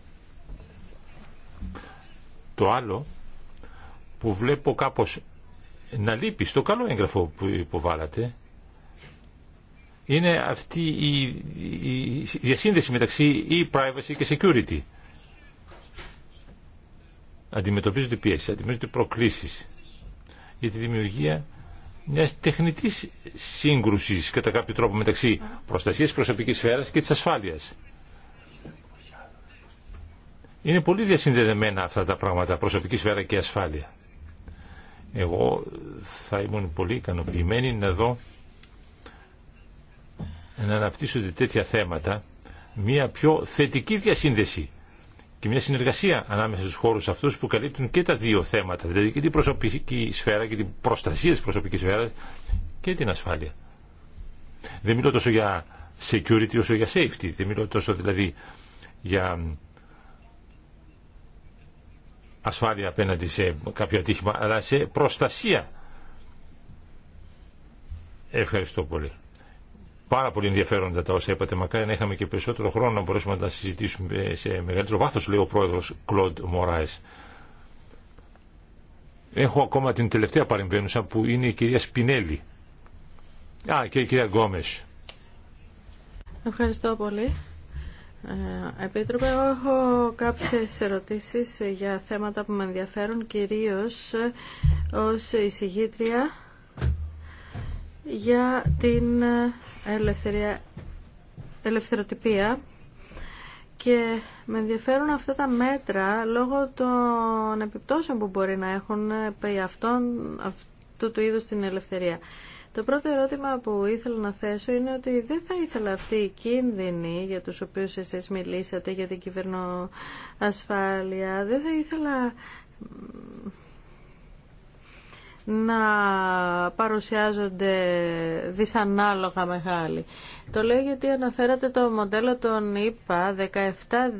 A: Το άλλο που βλέπω κάπως να λείπει στο καλό έγγραφο που υποβάλατε είναι αυτή η διασύνδεση μεταξύ e-privacy και security. Αντιμετωπίζονται πιέσεις, αντιμετωπίζονται προκλήσεις για τη δημιουργία μια τεχνητή σύγκρουση κατά κάποιο τρόπο μεταξύ προστασίας προσωπικής σφαίρα και τη ασφάλειας. Είναι πολύ διασυνδεδεμένα αυτά τα πράγματα, προσωπική σφαίρα και ασφάλεια. Εγώ θα ήμουν πολύ ικανοποιημένη να δω να αναπτύσσονται τέτοια θέματα μια πιο θετική διασύνδεση και μια συνεργασία ανάμεσα στους χώρους αυτούς που καλύπτουν και τα δύο θέματα, δηλαδή και την προσωπική σφαίρα και την προστασία της προσωπικής σφαίρας και την ασφάλεια. Δεν μιλώ τόσο για security όσο για safety, δεν μιλώ τόσο δηλαδή για ασφάλεια απέναντι σε κάποιο ατύχημα, αλλά σε προστασία. Ευχαριστώ πολύ πάρα πολύ ενδιαφέροντα τα όσα είπατε. Μακάρι να είχαμε και περισσότερο χρόνο να μπορέσουμε να τα συζητήσουμε σε μεγαλύτερο βάθο, λέει ο πρόεδρο Κλοντ Μωράε. Έχω ακόμα την τελευταία παρεμβαίνουσα που είναι η κυρία Σπινέλη. Α, και η κυρία Γκόμε.
B: Ευχαριστώ πολύ. Ε, Επίτροπε, έχω κάποιες ερωτήσει για θέματα που με ενδιαφέρουν, κυρίως ως εισηγήτρια για την ε, ελευθερία, ελευθεροτυπία και με ενδιαφέρουν αυτά τα μέτρα λόγω των επιπτώσεων που μπορεί να έχουν ε, περί αυτών, αυτού του είδους την ελευθερία. Το πρώτο ερώτημα που ήθελα να θέσω είναι ότι δεν θα ήθελα αυτή η κίνδυνοι για τους οποίους εσείς μιλήσατε για την κυβερνοασφάλεια, δεν θα ήθελα να παρουσιάζονται δυσανάλογα μεγάλοι. Το λέω γιατί αναφέρατε το μοντέλο των ΙΠΑ 17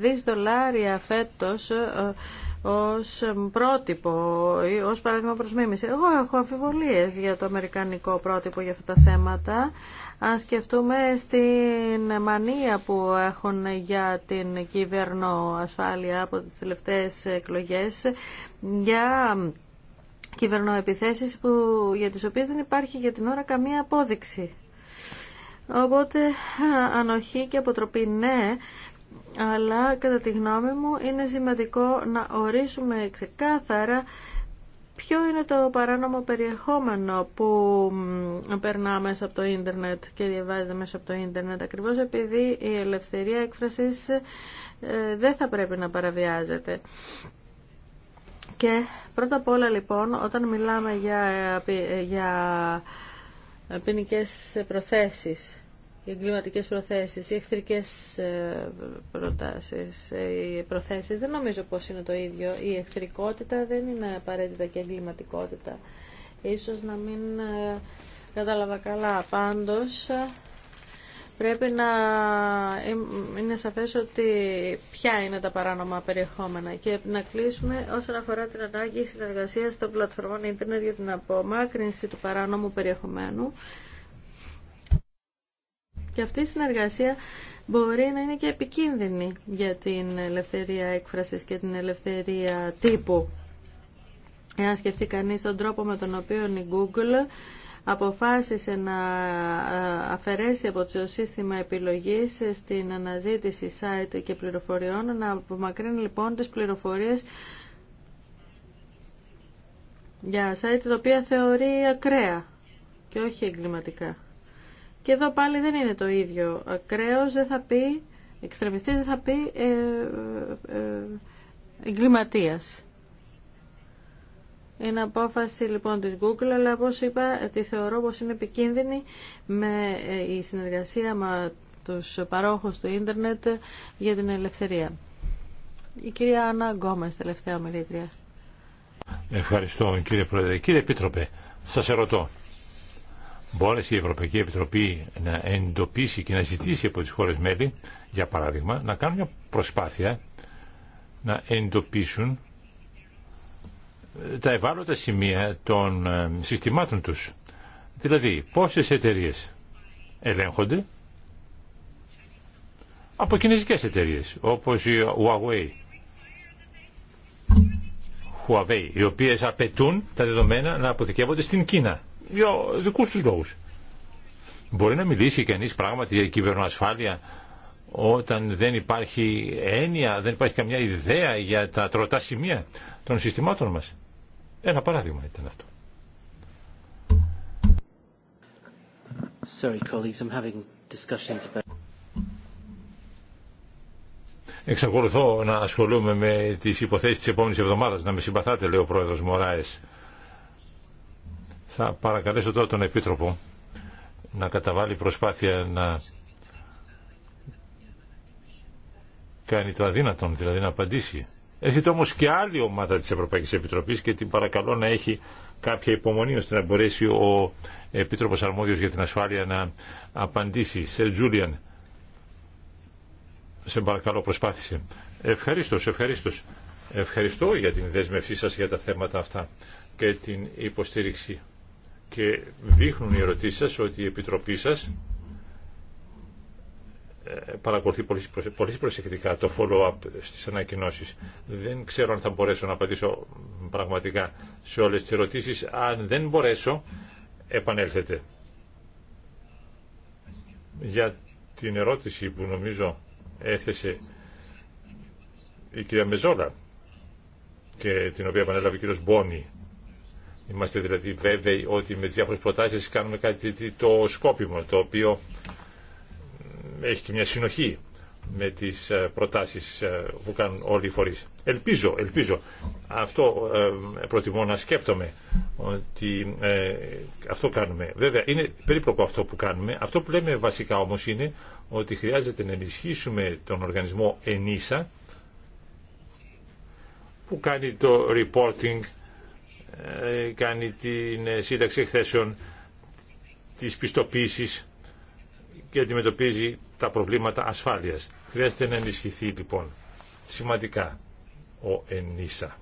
B: δις δολάρια φέτος ε, ως πρότυπο, ως παράδειγμα προς μίμηση. Εγώ έχω αμφιβολίες για το αμερικανικό πρότυπο για αυτά τα θέματα. Αν σκεφτούμε στην μανία που έχουν για την ασφάλεια από τις τελευταίες εκλογές, για κυβερνοεπιθέσεις που, για τις οποίες δεν υπάρχει για την ώρα καμία απόδειξη. Οπότε ανοχή και αποτροπή ναι, αλλά κατά τη γνώμη μου είναι σημαντικό να ορίσουμε ξεκάθαρα ποιο είναι το παράνομο περιεχόμενο που περνά μέσα από το ίντερνετ και διαβάζεται μέσα από το ίντερνετ ακριβώς επειδή η ελευθερία έκφρασης ε, δεν θα πρέπει να παραβιάζεται. Και πρώτα απ' όλα λοιπόν όταν μιλάμε για, για ποινικέ προθέσεις εγκληματικέ προθέσεις, οι εχθρικές ε, προτάσεις, ε, δεν νομίζω πως είναι το ίδιο. Η εχθρικότητα δεν είναι απαραίτητα και εγκληματικότητα. Ίσως να μην ε, κατάλαβα καλά. Πάντως, Πρέπει να είναι σαφές ότι ποια είναι τα παράνομα περιεχόμενα και να κλείσουμε όσον αφορά την ανάγκη συνεργασία των πλατφορμών ίντερνετ για την απομάκρυνση του παράνομου περιεχομένου. Και αυτή η συνεργασία μπορεί να είναι και επικίνδυνη για την ελευθερία έκφρασης και την ελευθερία τύπου. Εάν σκεφτεί κανείς τον τρόπο με τον οποίο η Google αποφάσισε να ε, αφαιρέσει από το σύστημα επιλογής ε, στην αναζήτηση site και πληροφοριών, να απομακρύνει λοιπόν τις πληροφορίες για site τα οποία θεωρεί ακραία και όχι εγκληματικά. Και εδώ πάλι δεν είναι το ίδιο. Ακραίος δεν θα πει, εξτρεμιστής δεν θα πει ε, ε εγκληματίας. Είναι απόφαση λοιπόν της Google, αλλά όπως είπα, τη θεωρώ πως είναι επικίνδυνη με ε, η συνεργασία με τους παρόχους του ίντερνετ για την ελευθερία. Η κυρία Άννα Γκόμες, τελευταία ομιλήτρια.
A: Ευχαριστώ κύριε Πρόεδρε. Κύριε Επίτροπε, σας ερωτώ. Μπόρεσε η Ευρωπαϊκή Επιτροπή να εντοπίσει και να ζητήσει από τις χώρες μέλη, για παράδειγμα, να κάνουν μια προσπάθεια να εντοπίσουν τα ευάλωτα σημεία των ε, συστημάτων τους. Δηλαδή, πόσες εταιρείες ελέγχονται από κινέζικες εταιρείες, όπως η Huawei, Huawei, οι οποίες απαιτούν τα δεδομένα να αποθηκεύονται στην Κίνα, για δικούς τους λόγους. Μπορεί να μιλήσει κανείς πράγματι για κυβερνοασφάλεια όταν δεν υπάρχει έννοια, δεν υπάρχει καμιά ιδέα για τα τροτά σημεία των συστημάτων μας. Ένα παράδειγμα ήταν αυτό. Sorry,
C: colleagues, I'm having discussions about...
A: Εξακολουθώ να ασχολούμαι με τις υποθέσεις της επόμενης εβδομάδας, να με συμπαθάτε, λέει ο πρόεδρος Μωράες. Θα παρακαλέσω τώρα τον Επίτροπο να καταβάλει προσπάθεια να κάνει το αδύνατον, δηλαδή να απαντήσει Έρχεται όμως και άλλη ομάδα της Ευρωπαϊκής Επιτροπής και την παρακαλώ να έχει κάποια υπομονή ώστε να μπορέσει ο Επίτροπος Αρμόδιος για την Ασφάλεια να απαντήσει. Σε Τζούλιαν, σε παρακαλώ προσπάθησε. Ευχαριστώ, ευχαριστώ. Ευχαριστώ για την δέσμευσή σας για τα θέματα αυτά και την υποστήριξη. Και δείχνουν οι ερωτήσεις σας ότι η Επιτροπή σας ε, παρακολουθεί πολύ προσεκτικά το follow-up στις ανακοινώσεις. Δεν ξέρω αν θα μπορέσω να απαντήσω πραγματικά σε όλες τις ερωτήσεις. Αν δεν μπορέσω, επανέλθετε. Για την ερώτηση που νομίζω έθεσε η κυρία Μεζόλα και την οποία επανέλαβε ο κύριος Μπόνι. Είμαστε δηλαδή βέβαιοι ότι με τις διάφορες προτάσεις κάνουμε κάτι το σκόπιμο, το οποίο έχει και μια συνοχή με τις ε, προτάσεις ε, που κάνουν όλοι οι φορείς. Ελπίζω, ελπίζω. Αυτό ε, προτιμώ να σκέπτομαι ότι αυτό κάνουμε. Βέβαια, είναι περίπλοκο αυτό που κάνουμε. Αυτό που λέμε βασικά όμως είναι ότι χρειάζεται να ενισχύσουμε τον οργανισμό ΕΝΙΣΑ που κάνει το reporting, κάνει την σύνταξη εκθέσεων, τις πιστοποίησεις και αντιμετωπίζει τα προβλήματα ασφάλειας. Χρειάζεται να ενισχυθεί λοιπόν σημαντικά ο ΕΝΙΣΑ.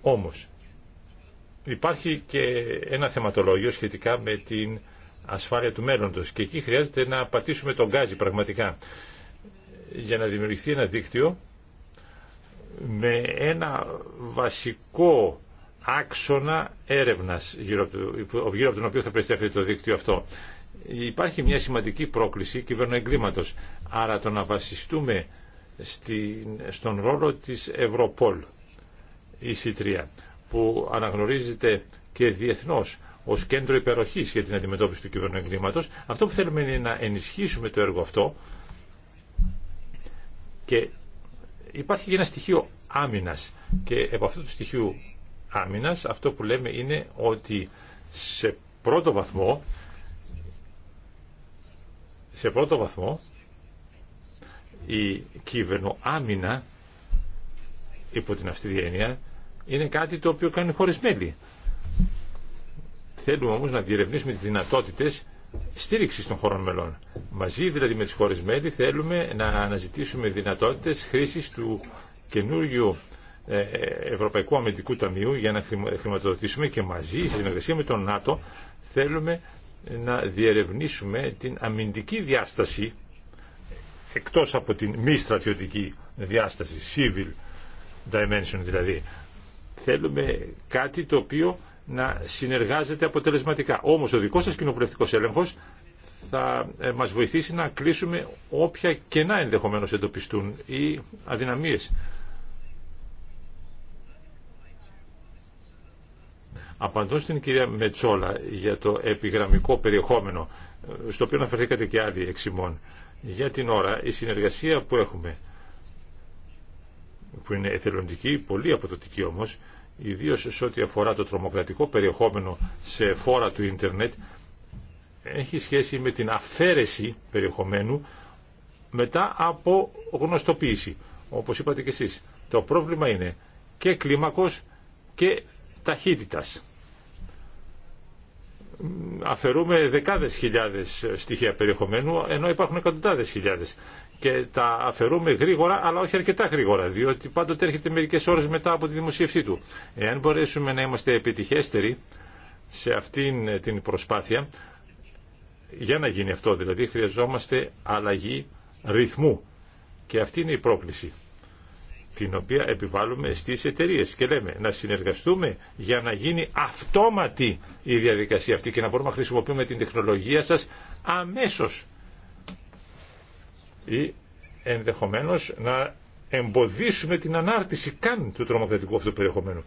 A: Όμως υπάρχει και ένα θεματολόγιο σχετικά με την ασφάλεια του μέλλοντος και εκεί χρειάζεται να πατήσουμε τον γκάζι πραγματικά για να δημιουργηθεί ένα δίκτυο με ένα βασικό άξονα έρευνας γύρω από τον οποίο θα περιστρέφεται το δίκτυο αυτό υπάρχει μια σημαντική πρόκληση κυβερνοεγκλήματος. Άρα το να βασιστούμε στον ρόλο της Ευρωπόλ, η c που αναγνωρίζεται και διεθνώς ως κέντρο υπεροχής για την αντιμετώπιση του κυβερνοεγκλήματος, αυτό που θέλουμε είναι να ενισχύσουμε το έργο αυτό και υπάρχει και ένα στοιχείο άμυνας και από αυτού του στοιχείου άμυνας αυτό που λέμε είναι ότι σε πρώτο βαθμό σε πρώτο βαθμό, η κυβερνοάμυνα υπό την αυτή έννοια είναι κάτι το οποίο κάνει χωρίς μέλη. Θέλουμε όμως να διερευνήσουμε τις δυνατότητες στήριξης των χωρών μελών. Μαζί δηλαδή με τις χώρες θέλουμε να αναζητήσουμε δυνατότητες χρήσης του καινούργιου ε, ε, Ευρωπαϊκού Αμυντικού Ταμείου για να χρηματοδοτήσουμε και μαζί, σε συνεργασία με τον ΝΑΤΟ, θέλουμε να διερευνήσουμε την αμυντική διάσταση εκτός από την μη στρατιωτική διάσταση, civil dimension δηλαδή. Θέλουμε κάτι το οποίο να συνεργάζεται αποτελεσματικά. Όμως ο δικός σας κοινοβουλευτικός έλεγχος θα ε, μας βοηθήσει να κλείσουμε όποια κενά ενδεχομένως εντοπιστούν ή αδυναμίες. Απαντώ στην κυρία Μετσόλα για το επιγραμμικό περιεχόμενο, στο οποίο αναφερθήκατε και άλλοι εξημών. Για την ώρα, η συνεργασία που έχουμε, που είναι εθελοντική, πολύ αποδοτική όμως, ιδίω σε ό,τι αφορά το τρομοκρατικό περιεχόμενο σε φόρα του ίντερνετ, έχει σχέση με την αφαίρεση περιεχομένου μετά από γνωστοποίηση, όπως είπατε και εσείς. Το πρόβλημα είναι και κλίμακος και ταχύτητας αφαιρούμε δεκάδες χιλιάδες στοιχεία περιεχομένου, ενώ υπάρχουν εκατοντάδες χιλιάδες. Και τα αφαιρούμε γρήγορα, αλλά όχι αρκετά γρήγορα, διότι πάντοτε έρχεται μερικές ώρες μετά από τη δημοσίευσή του. Εάν μπορέσουμε να είμαστε επιτυχέστεροι σε αυτήν την προσπάθεια, για να γίνει αυτό δηλαδή, χρειαζόμαστε αλλαγή ρυθμού. Και αυτή είναι η πρόκληση την οποία επιβάλλουμε στις εταιρείε και λέμε να συνεργαστούμε για να γίνει αυτόματη η διαδικασία αυτή και να μπορούμε να χρησιμοποιούμε την τεχνολογία σας αμέσως ή ενδεχομένως να εμποδίσουμε την ανάρτηση καν του τρομοκρατικού αυτού περιεχομένου.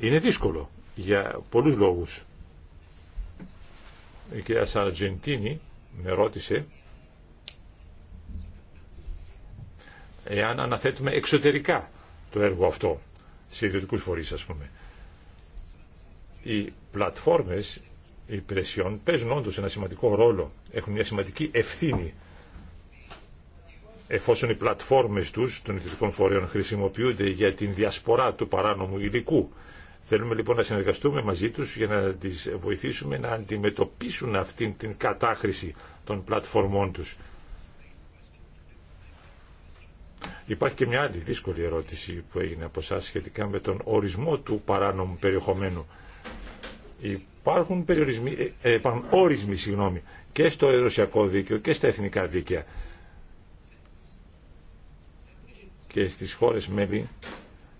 A: Είναι δύσκολο για πολλούς λόγους. Η κυρία Σαρτζεντίνη με ρώτησε εάν αναθέτουμε εξωτερικά το έργο αυτό σε ιδιωτικούς φορείς ας πούμε. Οι πλατφόρμες υπηρεσιών παίζουν όντως ένα σημαντικό ρόλο, έχουν μια σημαντική ευθύνη εφόσον οι πλατφόρμες τους των ιδιωτικών φορέων χρησιμοποιούνται για την διασπορά του παράνομου υλικού. Θέλουμε λοιπόν να συνεργαστούμε μαζί τους για να τις βοηθήσουμε να αντιμετωπίσουν αυτήν την κατάχρηση των πλατφορμών τους. Υπάρχει και μια άλλη δύσκολη ερώτηση που έγινε από εσά σχετικά με τον ορισμό του παράνομου περιεχομένου. Υπάρχουν, ε, ε, υπάρχουν όρισμοι συγγνώμη, και στο ερωσιακό δίκαιο και στα εθνικά δίκαια. Και στις χώρες μέλη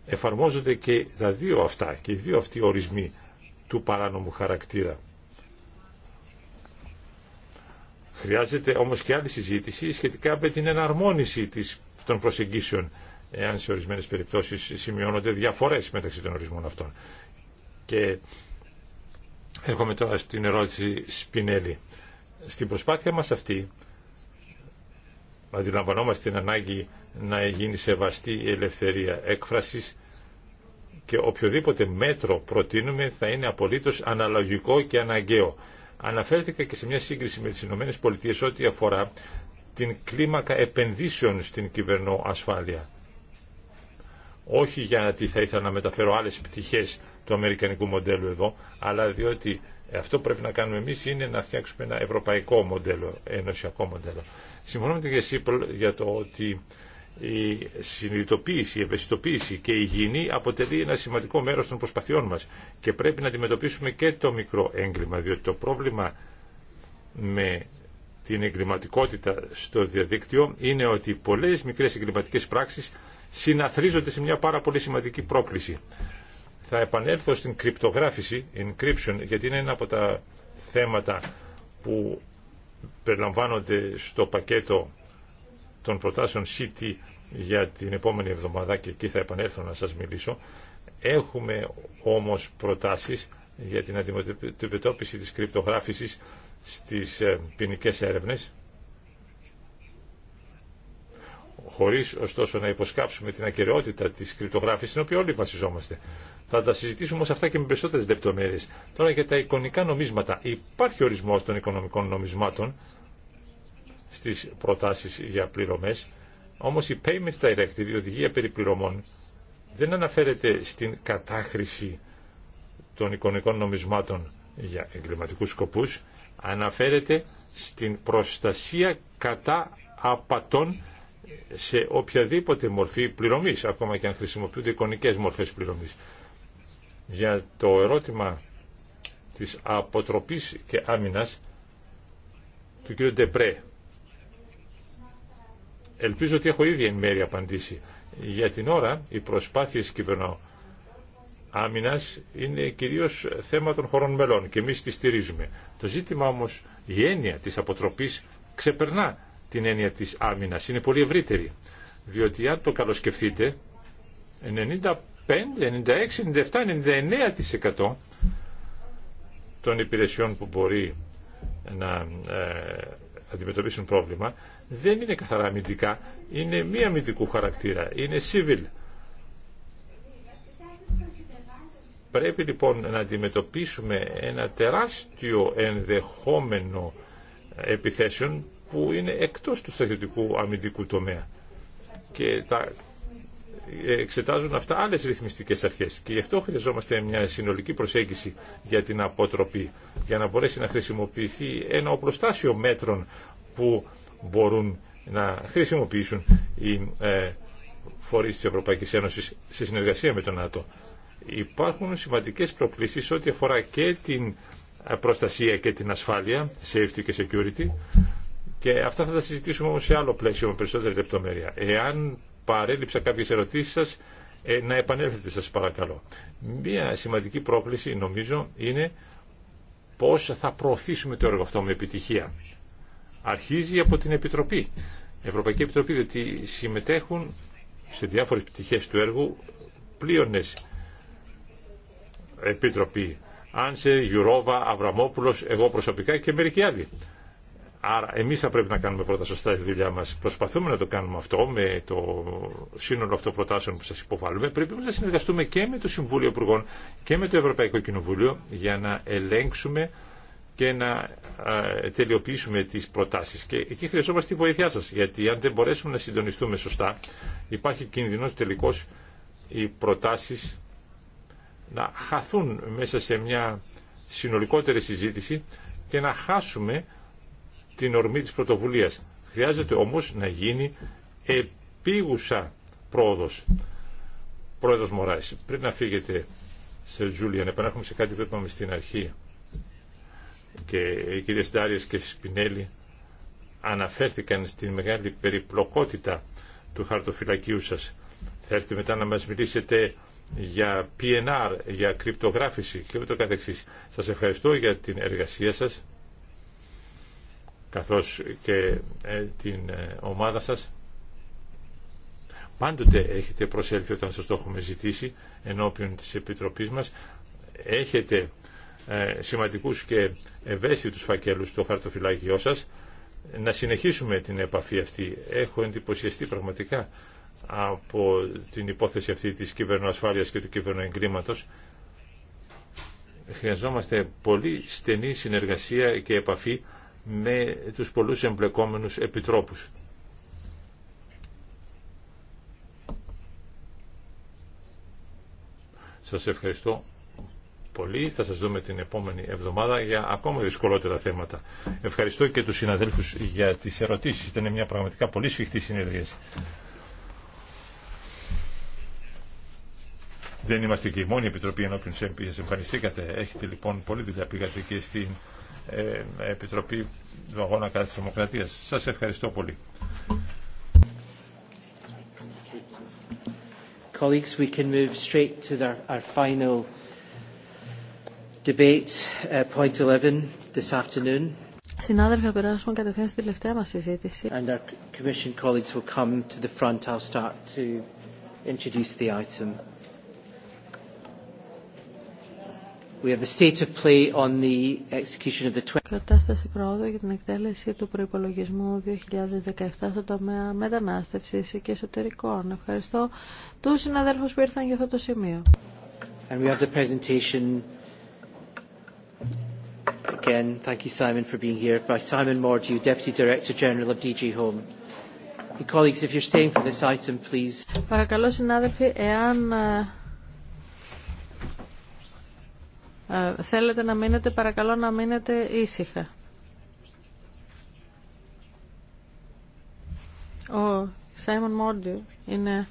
A: εφαρμόζονται και τα δύο αυτά και οι δύο αυτοί ορισμοί του παράνομου χαρακτήρα. Χρειάζεται όμως και άλλη συζήτηση σχετικά με την εναρμόνιση της, των προσεγγίσεων εάν σε ορισμένες περιπτώσεις σημειώνονται διαφορές μεταξύ των ορισμών αυτών. Και Έρχομαι τώρα στην ερώτηση Σπινέλη. Στην προσπάθεια μας αυτή αντιλαμβανόμαστε την ανάγκη να γίνει σεβαστή η ελευθερία έκφρασης και οποιοδήποτε μέτρο προτείνουμε θα είναι απολύτως αναλογικό και αναγκαίο. Αναφέρθηκα και σε μια σύγκριση με τις Ηνωμένες Πολιτείες ό,τι αφορά την κλίμακα επενδύσεων στην ασφάλεια. Όχι για θα ήθελα να μεταφέρω άλλες πτυχές του αμερικανικού μοντέλου εδώ, αλλά διότι αυτό που πρέπει να κάνουμε εμεί είναι να φτιάξουμε ένα ευρωπαϊκό μοντέλο, ενωσιακό μοντέλο. Συμφωνώ με την Γεσίπλ για το ότι η συνειδητοποίηση, η ευαισθητοποίηση και η υγιεινή αποτελεί ένα σημαντικό μέρο των προσπαθειών μα και πρέπει να αντιμετωπίσουμε και το μικρό έγκλημα, διότι το πρόβλημα με την εγκληματικότητα στο διαδίκτυο είναι ότι πολλές μικρές εγκληματικές πράξεις συναθρίζονται σε μια πάρα πολύ σημαντική πρόκληση. Θα επανέλθω στην κρυπτογράφηση, encryption, γιατί είναι ένα από τα θέματα που περιλαμβάνονται στο πακέτο των προτάσεων CT για την επόμενη εβδομάδα και εκεί θα επανέλθω να σας μιλήσω. Έχουμε όμως προτάσεις για την αντιμετωπίση της κρυπτογράφησης στις ε, ποινικέ έρευνες χωρί ωστόσο να υποσκάψουμε την ακαιρεότητα της κρυπτογράφηση, στην οποία όλοι βασιζόμαστε. Θα τα συζητήσουμε όμω αυτά και με περισσότερε λεπτομέρειε. Τώρα για τα εικονικά νομίσματα. Υπάρχει ορισμός των οικονομικών νομισμάτων στις προτάσεις για πληρωμές, Όμω η Payment Directive, η οδηγία περί πληρωμών, δεν αναφέρεται στην κατάχρηση των εικονικών νομισμάτων για εγκληματικού σκοπού, αναφέρεται στην προστασία κατά απατών σε οποιαδήποτε μορφή πληρωμής, ακόμα και αν χρησιμοποιούνται εικονικές μορφές πληρωμής. Για το ερώτημα της αποτροπής και άμυνας του κ. Ντεπρέ. Ελπίζω ότι έχω ήδη εν μέρει απαντήσει. Για την ώρα οι προσπάθειες κυβερνώ άμυνας είναι κυρίως θέμα των χωρών μελών και εμείς τις στηρίζουμε. Το ζήτημα όμως η έννοια της αποτροπής ξεπερνά την έννοια της άμυνας. Είναι πολύ ευρύτερη, διότι αν το καλοσκεφτείτε, 95, 96, 97, 99% των υπηρεσιών που μπορεί να ε, αντιμετωπίσουν πρόβλημα δεν είναι καθαρά αμυντικά, είναι μη αμυντικού χαρακτήρα, είναι civil. Πρέπει λοιπόν να αντιμετωπίσουμε ένα τεράστιο ενδεχόμενο επιθέσεων που είναι εκτός του στρατιωτικού αμυντικού τομέα και τα εξετάζουν αυτά άλλες ρυθμιστικές αρχές και γι' αυτό χρειαζόμαστε μια συνολική προσέγγιση για την αποτροπή για να μπορέσει να χρησιμοποιηθεί ένα οπλοστάσιο μέτρων που μπορούν να χρησιμοποιήσουν οι ε, φορείς της Ευρωπαϊκής Ένωσης σε συνεργασία με τον ΝΑΤΟ. Υπάρχουν σημαντικές προκλήσεις ό,τι αφορά και την ε, προστασία και την ασφάλεια, safety και security, και αυτά θα τα συζητήσουμε όμως σε άλλο πλαίσιο με περισσότερη λεπτομέρεια. Εάν παρέλειψα κάποιες ερωτήσεις σας, ε, να επανέλθετε σας παρακαλώ. Μία σημαντική πρόκληση νομίζω είναι πώς θα προωθήσουμε το έργο αυτό με επιτυχία. Αρχίζει από την Επιτροπή. Ευρωπαϊκή Επιτροπή, διότι συμμετέχουν σε διάφορες πτυχές του έργου πλήρωνες Επίτροποι. Άνσε, Γιουρόβα, Αβραμόπουλος, εγώ προσωπικά και μερικοί άλλοι. Άρα εμεί θα πρέπει να κάνουμε πρώτα σωστά τη δουλειά μα. Προσπαθούμε να το κάνουμε αυτό με το σύνολο αυτών προτάσεων που σα υποβάλλουμε. Πρέπει να συνεργαστούμε και με το Συμβούλιο Υπουργών και με το Ευρωπαϊκό Κοινοβούλιο για να ελέγξουμε και να τελειοποιήσουμε τις προτάσεις. Και εκεί χρειαζόμαστε τη βοήθειά σας, γιατί αν δεν μπορέσουμε να συντονιστούμε σωστά, υπάρχει κίνδυνος τελικώς οι προτάσεις να χαθούν μέσα σε μια συνολικότερη συζήτηση και να χάσουμε την ορμή της πρωτοβουλίας. Χρειάζεται όμως να γίνει επίγουσα πρόοδος. Πρόεδρος Μωράης, πριν να φύγετε σε να επανέρχομαι σε κάτι που είπαμε στην αρχή και οι κυρίες Ντάριες και Σπινέλη αναφέρθηκαν στην μεγάλη περιπλοκότητα του χαρτοφυλακίου σας. Θα έρθει μετά να μας μιλήσετε για PNR, για κρυπτογράφηση και ούτω καθεξής. Σας ευχαριστώ για την εργασία σας καθώς και ε, την ε, ομάδα σας πάντοτε έχετε προσέλθει όταν σας το έχουμε ζητήσει ενώπιον της Επιτροπής μας έχετε ε, σημαντικούς και ευαίσθητους φακέλους στο χαρτοφυλάκιό σας να συνεχίσουμε την επαφή αυτή έχω εντυπωσιαστεί πραγματικά από την υπόθεση αυτή της κυβερνοασφάλειας και του κυβερνοεγκρήματος. χρειαζόμαστε πολύ στενή συνεργασία και επαφή με τους πολλούς εμπλεκόμενους επιτρόπους. Σας ευχαριστώ πολύ. Θα σας δούμε την επόμενη εβδομάδα για ακόμα δυσκολότερα θέματα. Ευχαριστώ και τους συναδέλφους για τις ερωτήσεις. Ήταν μια πραγματικά πολύ σφιχτή συνεδρίαση. Δεν είμαστε και η μόνη επιτροπή ενώπιον σε εμφανιστήκατε. Έχετε λοιπόν πολύ δουλειά. Πήγατε και στην Επιτροπή του Αγώνα κατά της Δημοκρατίας. Σας ευχαριστώ πολύ.
C: Colleagues, we can move straight to the, our final debate, uh, point 11, this afternoon.
B: Συνάδελφοι, θα περάσουμε κατευθείαν στη τελευταία μας And
C: our commission colleagues will come to the front. I'll start to introduce the item. We have the state of play on the execution of the...
B: Κατάσταση πρόοδο για την εκτέλεση του προϋπολογισμού 2017 στον τομέα μετανάστευσης και εσωτερικών. Ευχαριστώ τους συναδέλφους που ήρθαν για αυτό το σημείο.
C: And we have the presentation again. Thank you, Simon, for being here. By Simon Mordew, Deputy Director General of DG Home. Colleagues, if you're staying for this item, please.
B: Παρακαλώ, συνάδελφοι, εάν Ε, θέλετε να μείνετε, παρακαλώ να μείνετε ήσυχα. Ο Σάιμον Μόρντιου είναι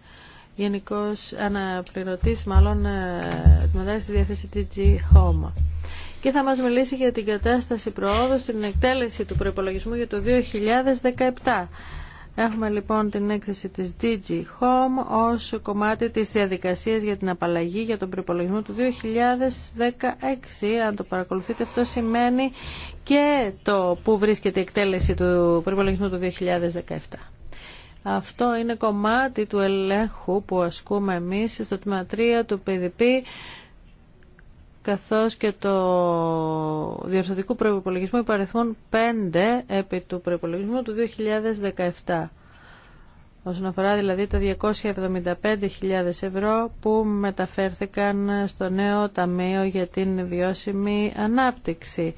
B: γενικός αναπληρωτής, μάλλον ε, τη μετάρρηση στη διαθέση TG Home. Και θα μας μιλήσει για την κατάσταση προόδου στην εκτέλεση του προϋπολογισμού για το 2017. Έχουμε λοιπόν την έκθεση της DG Home ως κομμάτι της διαδικασίας για την απαλλαγή για τον προπολογισμό του 2016. Αν το παρακολουθείτε αυτό σημαίνει και το που βρίσκεται η εκτέλεση του προπολογισμού του 2017. Αυτό είναι κομμάτι του ελέγχου που ασκούμε εμείς στο τμήμα 3 του PDP καθώς και το διορθωτικού προϋπολογισμού υπαριθμών 5 επί του προϋπολογισμού του 2017. Όσον αφορά δηλαδή τα 275.000 ευρώ που μεταφέρθηκαν στο νέο Ταμείο για την Βιώσιμη Ανάπτυξη.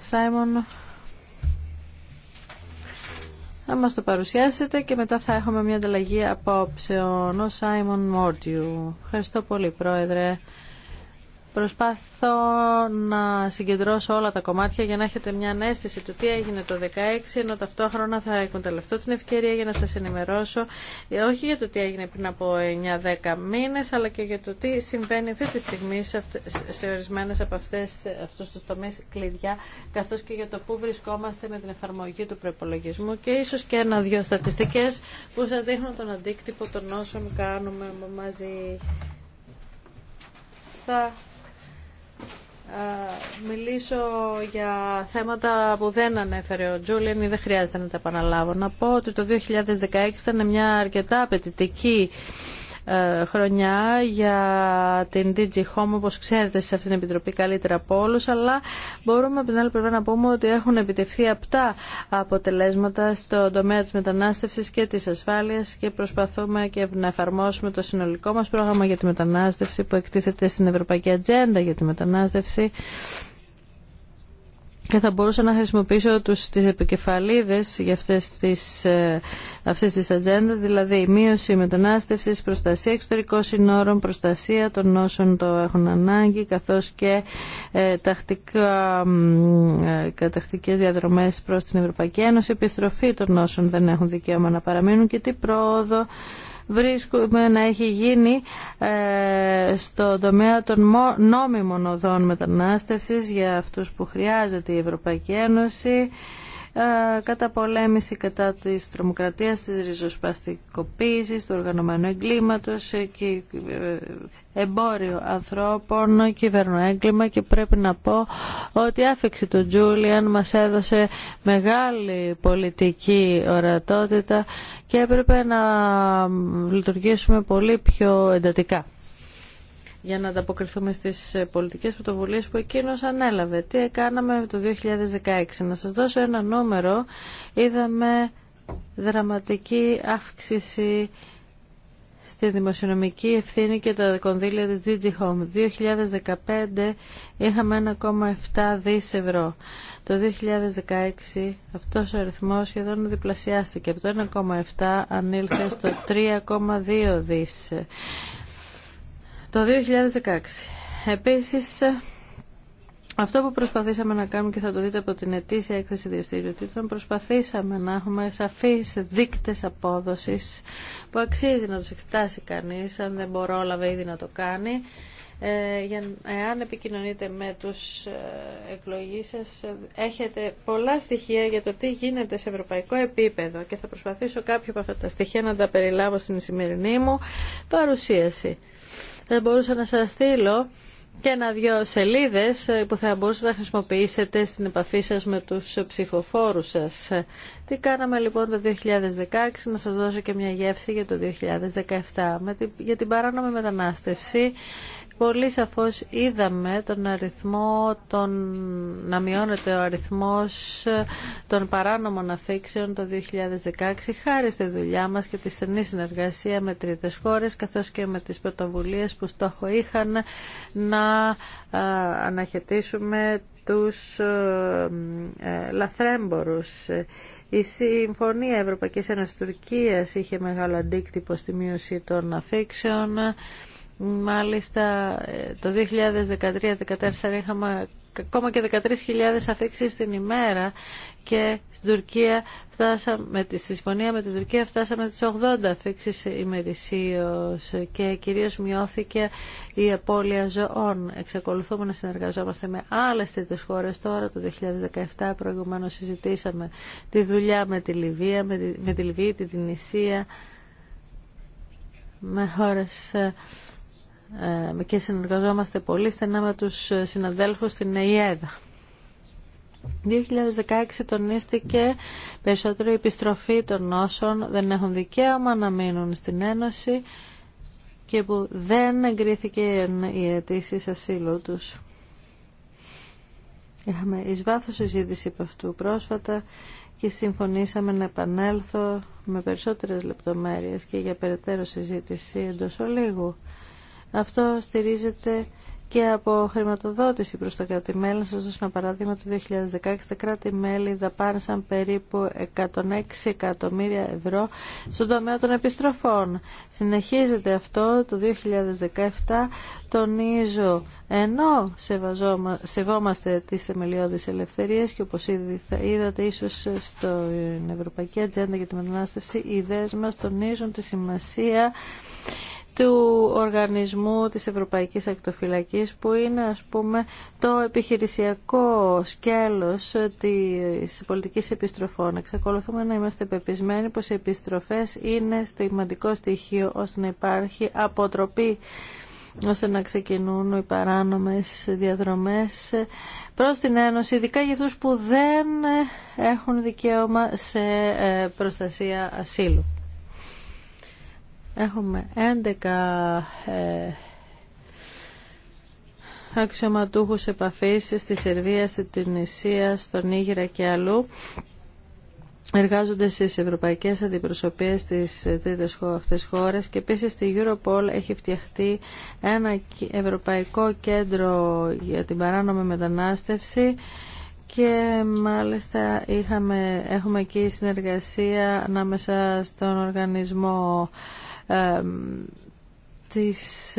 B: Σάιμον να μας το παρουσιάσετε και μετά θα έχουμε μια ανταλλαγή απόψεων. Ο Σάιμον Μόρτιου. Ευχαριστώ πολύ, Πρόεδρε. Προσπάθω να συγκεντρώσω όλα τα κομμάτια για να έχετε μια ανέστηση του τι έγινε το 2016, ενώ ταυτόχρονα θα εκμεταλλευτώ την ευκαιρία για να σας ενημερώσω ε, όχι για το τι έγινε πριν από 9-10 μήνες, αλλά και για το τι συμβαίνει αυτή τη στιγμή σε ορισμένε από αυτές, αυτούς τους τομείς κλειδιά, καθώς και για το πού βρισκόμαστε με την εφαρμογή του προπολογισμού και ίσως και ένα-δυο στατιστικές που θα δείχνουν τον αντίκτυπο των όσων κάνουμε μαζί μιλήσω για θέματα που δεν ανέφερε ο Τζούλιαν ή δεν χρειάζεται να τα επαναλάβω. Να πω ότι το 2016 ήταν μια αρκετά απαιτητική ε, χρονιά για την DG Home, όπως ξέρετε σε αυτήν την Επιτροπή καλύτερα από όλους, αλλά μπορούμε από την άλλη πλευρά να πούμε ότι έχουν επιτευχθεί απτά αποτελέσματα στον τομέα της μετανάστευσης και της ασφάλειας και προσπαθούμε και να εφαρμόσουμε το συνολικό μας πρόγραμμα για τη μετανάστευση που εκτίθεται στην Ευρωπαϊκή Ατζέντα για τη μετανάστευση και θα μπορούσα να χρησιμοποιήσω τους, τις επικεφαλίδες για αυτές τις, ε, αυτές τις ατζέντα, δηλαδή μείωση μετανάστευσης, προστασία εξωτερικών συνόρων, προστασία των όσων το έχουν ανάγκη, καθώς και ε, τακτικά, ε, διαδρομές προς την Ευρωπαϊκή Ένωση, επιστροφή των όσων δεν έχουν δικαίωμα να παραμείνουν και τι πρόοδο βρίσκουμε να έχει γίνει ε, στο τομέα των νόμιμων οδών μετανάστευσης για αυτούς που χρειάζεται η Ευρωπαϊκή Ένωση ε, πολέμηση, κατά της τρομοκρατίας, της ριζοσπαστικοποίησης, του οργανωμένου εγκλήματος ε, και ε, εμπόριο ανθρώπων, έγκλημα. και πρέπει να πω ότι η άφηξη του Τζούλιαν μας έδωσε μεγάλη πολιτική ορατότητα και έπρεπε να λειτουργήσουμε πολύ πιο εντατικά για να ανταποκριθούμε στις ε, πολιτικές πρωτοβουλίες που εκείνος ανέλαβε. Τι έκαναμε το 2016. Να σας δώσω ένα νούμερο. Είδαμε δραματική αύξηση στη δημοσιονομική ευθύνη και τα κονδύλια της DigiHome. Το 2015 είχαμε 1,7 δις ευρώ. Το 2016 αυτός ο αριθμός σχεδόν διπλασιάστηκε. Από το 1,7 ανήλθε στο 3,2 δις το 2016. Επίσης, αυτό που προσπαθήσαμε να κάνουμε και θα το δείτε από την ετήσια έκθεση διαστηριοτήτων, προσπαθήσαμε να έχουμε σαφείς δείκτες απόδοσης που αξίζει να τους εξετάσει κανείς, αν δεν μπορόλαβε ήδη να το κάνει. Ε, για, εάν επικοινωνείτε με τους ε, εκλογείς σας, έχετε πολλά στοιχεία για το τι γίνεται σε ευρωπαϊκό επίπεδο και θα προσπαθήσω κάποια από αυτά τα στοιχεία να τα περιλάβω στην σημερινή μου παρουσίαση. Θα μπορούσα να σας στείλω και ένα-δυο σελίδες ε, που θα μπορούσατε να χρησιμοποιήσετε στην επαφή σας με τους ψηφοφόρους σας. Τι κάναμε λοιπόν το 2016, να σας δώσω και μια γεύση για το 2017. για την παράνομη μετανάστευση πολύ σαφώς είδαμε τον αριθμό των, να μειώνεται ο αριθμός των παράνομων αφήξεων το 2016 χάρη στη δουλειά μας και τη στενή συνεργασία με τρίτες χώρες καθώς και με τις πρωτοβουλίες που στόχο είχαν να ε, αναχαιτήσουμε τους ε, ε, λαθρέμπορους. Η Συμφωνία Ευρωπαϊκής Ένωσης Τουρκίας είχε μεγάλο αντίκτυπο στη μείωση των αφήξεων Μάλιστα το 2013-2014 είχαμε ακόμα και 13.000 αφήξεις την ημέρα και στην Τουρκία φτάσαμε, στη συμφωνία με την Τουρκία φτάσαμε στις 80 αφήξεις ημερησίως και κυρίως μειώθηκε η απώλεια ζωών. Εξακολουθούμε να συνεργαζόμαστε με άλλες τρίτες χώρες τώρα. Το 2017 προηγουμένως συζητήσαμε τη δουλειά με τη Λιβύη, με τη, με την Ισία, με χώρες ε, ε, και συνεργαζόμαστε πολύ στενά με τους συναδέλφους στην ΕΙΕΔ. 2016 τονίστηκε περισσότερο η επιστροφή των όσων δεν έχουν δικαίωμα να μείνουν στην Ένωση και που δεν εγκρίθηκε η αιτήσει ασύλου τους. Είχαμε εις βάθος συζήτηση από αυτού πρόσφατα και συμφωνήσαμε να επανέλθω με περισσότερες λεπτομέρειες και για περαιτέρω συζήτηση εντός ολίγου. Αυτό στηρίζεται και από χρηματοδότηση προς τα κράτη-μέλη. Σας δώσω ένα παράδειγμα. Το 2016 τα κράτη-μέλη δαπάνησαν περίπου 106 εκατομμύρια ευρώ στον τομέα των επιστροφών. Συνεχίζεται αυτό το 2017. Τονίζω, ενώ σεβόμαστε τις θεμελιώδεις ελευθερίες και όπως ήδη θα είδατε ίσως στην Ευρωπαϊκή Ατζέντα για τη Μετανάστευση, οι ιδέες μας τονίζουν τη σημασία του οργανισμού της Ευρωπαϊκής Ακτοφυλακής που είναι ας πούμε το επιχειρησιακό σκέλος της πολιτικής επιστροφών. Εξακολουθούμε να είμαστε πεπισμένοι πως οι επιστροφές είναι στιγματικό στοιχείο ώστε να υπάρχει αποτροπή ώστε να ξεκινούν οι παράνομες διαδρομές προς την Ένωση, ειδικά για αυτούς που δεν έχουν δικαίωμα σε ε, προστασία ασύλου. Έχουμε 11 ε, αξιωματούχους επαφής στη Σερβία, στη Τινησία, στον Νίγηρα και αλλού. Εργάζονται στις ευρωπαϊκές αντιπροσωπείες στις τρίτες αυτές χώρες και επίσης στη Europol έχει φτιαχτεί ένα ευρωπαϊκό κέντρο για την παράνομη μετανάστευση και μάλιστα είχαμε, έχουμε εκεί συνεργασία ανάμεσα στον οργανισμό της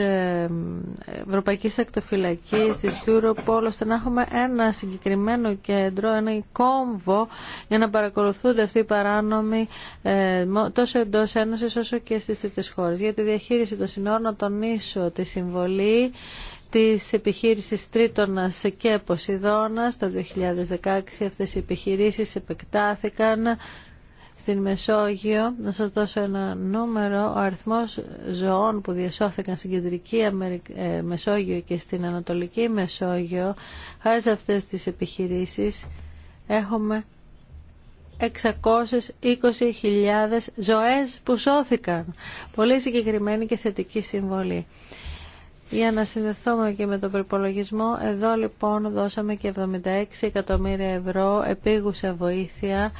B: Ευρωπαϊκής Ακτοφυλακής, της Europol, ώστε να έχουμε ένα συγκεκριμένο κέντρο, ένα κόμβο για να παρακολουθούνται αυτοί οι παράνομοι τόσο εντός Ένωσης όσο και στις τρίτες χώρες. Για τη διαχείριση των συνόρων να τονίσω τη συμβολή της επιχείρησης Τρίτονας και Ποσειδώνας το 2016 αυτές οι επιχειρήσεις επεκτάθηκαν στην Μεσόγειο, να σας δώσω ένα νούμερο, ο αριθμός ζωών που διασώθηκαν στην Κεντρική ε, Μεσόγειο και στην Ανατολική Μεσόγειο, χάρη σε αυτές τις επιχειρήσεις, έχουμε 620.000 ζωές που σώθηκαν. Πολύ συγκεκριμένη και θετική συμβολή. Για να συνδεθούμε και με τον προπολογισμό, εδώ λοιπόν δώσαμε και 76 εκατομμύρια ευρώ επίγουσα βοήθεια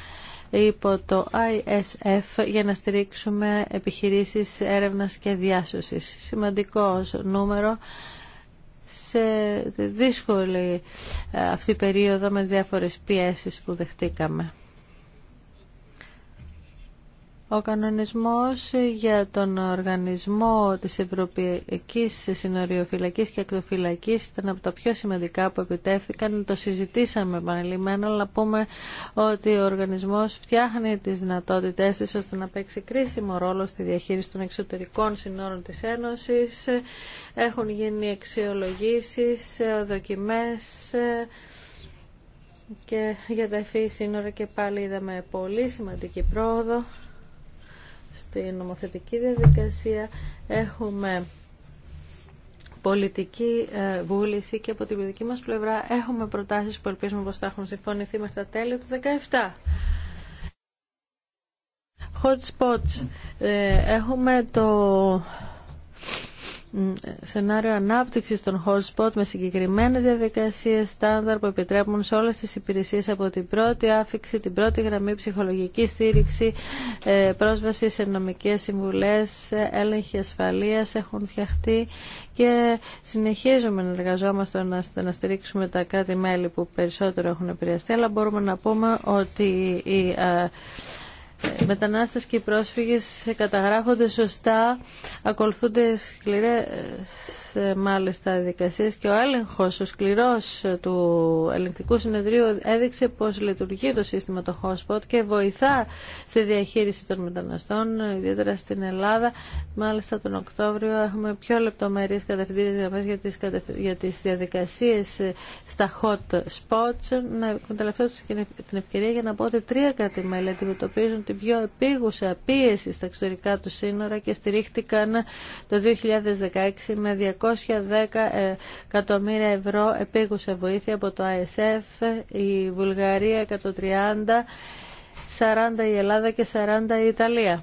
B: υπό το ISF για να στηρίξουμε επιχειρήσεις έρευνας και διάσωσης. Σημαντικό νούμερο σε δύσκολη ε, αυτή περίοδο με διάφορες πιέσεις που δεχτήκαμε. Ο κανονισμός για τον οργανισμό της Ευρωπαϊκής Συνοριοφυλακής και Ακτοφυλακής ήταν από τα πιο σημαντικά που επιτεύθηκαν. Το συζητήσαμε επανελειμμένα, αλλά πούμε ότι ο οργανισμός φτιάχνει τις δυνατότητές της ώστε να παίξει κρίσιμο ρόλο στη διαχείριση των εξωτερικών συνόρων της Ένωσης. Έχουν γίνει αξιολογήσεις, δοκιμές και για τα ευφύ σύνορα και πάλι είδαμε πολύ σημαντική πρόοδο Στη νομοθετική διαδικασία έχουμε πολιτική ε, βούληση και από την δική μας πλευρά έχουμε προτάσεις που ελπίζουμε πως θα έχουν συμφωνηθεί μέχρι τα τέλη του 2017. Hot ε, Έχουμε το σενάριο ανάπτυξης των hotspot με συγκεκριμένες διαδικασίες στάνταρ που επιτρέπουν σε όλες τις υπηρεσίες από την πρώτη άφηξη, την πρώτη γραμμή ψυχολογική στήριξη, ε, πρόσβαση σε νομικές συμβουλές, έλεγχη ασφαλείας έχουν φτιαχτεί και συνεχίζουμε να εργαζόμαστε να, στηρίξουμε τα κράτη-μέλη που περισσότερο έχουν επηρεαστεί, αλλά μπορούμε να πούμε ότι η ε, ε, μετανάστες και οι πρόσφυγες καταγράφονται σωστά, ακολουθούνται σκληρές μάλιστα διαδικασίες και ο έλεγχος, ο σκληρός του ελεγκτικού συνεδρίου έδειξε πως λειτουργεί το σύστημα το hotspot και βοηθά στη διαχείριση των μεταναστών, ιδιαίτερα στην Ελλάδα. Μάλιστα τον Οκτώβριο έχουμε πιο λεπτομερείς κατευθυντήριε γραμμές για τις, για τις διαδικασίες στα hot spots. Να εκμεταλλευτώ την ευκαιρία για να πω ότι τρία κρατημέλη αντιμετωπίζουν την πιο επίγουσα πίεση στα εξωτερικά του σύνορα και στηρίχτηκαν το 2016 με 210 εκατομμύρια ευρώ επίγουσα βοήθεια από το ISF, η Βουλγαρία 130, 40 η Ελλάδα και 40 η Ιταλία.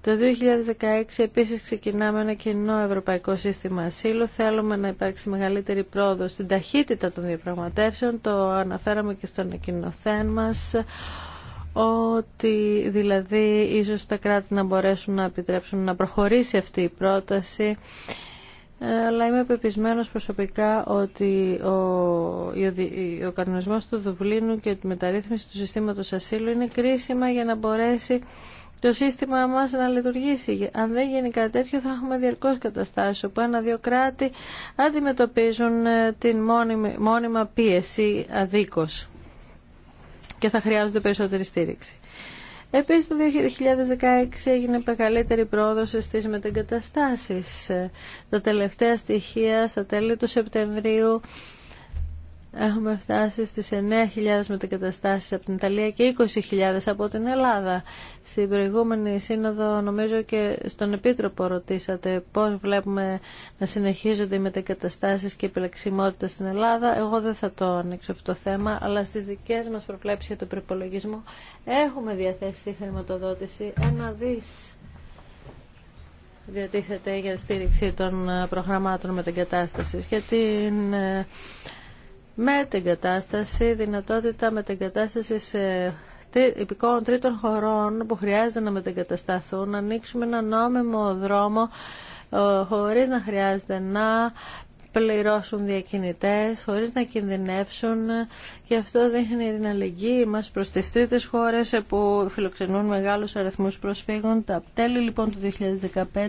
B: Το 2016 επίσης ξεκινάμε ένα κοινό ευρωπαϊκό σύστημα ασύλου. Θέλουμε να υπάρξει μεγαλύτερη πρόοδο στην ταχύτητα των διαπραγματεύσεων. Το αναφέραμε και στον εκκοινοθέν μας ότι δηλαδή ίσως τα κράτη να μπορέσουν να επιτρέψουν να προχωρήσει αυτή η πρόταση αλλά είμαι πεπισμένος προσωπικά ότι ο, ο, κανονισμός του Δουβλίνου και τη μεταρρύθμιση του συστήματος ασύλου είναι κρίσιμα για να μπορέσει το σύστημα μας να λειτουργήσει. Αν δεν γίνει κάτι τέτοιο θα έχουμε διαρκώς καταστάσεις όπου ένα-δύο κράτη αντιμετωπίζουν ε, την μόνιμη, μόνιμα πίεση αδίκως και θα χρειάζονται περισσότερη στήριξη. Επίσης το 2016 έγινε μεγαλύτερη πρόοδος στις μετεγκαταστάσεις. Τα τελευταία στοιχεία στα τέλη του Σεπτεμβρίου Έχουμε φτάσει στις 9.000 μετακαταστάσεις από την Ιταλία και 20.000 από την Ελλάδα. Στην προηγούμενη σύνοδο νομίζω και στον Επίτροπο ρωτήσατε πώς βλέπουμε να συνεχίζονται οι μετακαταστάσεις και η επιλεξιμότητα στην Ελλάδα. Εγώ δεν θα το ανοίξω αυτό το θέμα, αλλά στις δικές μας προβλέψεις για τον προπολογισμό έχουμε διαθέσει χρηματοδότηση ένα δις διατίθεται για στήριξη των προγραμμάτων μετακατάστασης για την ε, με την κατάσταση, δυνατότητα με την κατάσταση σε υπηκόων τρίτων χωρών που χρειάζεται να μετεγκατασταθούν, να ανοίξουμε ένα νόμιμο δρόμο ε, χωρίς να χρειάζεται να πληρώσουν διακινητές χωρίς να κινδυνεύσουν και αυτό δείχνει την αλληλεγγύη μας προς τις τρίτες χώρες που φιλοξενούν μεγάλους αριθμούς προσφύγων. Τα τέλη λοιπόν του 2015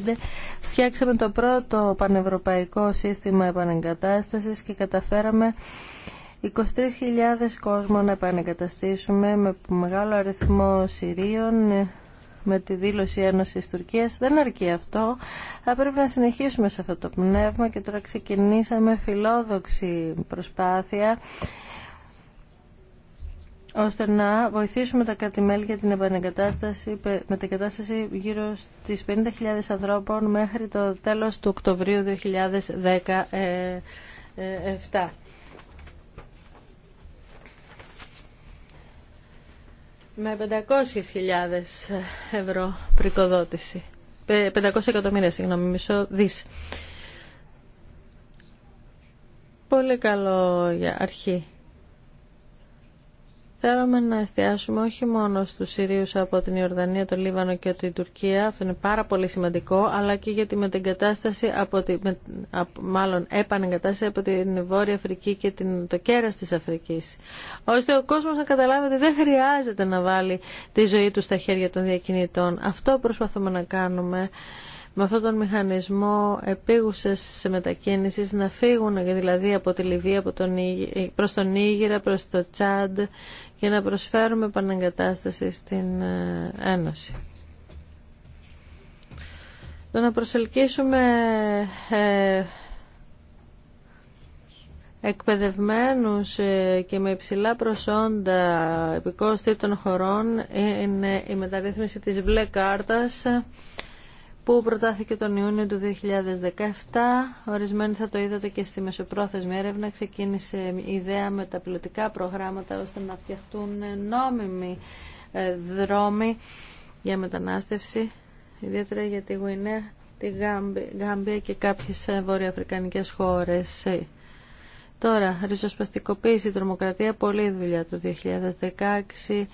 B: φτιάξαμε το πρώτο πανευρωπαϊκό σύστημα επανεγκατάστασης και καταφέραμε 23.000 κόσμο να επανεγκαταστήσουμε με μεγάλο αριθμό Συρίων, με τη δήλωση Ένωσης Τουρκίας. Δεν αρκεί αυτό. Θα πρέπει να συνεχίσουμε σε αυτό το πνεύμα και τώρα ξεκινήσαμε φιλόδοξη προσπάθεια ώστε να βοηθήσουμε τα κράτη-μέλη για την επανεγκατάσταση, κατάσταση γύρω στις 50.000 ανθρώπων μέχρι το τέλος του Οκτωβρίου 2017. με 500.000 ευρώ πρικοδότηση. 500 εκατομμύρια, συγγνώμη, μισό δις. Πολύ καλό για αρχή. Θέλουμε να εστιάσουμε όχι μόνο στους Συρίους από την Ιορδανία, τον Λίβανο και την Τουρκία, αυτό είναι πάρα πολύ σημαντικό, αλλά και για την μετεγκατάσταση, από τη, μάλλον επανεγκατάσταση από την Βόρεια Αφρική και την, το κέρα τη Αφρικής. Ώστε ο κόσμος να καταλάβει ότι δεν χρειάζεται να βάλει τη ζωή του στα χέρια των διακινητών. Αυτό προσπαθούμε να κάνουμε με αυτόν τον μηχανισμό επίγουσες μετακίνησης να φύγουν δηλαδή από τη Λιβύη από τον, προς τον Ήγηρα, προς το Τσάντ και να προσφέρουμε επαναγκατάσταση στην ε, Ένωση. Το να προσελκύσουμε ε, εκπαιδευμένους ε, και με υψηλά προσόντα επικόστη των χωρών είναι η μεταρρύθμιση της μπλε κάρτας που προτάθηκε τον Ιούνιο του 2017. Ορισμένοι θα το είδατε και στη μεσοπρόθεσμη έρευνα. Ξεκίνησε η ιδέα με τα πιλωτικά προγράμματα ώστε να φτιαχτούν νόμιμοι ε, δρόμοι για μετανάστευση, ιδιαίτερα για τη Γουινέα, τη Γάμπια και κάποιες ε, βορειοαφρικανικές χώρες. Τώρα, ριζοσπαστικοποίηση, τρομοκρατία, πολλή δουλειά του 2016,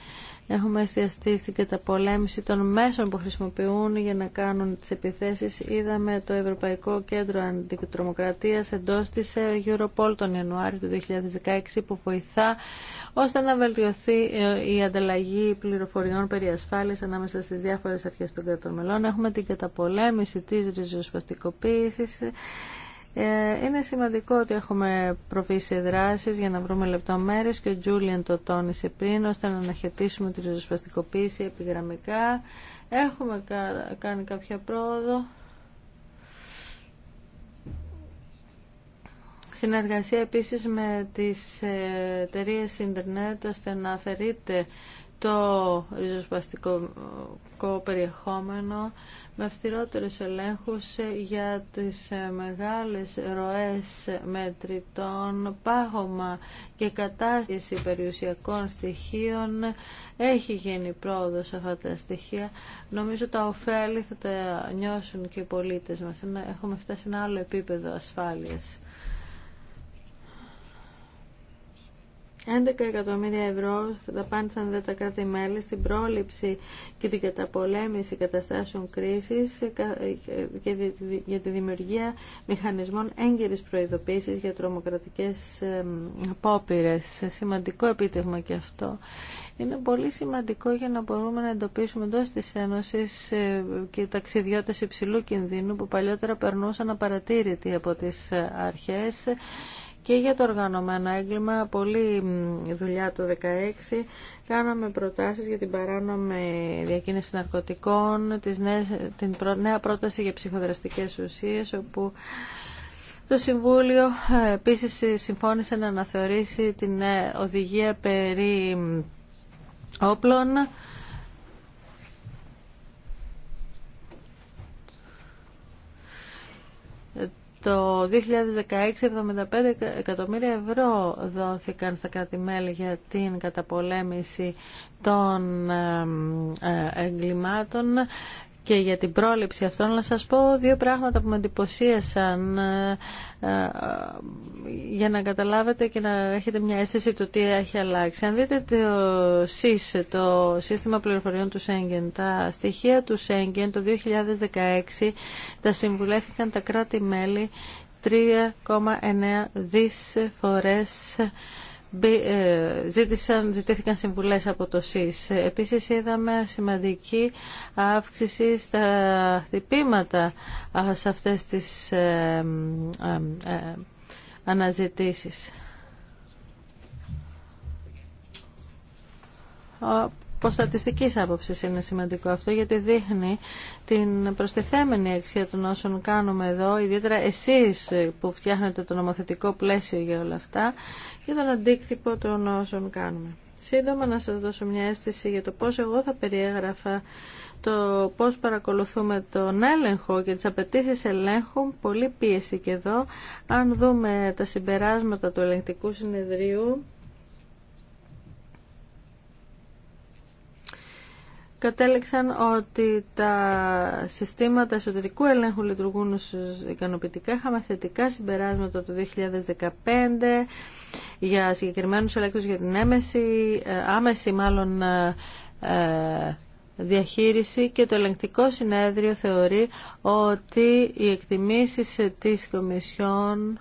B: Έχουμε εστιαστεί στην καταπολέμηση των μέσων που χρησιμοποιούν για να κάνουν τις επιθέσεις. Είδαμε το Ευρωπαϊκό Κέντρο Αντιτρομοκρατίας εντός της ε, Europol τον Ιανουάριο του 2016 που βοηθά ώστε να βελτιωθεί ε, η ανταλλαγή πληροφοριών περί ασφάλειας ανάμεσα στις διάφορες αρχές των κρατών μελών. Έχουμε την καταπολέμηση της ριζοσπαστικοποίησης ε, είναι σημαντικό ότι έχουμε προβεί σε δράσεις για να βρούμε λεπτομέρειες και ο Τζούλιαν το τόνισε πριν ώστε να αναχαιτήσουμε τη ριζοσπαστικοποίηση επιγραμμικά. Έχουμε κάνει κάποια πρόοδο. Συνεργασία επίσης με τις ε, εταιρείε ίντερνετ ώστε να αφαιρείται το ριζοσπαστικό ε, περιεχόμενο με αυστηρότερους ελέγχους για τις ε, μεγάλες ροές μετρητών, πάγωμα και κατάσταση περιουσιακών στοιχείων. Έχει γίνει πρόοδο σε αυτά τα στοιχεία. Νομίζω τα ωφέλη θα τα νιώσουν και οι πολίτες μας. Έχουμε φτάσει σε ένα άλλο επίπεδο ασφάλειας. 11 εκατομμύρια ευρώ δαπάνησαν τα κράτη-μέλη στην πρόληψη και την καταπολέμηση καταστάσεων κρίσης και για τη δημιουργία μηχανισμών έγκαιρης προειδοποίησης για τρομοκρατικές απόπειρες. Σημαντικό επίτευγμα και αυτό. Είναι πολύ σημαντικό για να μπορούμε να εντοπίσουμε εντό τη Ένωση ε, και ταξιδιώτε υψηλού κινδύνου που παλιότερα περνούσαν απαρατήρητοι από τι ε, αρχέ και για το οργανωμένο έγκλημα, πολύ δουλειά το 2016, κάναμε προτάσεις για την παράνομη διακίνηση ναρκωτικών, την νέα πρόταση για ψυχοδραστικές ουσίες, όπου το Συμβούλιο ε, επίσης συμφώνησε να αναθεωρήσει την ε, οδηγία περί όπλων Το 2016 75 εκατομμύρια ευρώ δόθηκαν στα κρατη για την καταπολέμηση των ε, ε, εγκλημάτων και για την πρόληψη αυτών να σας πω δύο πράγματα που με εντυπωσίασαν ε, ε, για να καταλάβετε και να έχετε μια αίσθηση του τι έχει αλλάξει. Αν δείτε το ΣΥΣ, το Σύστημα Πληροφοριών του Σέγγεν, τα στοιχεία του Σέγγεν το 2016 τα συμβουλεύτηκαν τα κράτη-μέλη 3,9 δις φορές ε, ζήτησαν, ζητήθηκαν συμβουλές από το ΣΥΣ. Επίσης είδαμε σημαντική αύξηση στα χτυπήματα σε αυτές τις ε, ε, αναζητήσεις από άποψη είναι σημαντικό αυτό γιατί δείχνει την προστιθέμενη αξία των όσων κάνουμε εδώ, ιδιαίτερα εσεί που φτιάχνετε το νομοθετικό πλαίσιο για όλα αυτά και τον αντίκτυπο των όσων κάνουμε. Σύντομα να σας δώσω μια αίσθηση για το πώς εγώ θα περιέγραφα το πώς παρακολουθούμε τον έλεγχο και τις απαιτήσει ελέγχου, πολύ πίεση και εδώ. Αν δούμε τα συμπεράσματα του ελεγκτικού συνεδρίου, κατέληξαν ότι τα συστήματα εσωτερικού ελέγχου λειτουργούν ικανοποιητικά. Είχαμε θετικά συμπεράσματα το 2015 για συγκεκριμένους ελέγχους για την έμεση, ε, άμεση μάλλον ε, ε, διαχείριση και το ελεγκτικό συνέδριο θεωρεί ότι οι εκτιμήσεις της Κομισιόν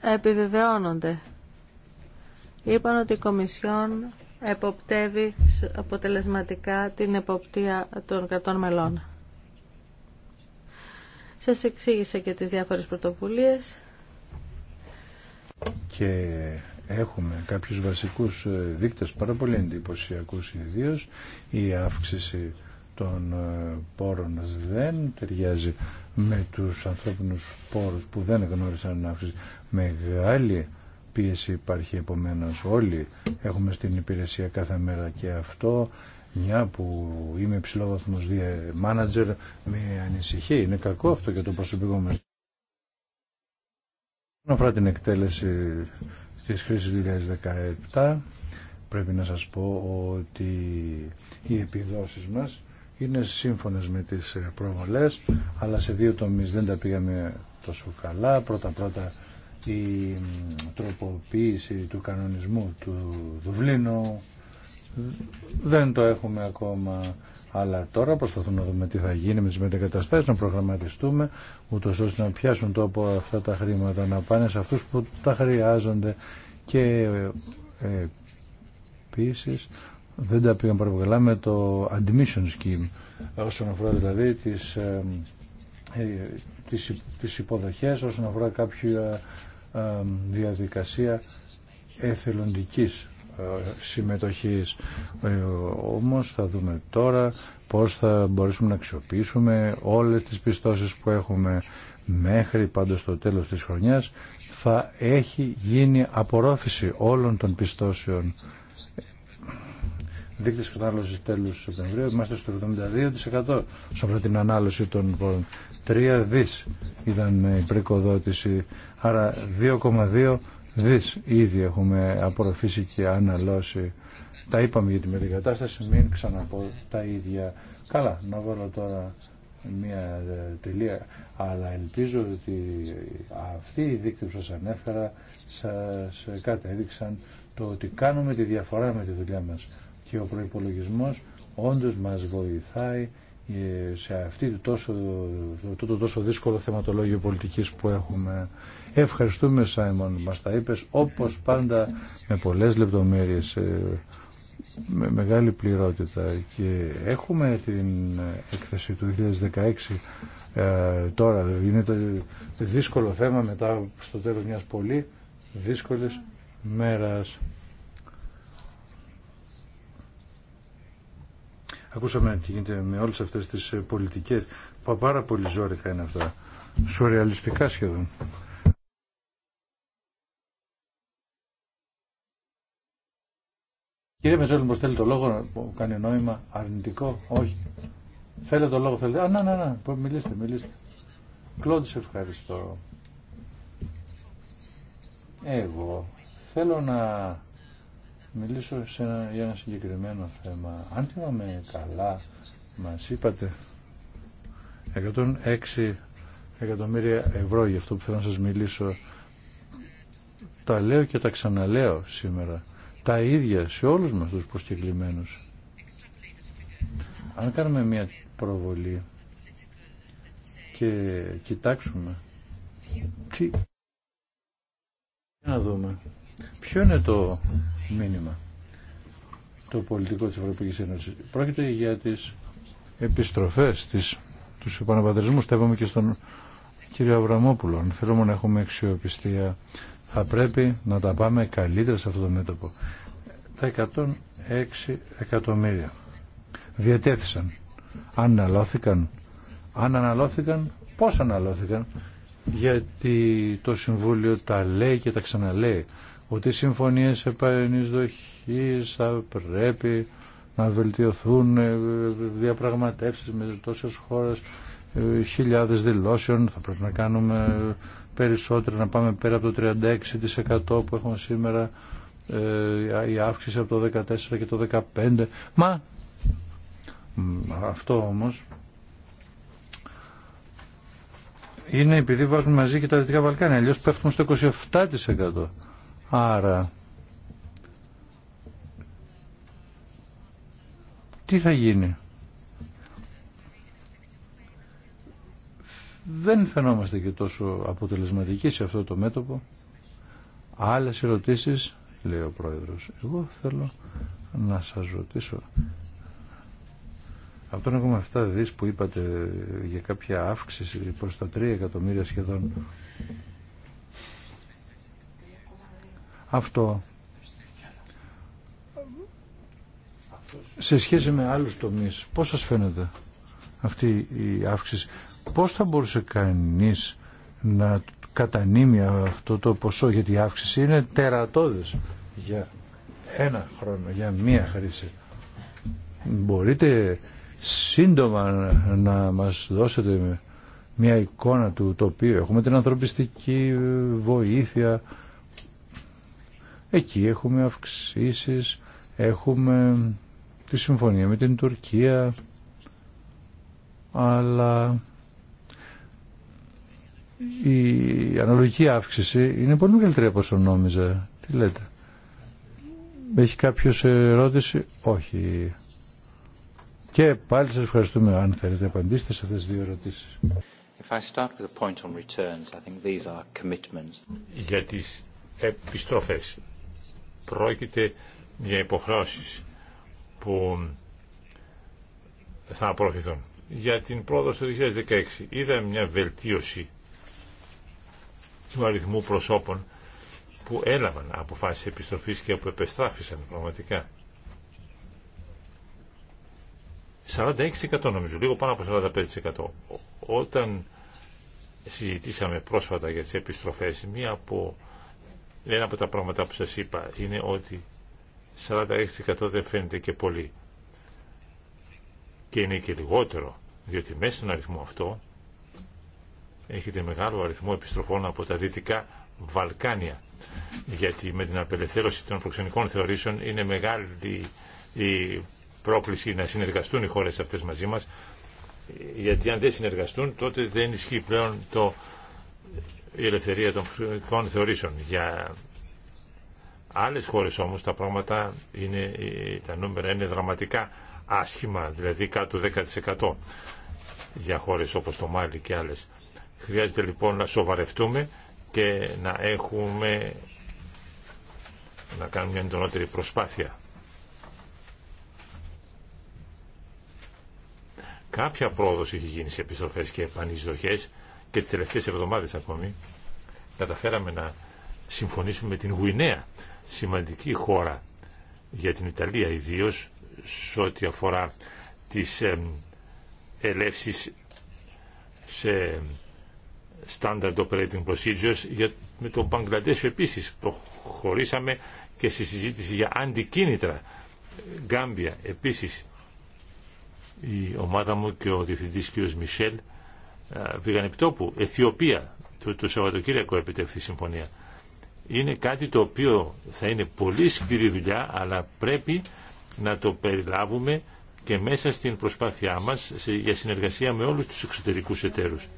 B: επιβεβαιώνονται. Είπαν ότι η Κομισιόν εποπτεύει αποτελεσματικά την εποπτεία των κρατών μελών. Σας εξήγησα και τις διάφορες πρωτοβουλίες.
D: Και έχουμε κάποιους βασικούς ε, δείκτες πάρα πολύ εντυπωσιακού ιδίω. Η αύξηση των ε, πόρων δεν ταιριάζει με τους ανθρώπινους πόρους που δεν γνώρισαν αύξηση. Μεγάλη πίεση υπάρχει επομένως όλοι έχουμε στην υπηρεσία κάθε μέρα και αυτό μια που είμαι υψηλό βαθμός manager με ανησυχεί είναι κακό αυτό για το προσωπικό μας Όσον αφορά την εκτέλεση της χρήσης 2017, πρέπει να σας πω ότι οι επιδόσεις μας είναι σύμφωνες με τις προβολές, αλλά σε δύο τομείς δεν τα πήγαμε τόσο καλά. Πρώτα-πρώτα η τροποποίηση του κανονισμού του Δουβλίνου δεν το έχουμε ακόμα αλλά τώρα προσπαθούμε να δούμε τι θα γίνει με τις μετακαταστάσεις να προγραμματιστούμε ούτω ώστε να πιάσουν τόπο αυτά τα χρήματα να πάνε σε αυτούς που τα χρειάζονται και ε, επίση δεν τα πήγαν πάρα καλά με το admission scheme όσον αφορά δηλαδή τις ε, ε, τις υποδοχές όσον αφορά κάποια ε, ε, διαδικασία εθελοντικής ε, συμμετοχής. Όμως θα δούμε τώρα πώς θα μπορέσουμε να αξιοποιήσουμε όλες τις πιστώσεις που έχουμε μέχρι πάντως το τέλος της χρονιάς θα έχει γίνει απορρόφηση όλων των πιστώσεων δείκτης κατανάλωση τέλους Σεπτεμβρίου. Είμαστε στο 72% σε αυτή την ανάλυση των Τρία δις ήταν η πρικοδότηση, άρα 2,2 δις ήδη έχουμε απορροφήσει και αναλώσει. Τα είπαμε για τη μετεγκατάσταση, μην ξαναπώ τα ίδια. Καλά, να βάλω τώρα μια ε, τελεία, αλλά ελπίζω ότι αυτοί οι δείκτες που σας ανέφερα σας κατέδειξαν το ότι κάνουμε τη διαφορά με τη δουλειά μας και ο προϋπολογισμός όντως μας βοηθάει σε αυτή το τόσο, το, τόσο δύσκολο θεματολόγιο πολιτικής που έχουμε. Ευχαριστούμε Σάιμον, μας τα είπες όπως πάντα με πολλές λεπτομέρειες, ε, με μεγάλη πληρότητα και έχουμε την έκθεση του 2016 ε, τώρα είναι το δύσκολο θέμα μετά στο τέλος μιας πολύ δύσκολης μέρας. Ακούσαμε τι γίνεται με όλες αυτές τις ε, πολιτικές. Πάρα πολύ ζώρικα είναι αυτά. Σουρεαλιστικά σχεδόν. Κύριε Μετζόλη, πώ θέλει το λόγο που κάνει νόημα αρνητικό. Όχι. Θέλετε το λόγο, θέλετε. Α, ναι, ναι. να. Μιλήστε, μιλήστε. Κλόντ, σε ευχαριστώ. Εγώ θέλω να μιλήσω σε ένα, για ένα συγκεκριμένο θέμα. Αν θυμάμαι καλά, μας είπατε 106 εκατομμύρια ευρώ για αυτό που θέλω να σας μιλήσω. Τα λέω και τα ξαναλέω σήμερα. Τα ίδια σε όλους μας τους προσκεκλημένους. Αν κάνουμε μια προβολή και κοιτάξουμε τι... Να δούμε. Ποιο είναι το μήνυμα το πολιτικό της Ευρωπαϊκής Ένωσης. Πρόκειται για τις επιστροφές, της τους επαναπατρισμούς, τα και στον κύριο Αβραμόπουλο. Αν θέλουμε να έχουμε αξιοπιστία, θα πρέπει να τα πάμε καλύτερα σε αυτό το μέτωπο. Τα 106 εκατομμύρια διατέθησαν. Αν αναλώθηκαν, αν αναλώθηκαν, πώς αναλώθηκαν, γιατί το Συμβούλιο τα λέει και τα ξαναλέει ότι οι συμφωνίες επαρενής θα πρέπει να βελτιωθούν ε, διαπραγματεύσεις με τόσες χώρες, ε, χιλιάδες δηλώσεων, θα πρέπει να κάνουμε περισσότερο να πάμε πέρα από το 36% που έχουμε σήμερα, ε, η αύξηση από το 14% και το 15%. Μα αυτό όμως είναι επειδή βάζουν μαζί και τα Δυτικά Βαλκάνια, αλλιώς πέφτουν στο 27%. Άρα, τι θα γίνει. Δεν φαινόμαστε και τόσο αποτελεσματικοί σε αυτό το μέτωπο. Άλλες ερωτήσεις, λέει ο Πρόεδρος. Εγώ θέλω να σας ρωτήσω. Από τον 7 δις που είπατε για κάποια αύξηση προς τα 3 εκατομμύρια σχεδόν αυτό σε σχέση με άλλους τομείς πώς σας φαίνεται αυτή η αύξηση πώς θα μπορούσε κανείς να κατανείμει αυτό το ποσό γιατί η αύξηση είναι τερατώδες για ένα χρόνο για μία χρήση μπορείτε σύντομα να μας δώσετε μια εικόνα του τοπίου έχουμε την ανθρωπιστική βοήθεια Εκεί έχουμε αυξήσει, έχουμε τη συμφωνία με την Τουρκία, αλλά η αναλογική αύξηση είναι πολύ μεγαλύτερη από όσο νόμιζα. Τι λέτε. Έχει κάποιο ερώτηση. Όχι. Και πάλι σας ευχαριστούμε αν θέλετε απαντήσετε σε αυτές τις δύο ερωτήσεις.
A: Για τις επιστροφές Πρόκειται για υποχρεώσεις που θα απορροφηθούν. Για την πρόοδο του 2016 είδα μια βελτίωση του αριθμού προσώπων που έλαβαν αποφάσεις επιστροφής και που επεστράφησαν πραγματικά. 46% νομίζω, λίγο πάνω από 45%. Όταν συζητήσαμε πρόσφατα για τις επιστροφές, μία από ένα από τα πράγματα που σας είπα είναι ότι 46% δεν φαίνεται και πολύ. Και είναι και λιγότερο, διότι μέσα στον αριθμό αυτό έχετε μεγάλο αριθμό επιστροφών από τα Δυτικά Βαλκάνια. Γιατί με την απελευθέρωση των προξενικών θεωρήσεων είναι μεγάλη η πρόκληση να συνεργαστούν οι χώρες αυτές μαζί μας. Γιατί αν δεν συνεργαστούν τότε δεν ισχύει πλέον το η ελευθερία των θεωρήσεων. Για άλλες χώρες όμως τα πράγματα είναι, τα νούμερα είναι δραματικά άσχημα, δηλαδή κάτω 10% για χώρες όπως το Μάλι και άλλες. Χρειάζεται λοιπόν να σοβαρευτούμε και να έχουμε να κάνουμε μια εντονότερη προσπάθεια. Κάποια πρόοδος έχει γίνει σε επιστροφές και επανεισδοχές, και τις τελευταίες εβδομάδες ακόμη καταφέραμε να συμφωνήσουμε με την Γουινέα, σημαντική χώρα για την Ιταλία ιδίω σε ό,τι αφορά τις ελεύσεις σε standard operating procedures για, με τον Μπαγκλαντέσιο επίσης προχωρήσαμε και στη συζήτηση για αντικίνητρα Γκάμπια επίσης η ομάδα μου και ο διευθυντής κ. Μισελ ε, πήγαν τόπου, Αιθιοπία, το, το Σαββατοκύριακο επιτευχθεί συμφωνία. Είναι κάτι το οποίο θα είναι πολύ σκληρή δουλειά, αλλά πρέπει να το περιλάβουμε και μέσα στην προσπάθειά μας για συνεργασία με όλους τους εξωτερικούς εταίρους.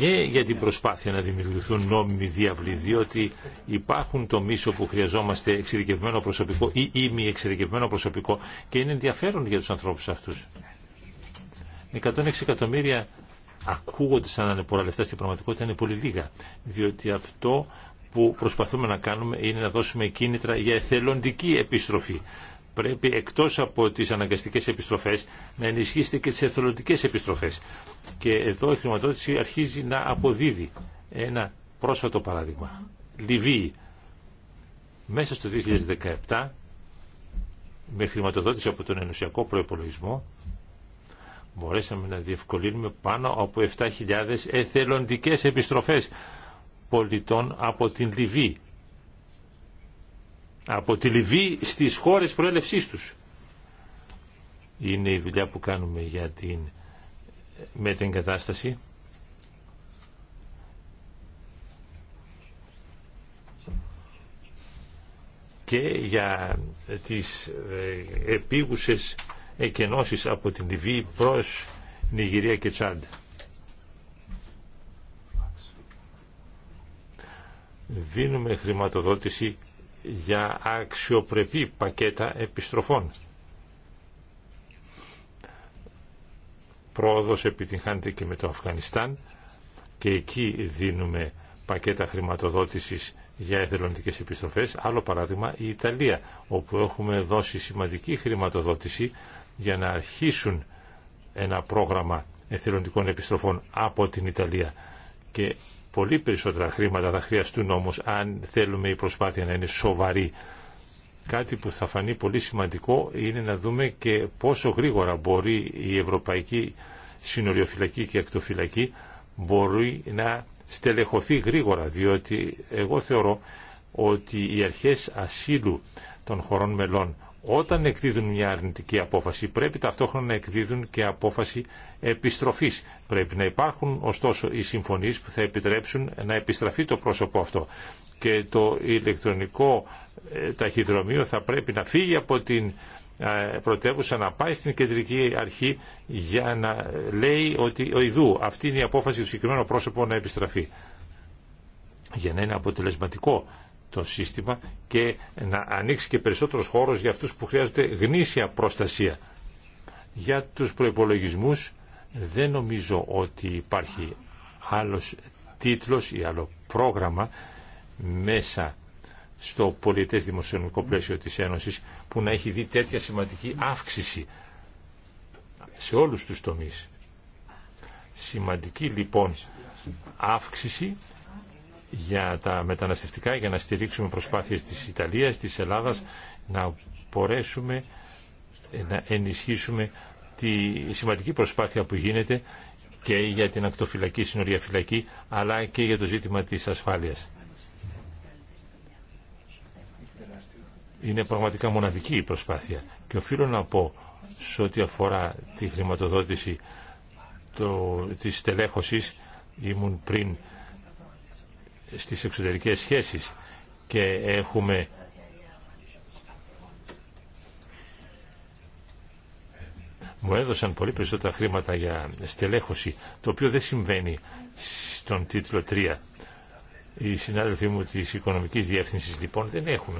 A: Ναι, για την προσπάθεια να δημιουργηθούν νόμιμοι διάβλοι, διότι υπάρχουν τομεί όπου χρειαζόμαστε εξειδικευμένο προσωπικό ή ήμι εξειδικευμένο προσωπικό και είναι ενδιαφέρον για τους ανθρώπους αυτούς. 106 εκατομμύρια ακούγονται σαν να είναι πολλά λεφτά, στην πραγματικότητα είναι πολύ λίγα, διότι αυτό που προσπαθούμε να κάνουμε είναι να δώσουμε κίνητρα για εθελοντική επιστροφή πρέπει εκτός από τις αναγκαστικές επιστροφές να ενισχύσετε και τις εθελοντικές επιστροφές. Και εδώ η χρηματοδότηση αρχίζει να αποδίδει. Ένα πρόσφατο παράδειγμα. Λιβύη. Μέσα στο 2017 με χρηματοδότηση από τον ενωσιακό προϋπολογισμό μπορέσαμε να διευκολύνουμε πάνω από 7.000 εθελοντικές επιστροφές πολιτών από την Λιβύη από τη Λιβύη στις χώρες προέλευσής τους. Είναι η δουλειά που κάνουμε για την μετεγκατάσταση. και για τις ε, επίγουσες εκενώσεις από την Λιβύη προς Νιγηρία και Τσάντ. Δίνουμε χρηματοδότηση για αξιοπρεπή πακέτα επιστροφών. Πρόοδος επιτυγχάνεται και με το Αφγανιστάν και εκεί δίνουμε πακέτα χρηματοδότησης για εθελοντικές επιστροφές. Άλλο παράδειγμα η Ιταλία, όπου έχουμε δώσει σημαντική χρηματοδότηση για να αρχίσουν ένα πρόγραμμα εθελοντικών επιστροφών από την Ιταλία και Πολύ περισσότερα χρήματα θα χρειαστούν όμως αν θέλουμε η προσπάθεια να είναι σοβαρή. Κάτι που θα φανεί πολύ σημαντικό είναι να δούμε και πόσο γρήγορα μπορεί η Ευρωπαϊκή Συνοριοφυλακή και Ακτοφυλακή μπορεί να στελεχωθεί γρήγορα, διότι εγώ θεωρώ ότι οι αρχές ασύλου των χωρών μελών όταν εκδίδουν μια αρνητική απόφαση πρέπει ταυτόχρονα να εκδίδουν και απόφαση επιστροφής. Πρέπει να υπάρχουν ωστόσο οι συμφωνίες που θα επιτρέψουν να επιστραφεί το πρόσωπο αυτό. Και το ηλεκτρονικό ε, ταχυδρομείο θα πρέπει να φύγει από την ε, πρωτεύουσα να πάει στην κεντρική αρχή για να λέει ότι ο Ιδού αυτή είναι η απόφαση του συγκεκριμένου πρόσωπου να επιστραφεί. Για να είναι αποτελεσματικό το σύστημα και να ανοίξει και περισσότερος χώρος για αυτούς που χρειάζονται γνήσια προστασία. Για τους προϋπολογισμούς δεν νομίζω ότι υπάρχει άλλος τίτλος ή άλλο πρόγραμμα μέσα στο πολιτές δημοσιονομικό πλαίσιο της Ένωσης που να έχει δει τέτοια σημαντική αύξηση σε όλους τους τομείς. Σημαντική λοιπόν αύξηση για τα μεταναστευτικά για να στηρίξουμε προσπάθειες της Ιταλίας, της Ελλάδας να μπορέσουμε να ενισχύσουμε τη σημαντική προσπάθεια που γίνεται και για την ακτοφυλακή συνοριαφυλακή αλλά και για το ζήτημα της ασφάλειας. Είναι πραγματικά μοναδική η προσπάθεια και οφείλω να πω σε ό,τι αφορά τη χρηματοδότηση το, της τελέχωσης ήμουν πριν στις εξωτερικές σχέσεις και έχουμε μου έδωσαν πολύ περισσότερα χρήματα για στελέχωση, το οποίο δεν συμβαίνει στον τίτλο 3. Οι συνάδελφοί μου της Οικονομικής Διεύθυνσης λοιπόν δεν έχουν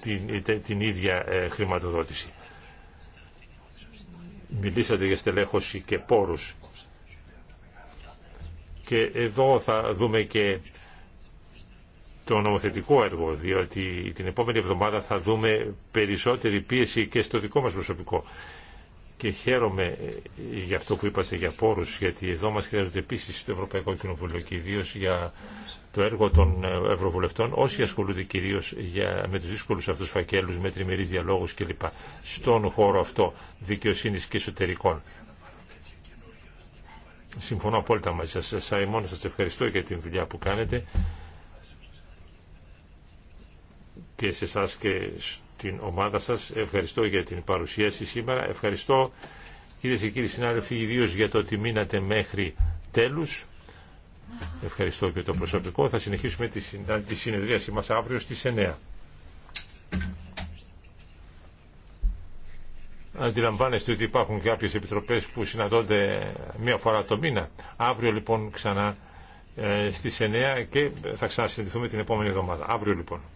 A: την, την ίδια ε, χρηματοδότηση. Μιλήσατε για στελέχωση και πόρους. Και εδώ θα δούμε και το νομοθετικό έργο, διότι την επόμενη εβδομάδα θα δούμε περισσότερη πίεση και στο δικό μας προσωπικό. Και χαίρομαι ε, για αυτό που είπατε για πόρους, γιατί εδώ μας χρειάζονται επίσης το Ευρωπαϊκό Κοινοβούλιο και ιδίω για το έργο των ε, Ευρωβουλευτών, όσοι ασχολούνται κυρίω με του δύσκολου αυτού φακέλου, με τριμερεί διαλόγου κλπ. στον χώρο αυτό δικαιοσύνη και εσωτερικών. Συμφωνώ απόλυτα μαζί σα. σα ευχαριστώ για την δουλειά που κάνετε και σε εσά και στην ομάδα σας. Ευχαριστώ για την παρουσίαση σήμερα. Ευχαριστώ κύριε και κύριοι συνάδελφοι ιδίω για το ότι μείνατε μέχρι τέλους. Ευχαριστώ και το προσωπικό. Θα συνεχίσουμε τη συνεδρίαση μας αύριο στις 9. Αντιλαμβάνεστε ότι υπάρχουν κάποιες επιτροπές που συναντώνται μία φορά το μήνα. Αύριο λοιπόν ξανά ε, στις 9 και θα ξανασυνδεθούμε την επόμενη εβδομάδα. Αύριο λοιπόν.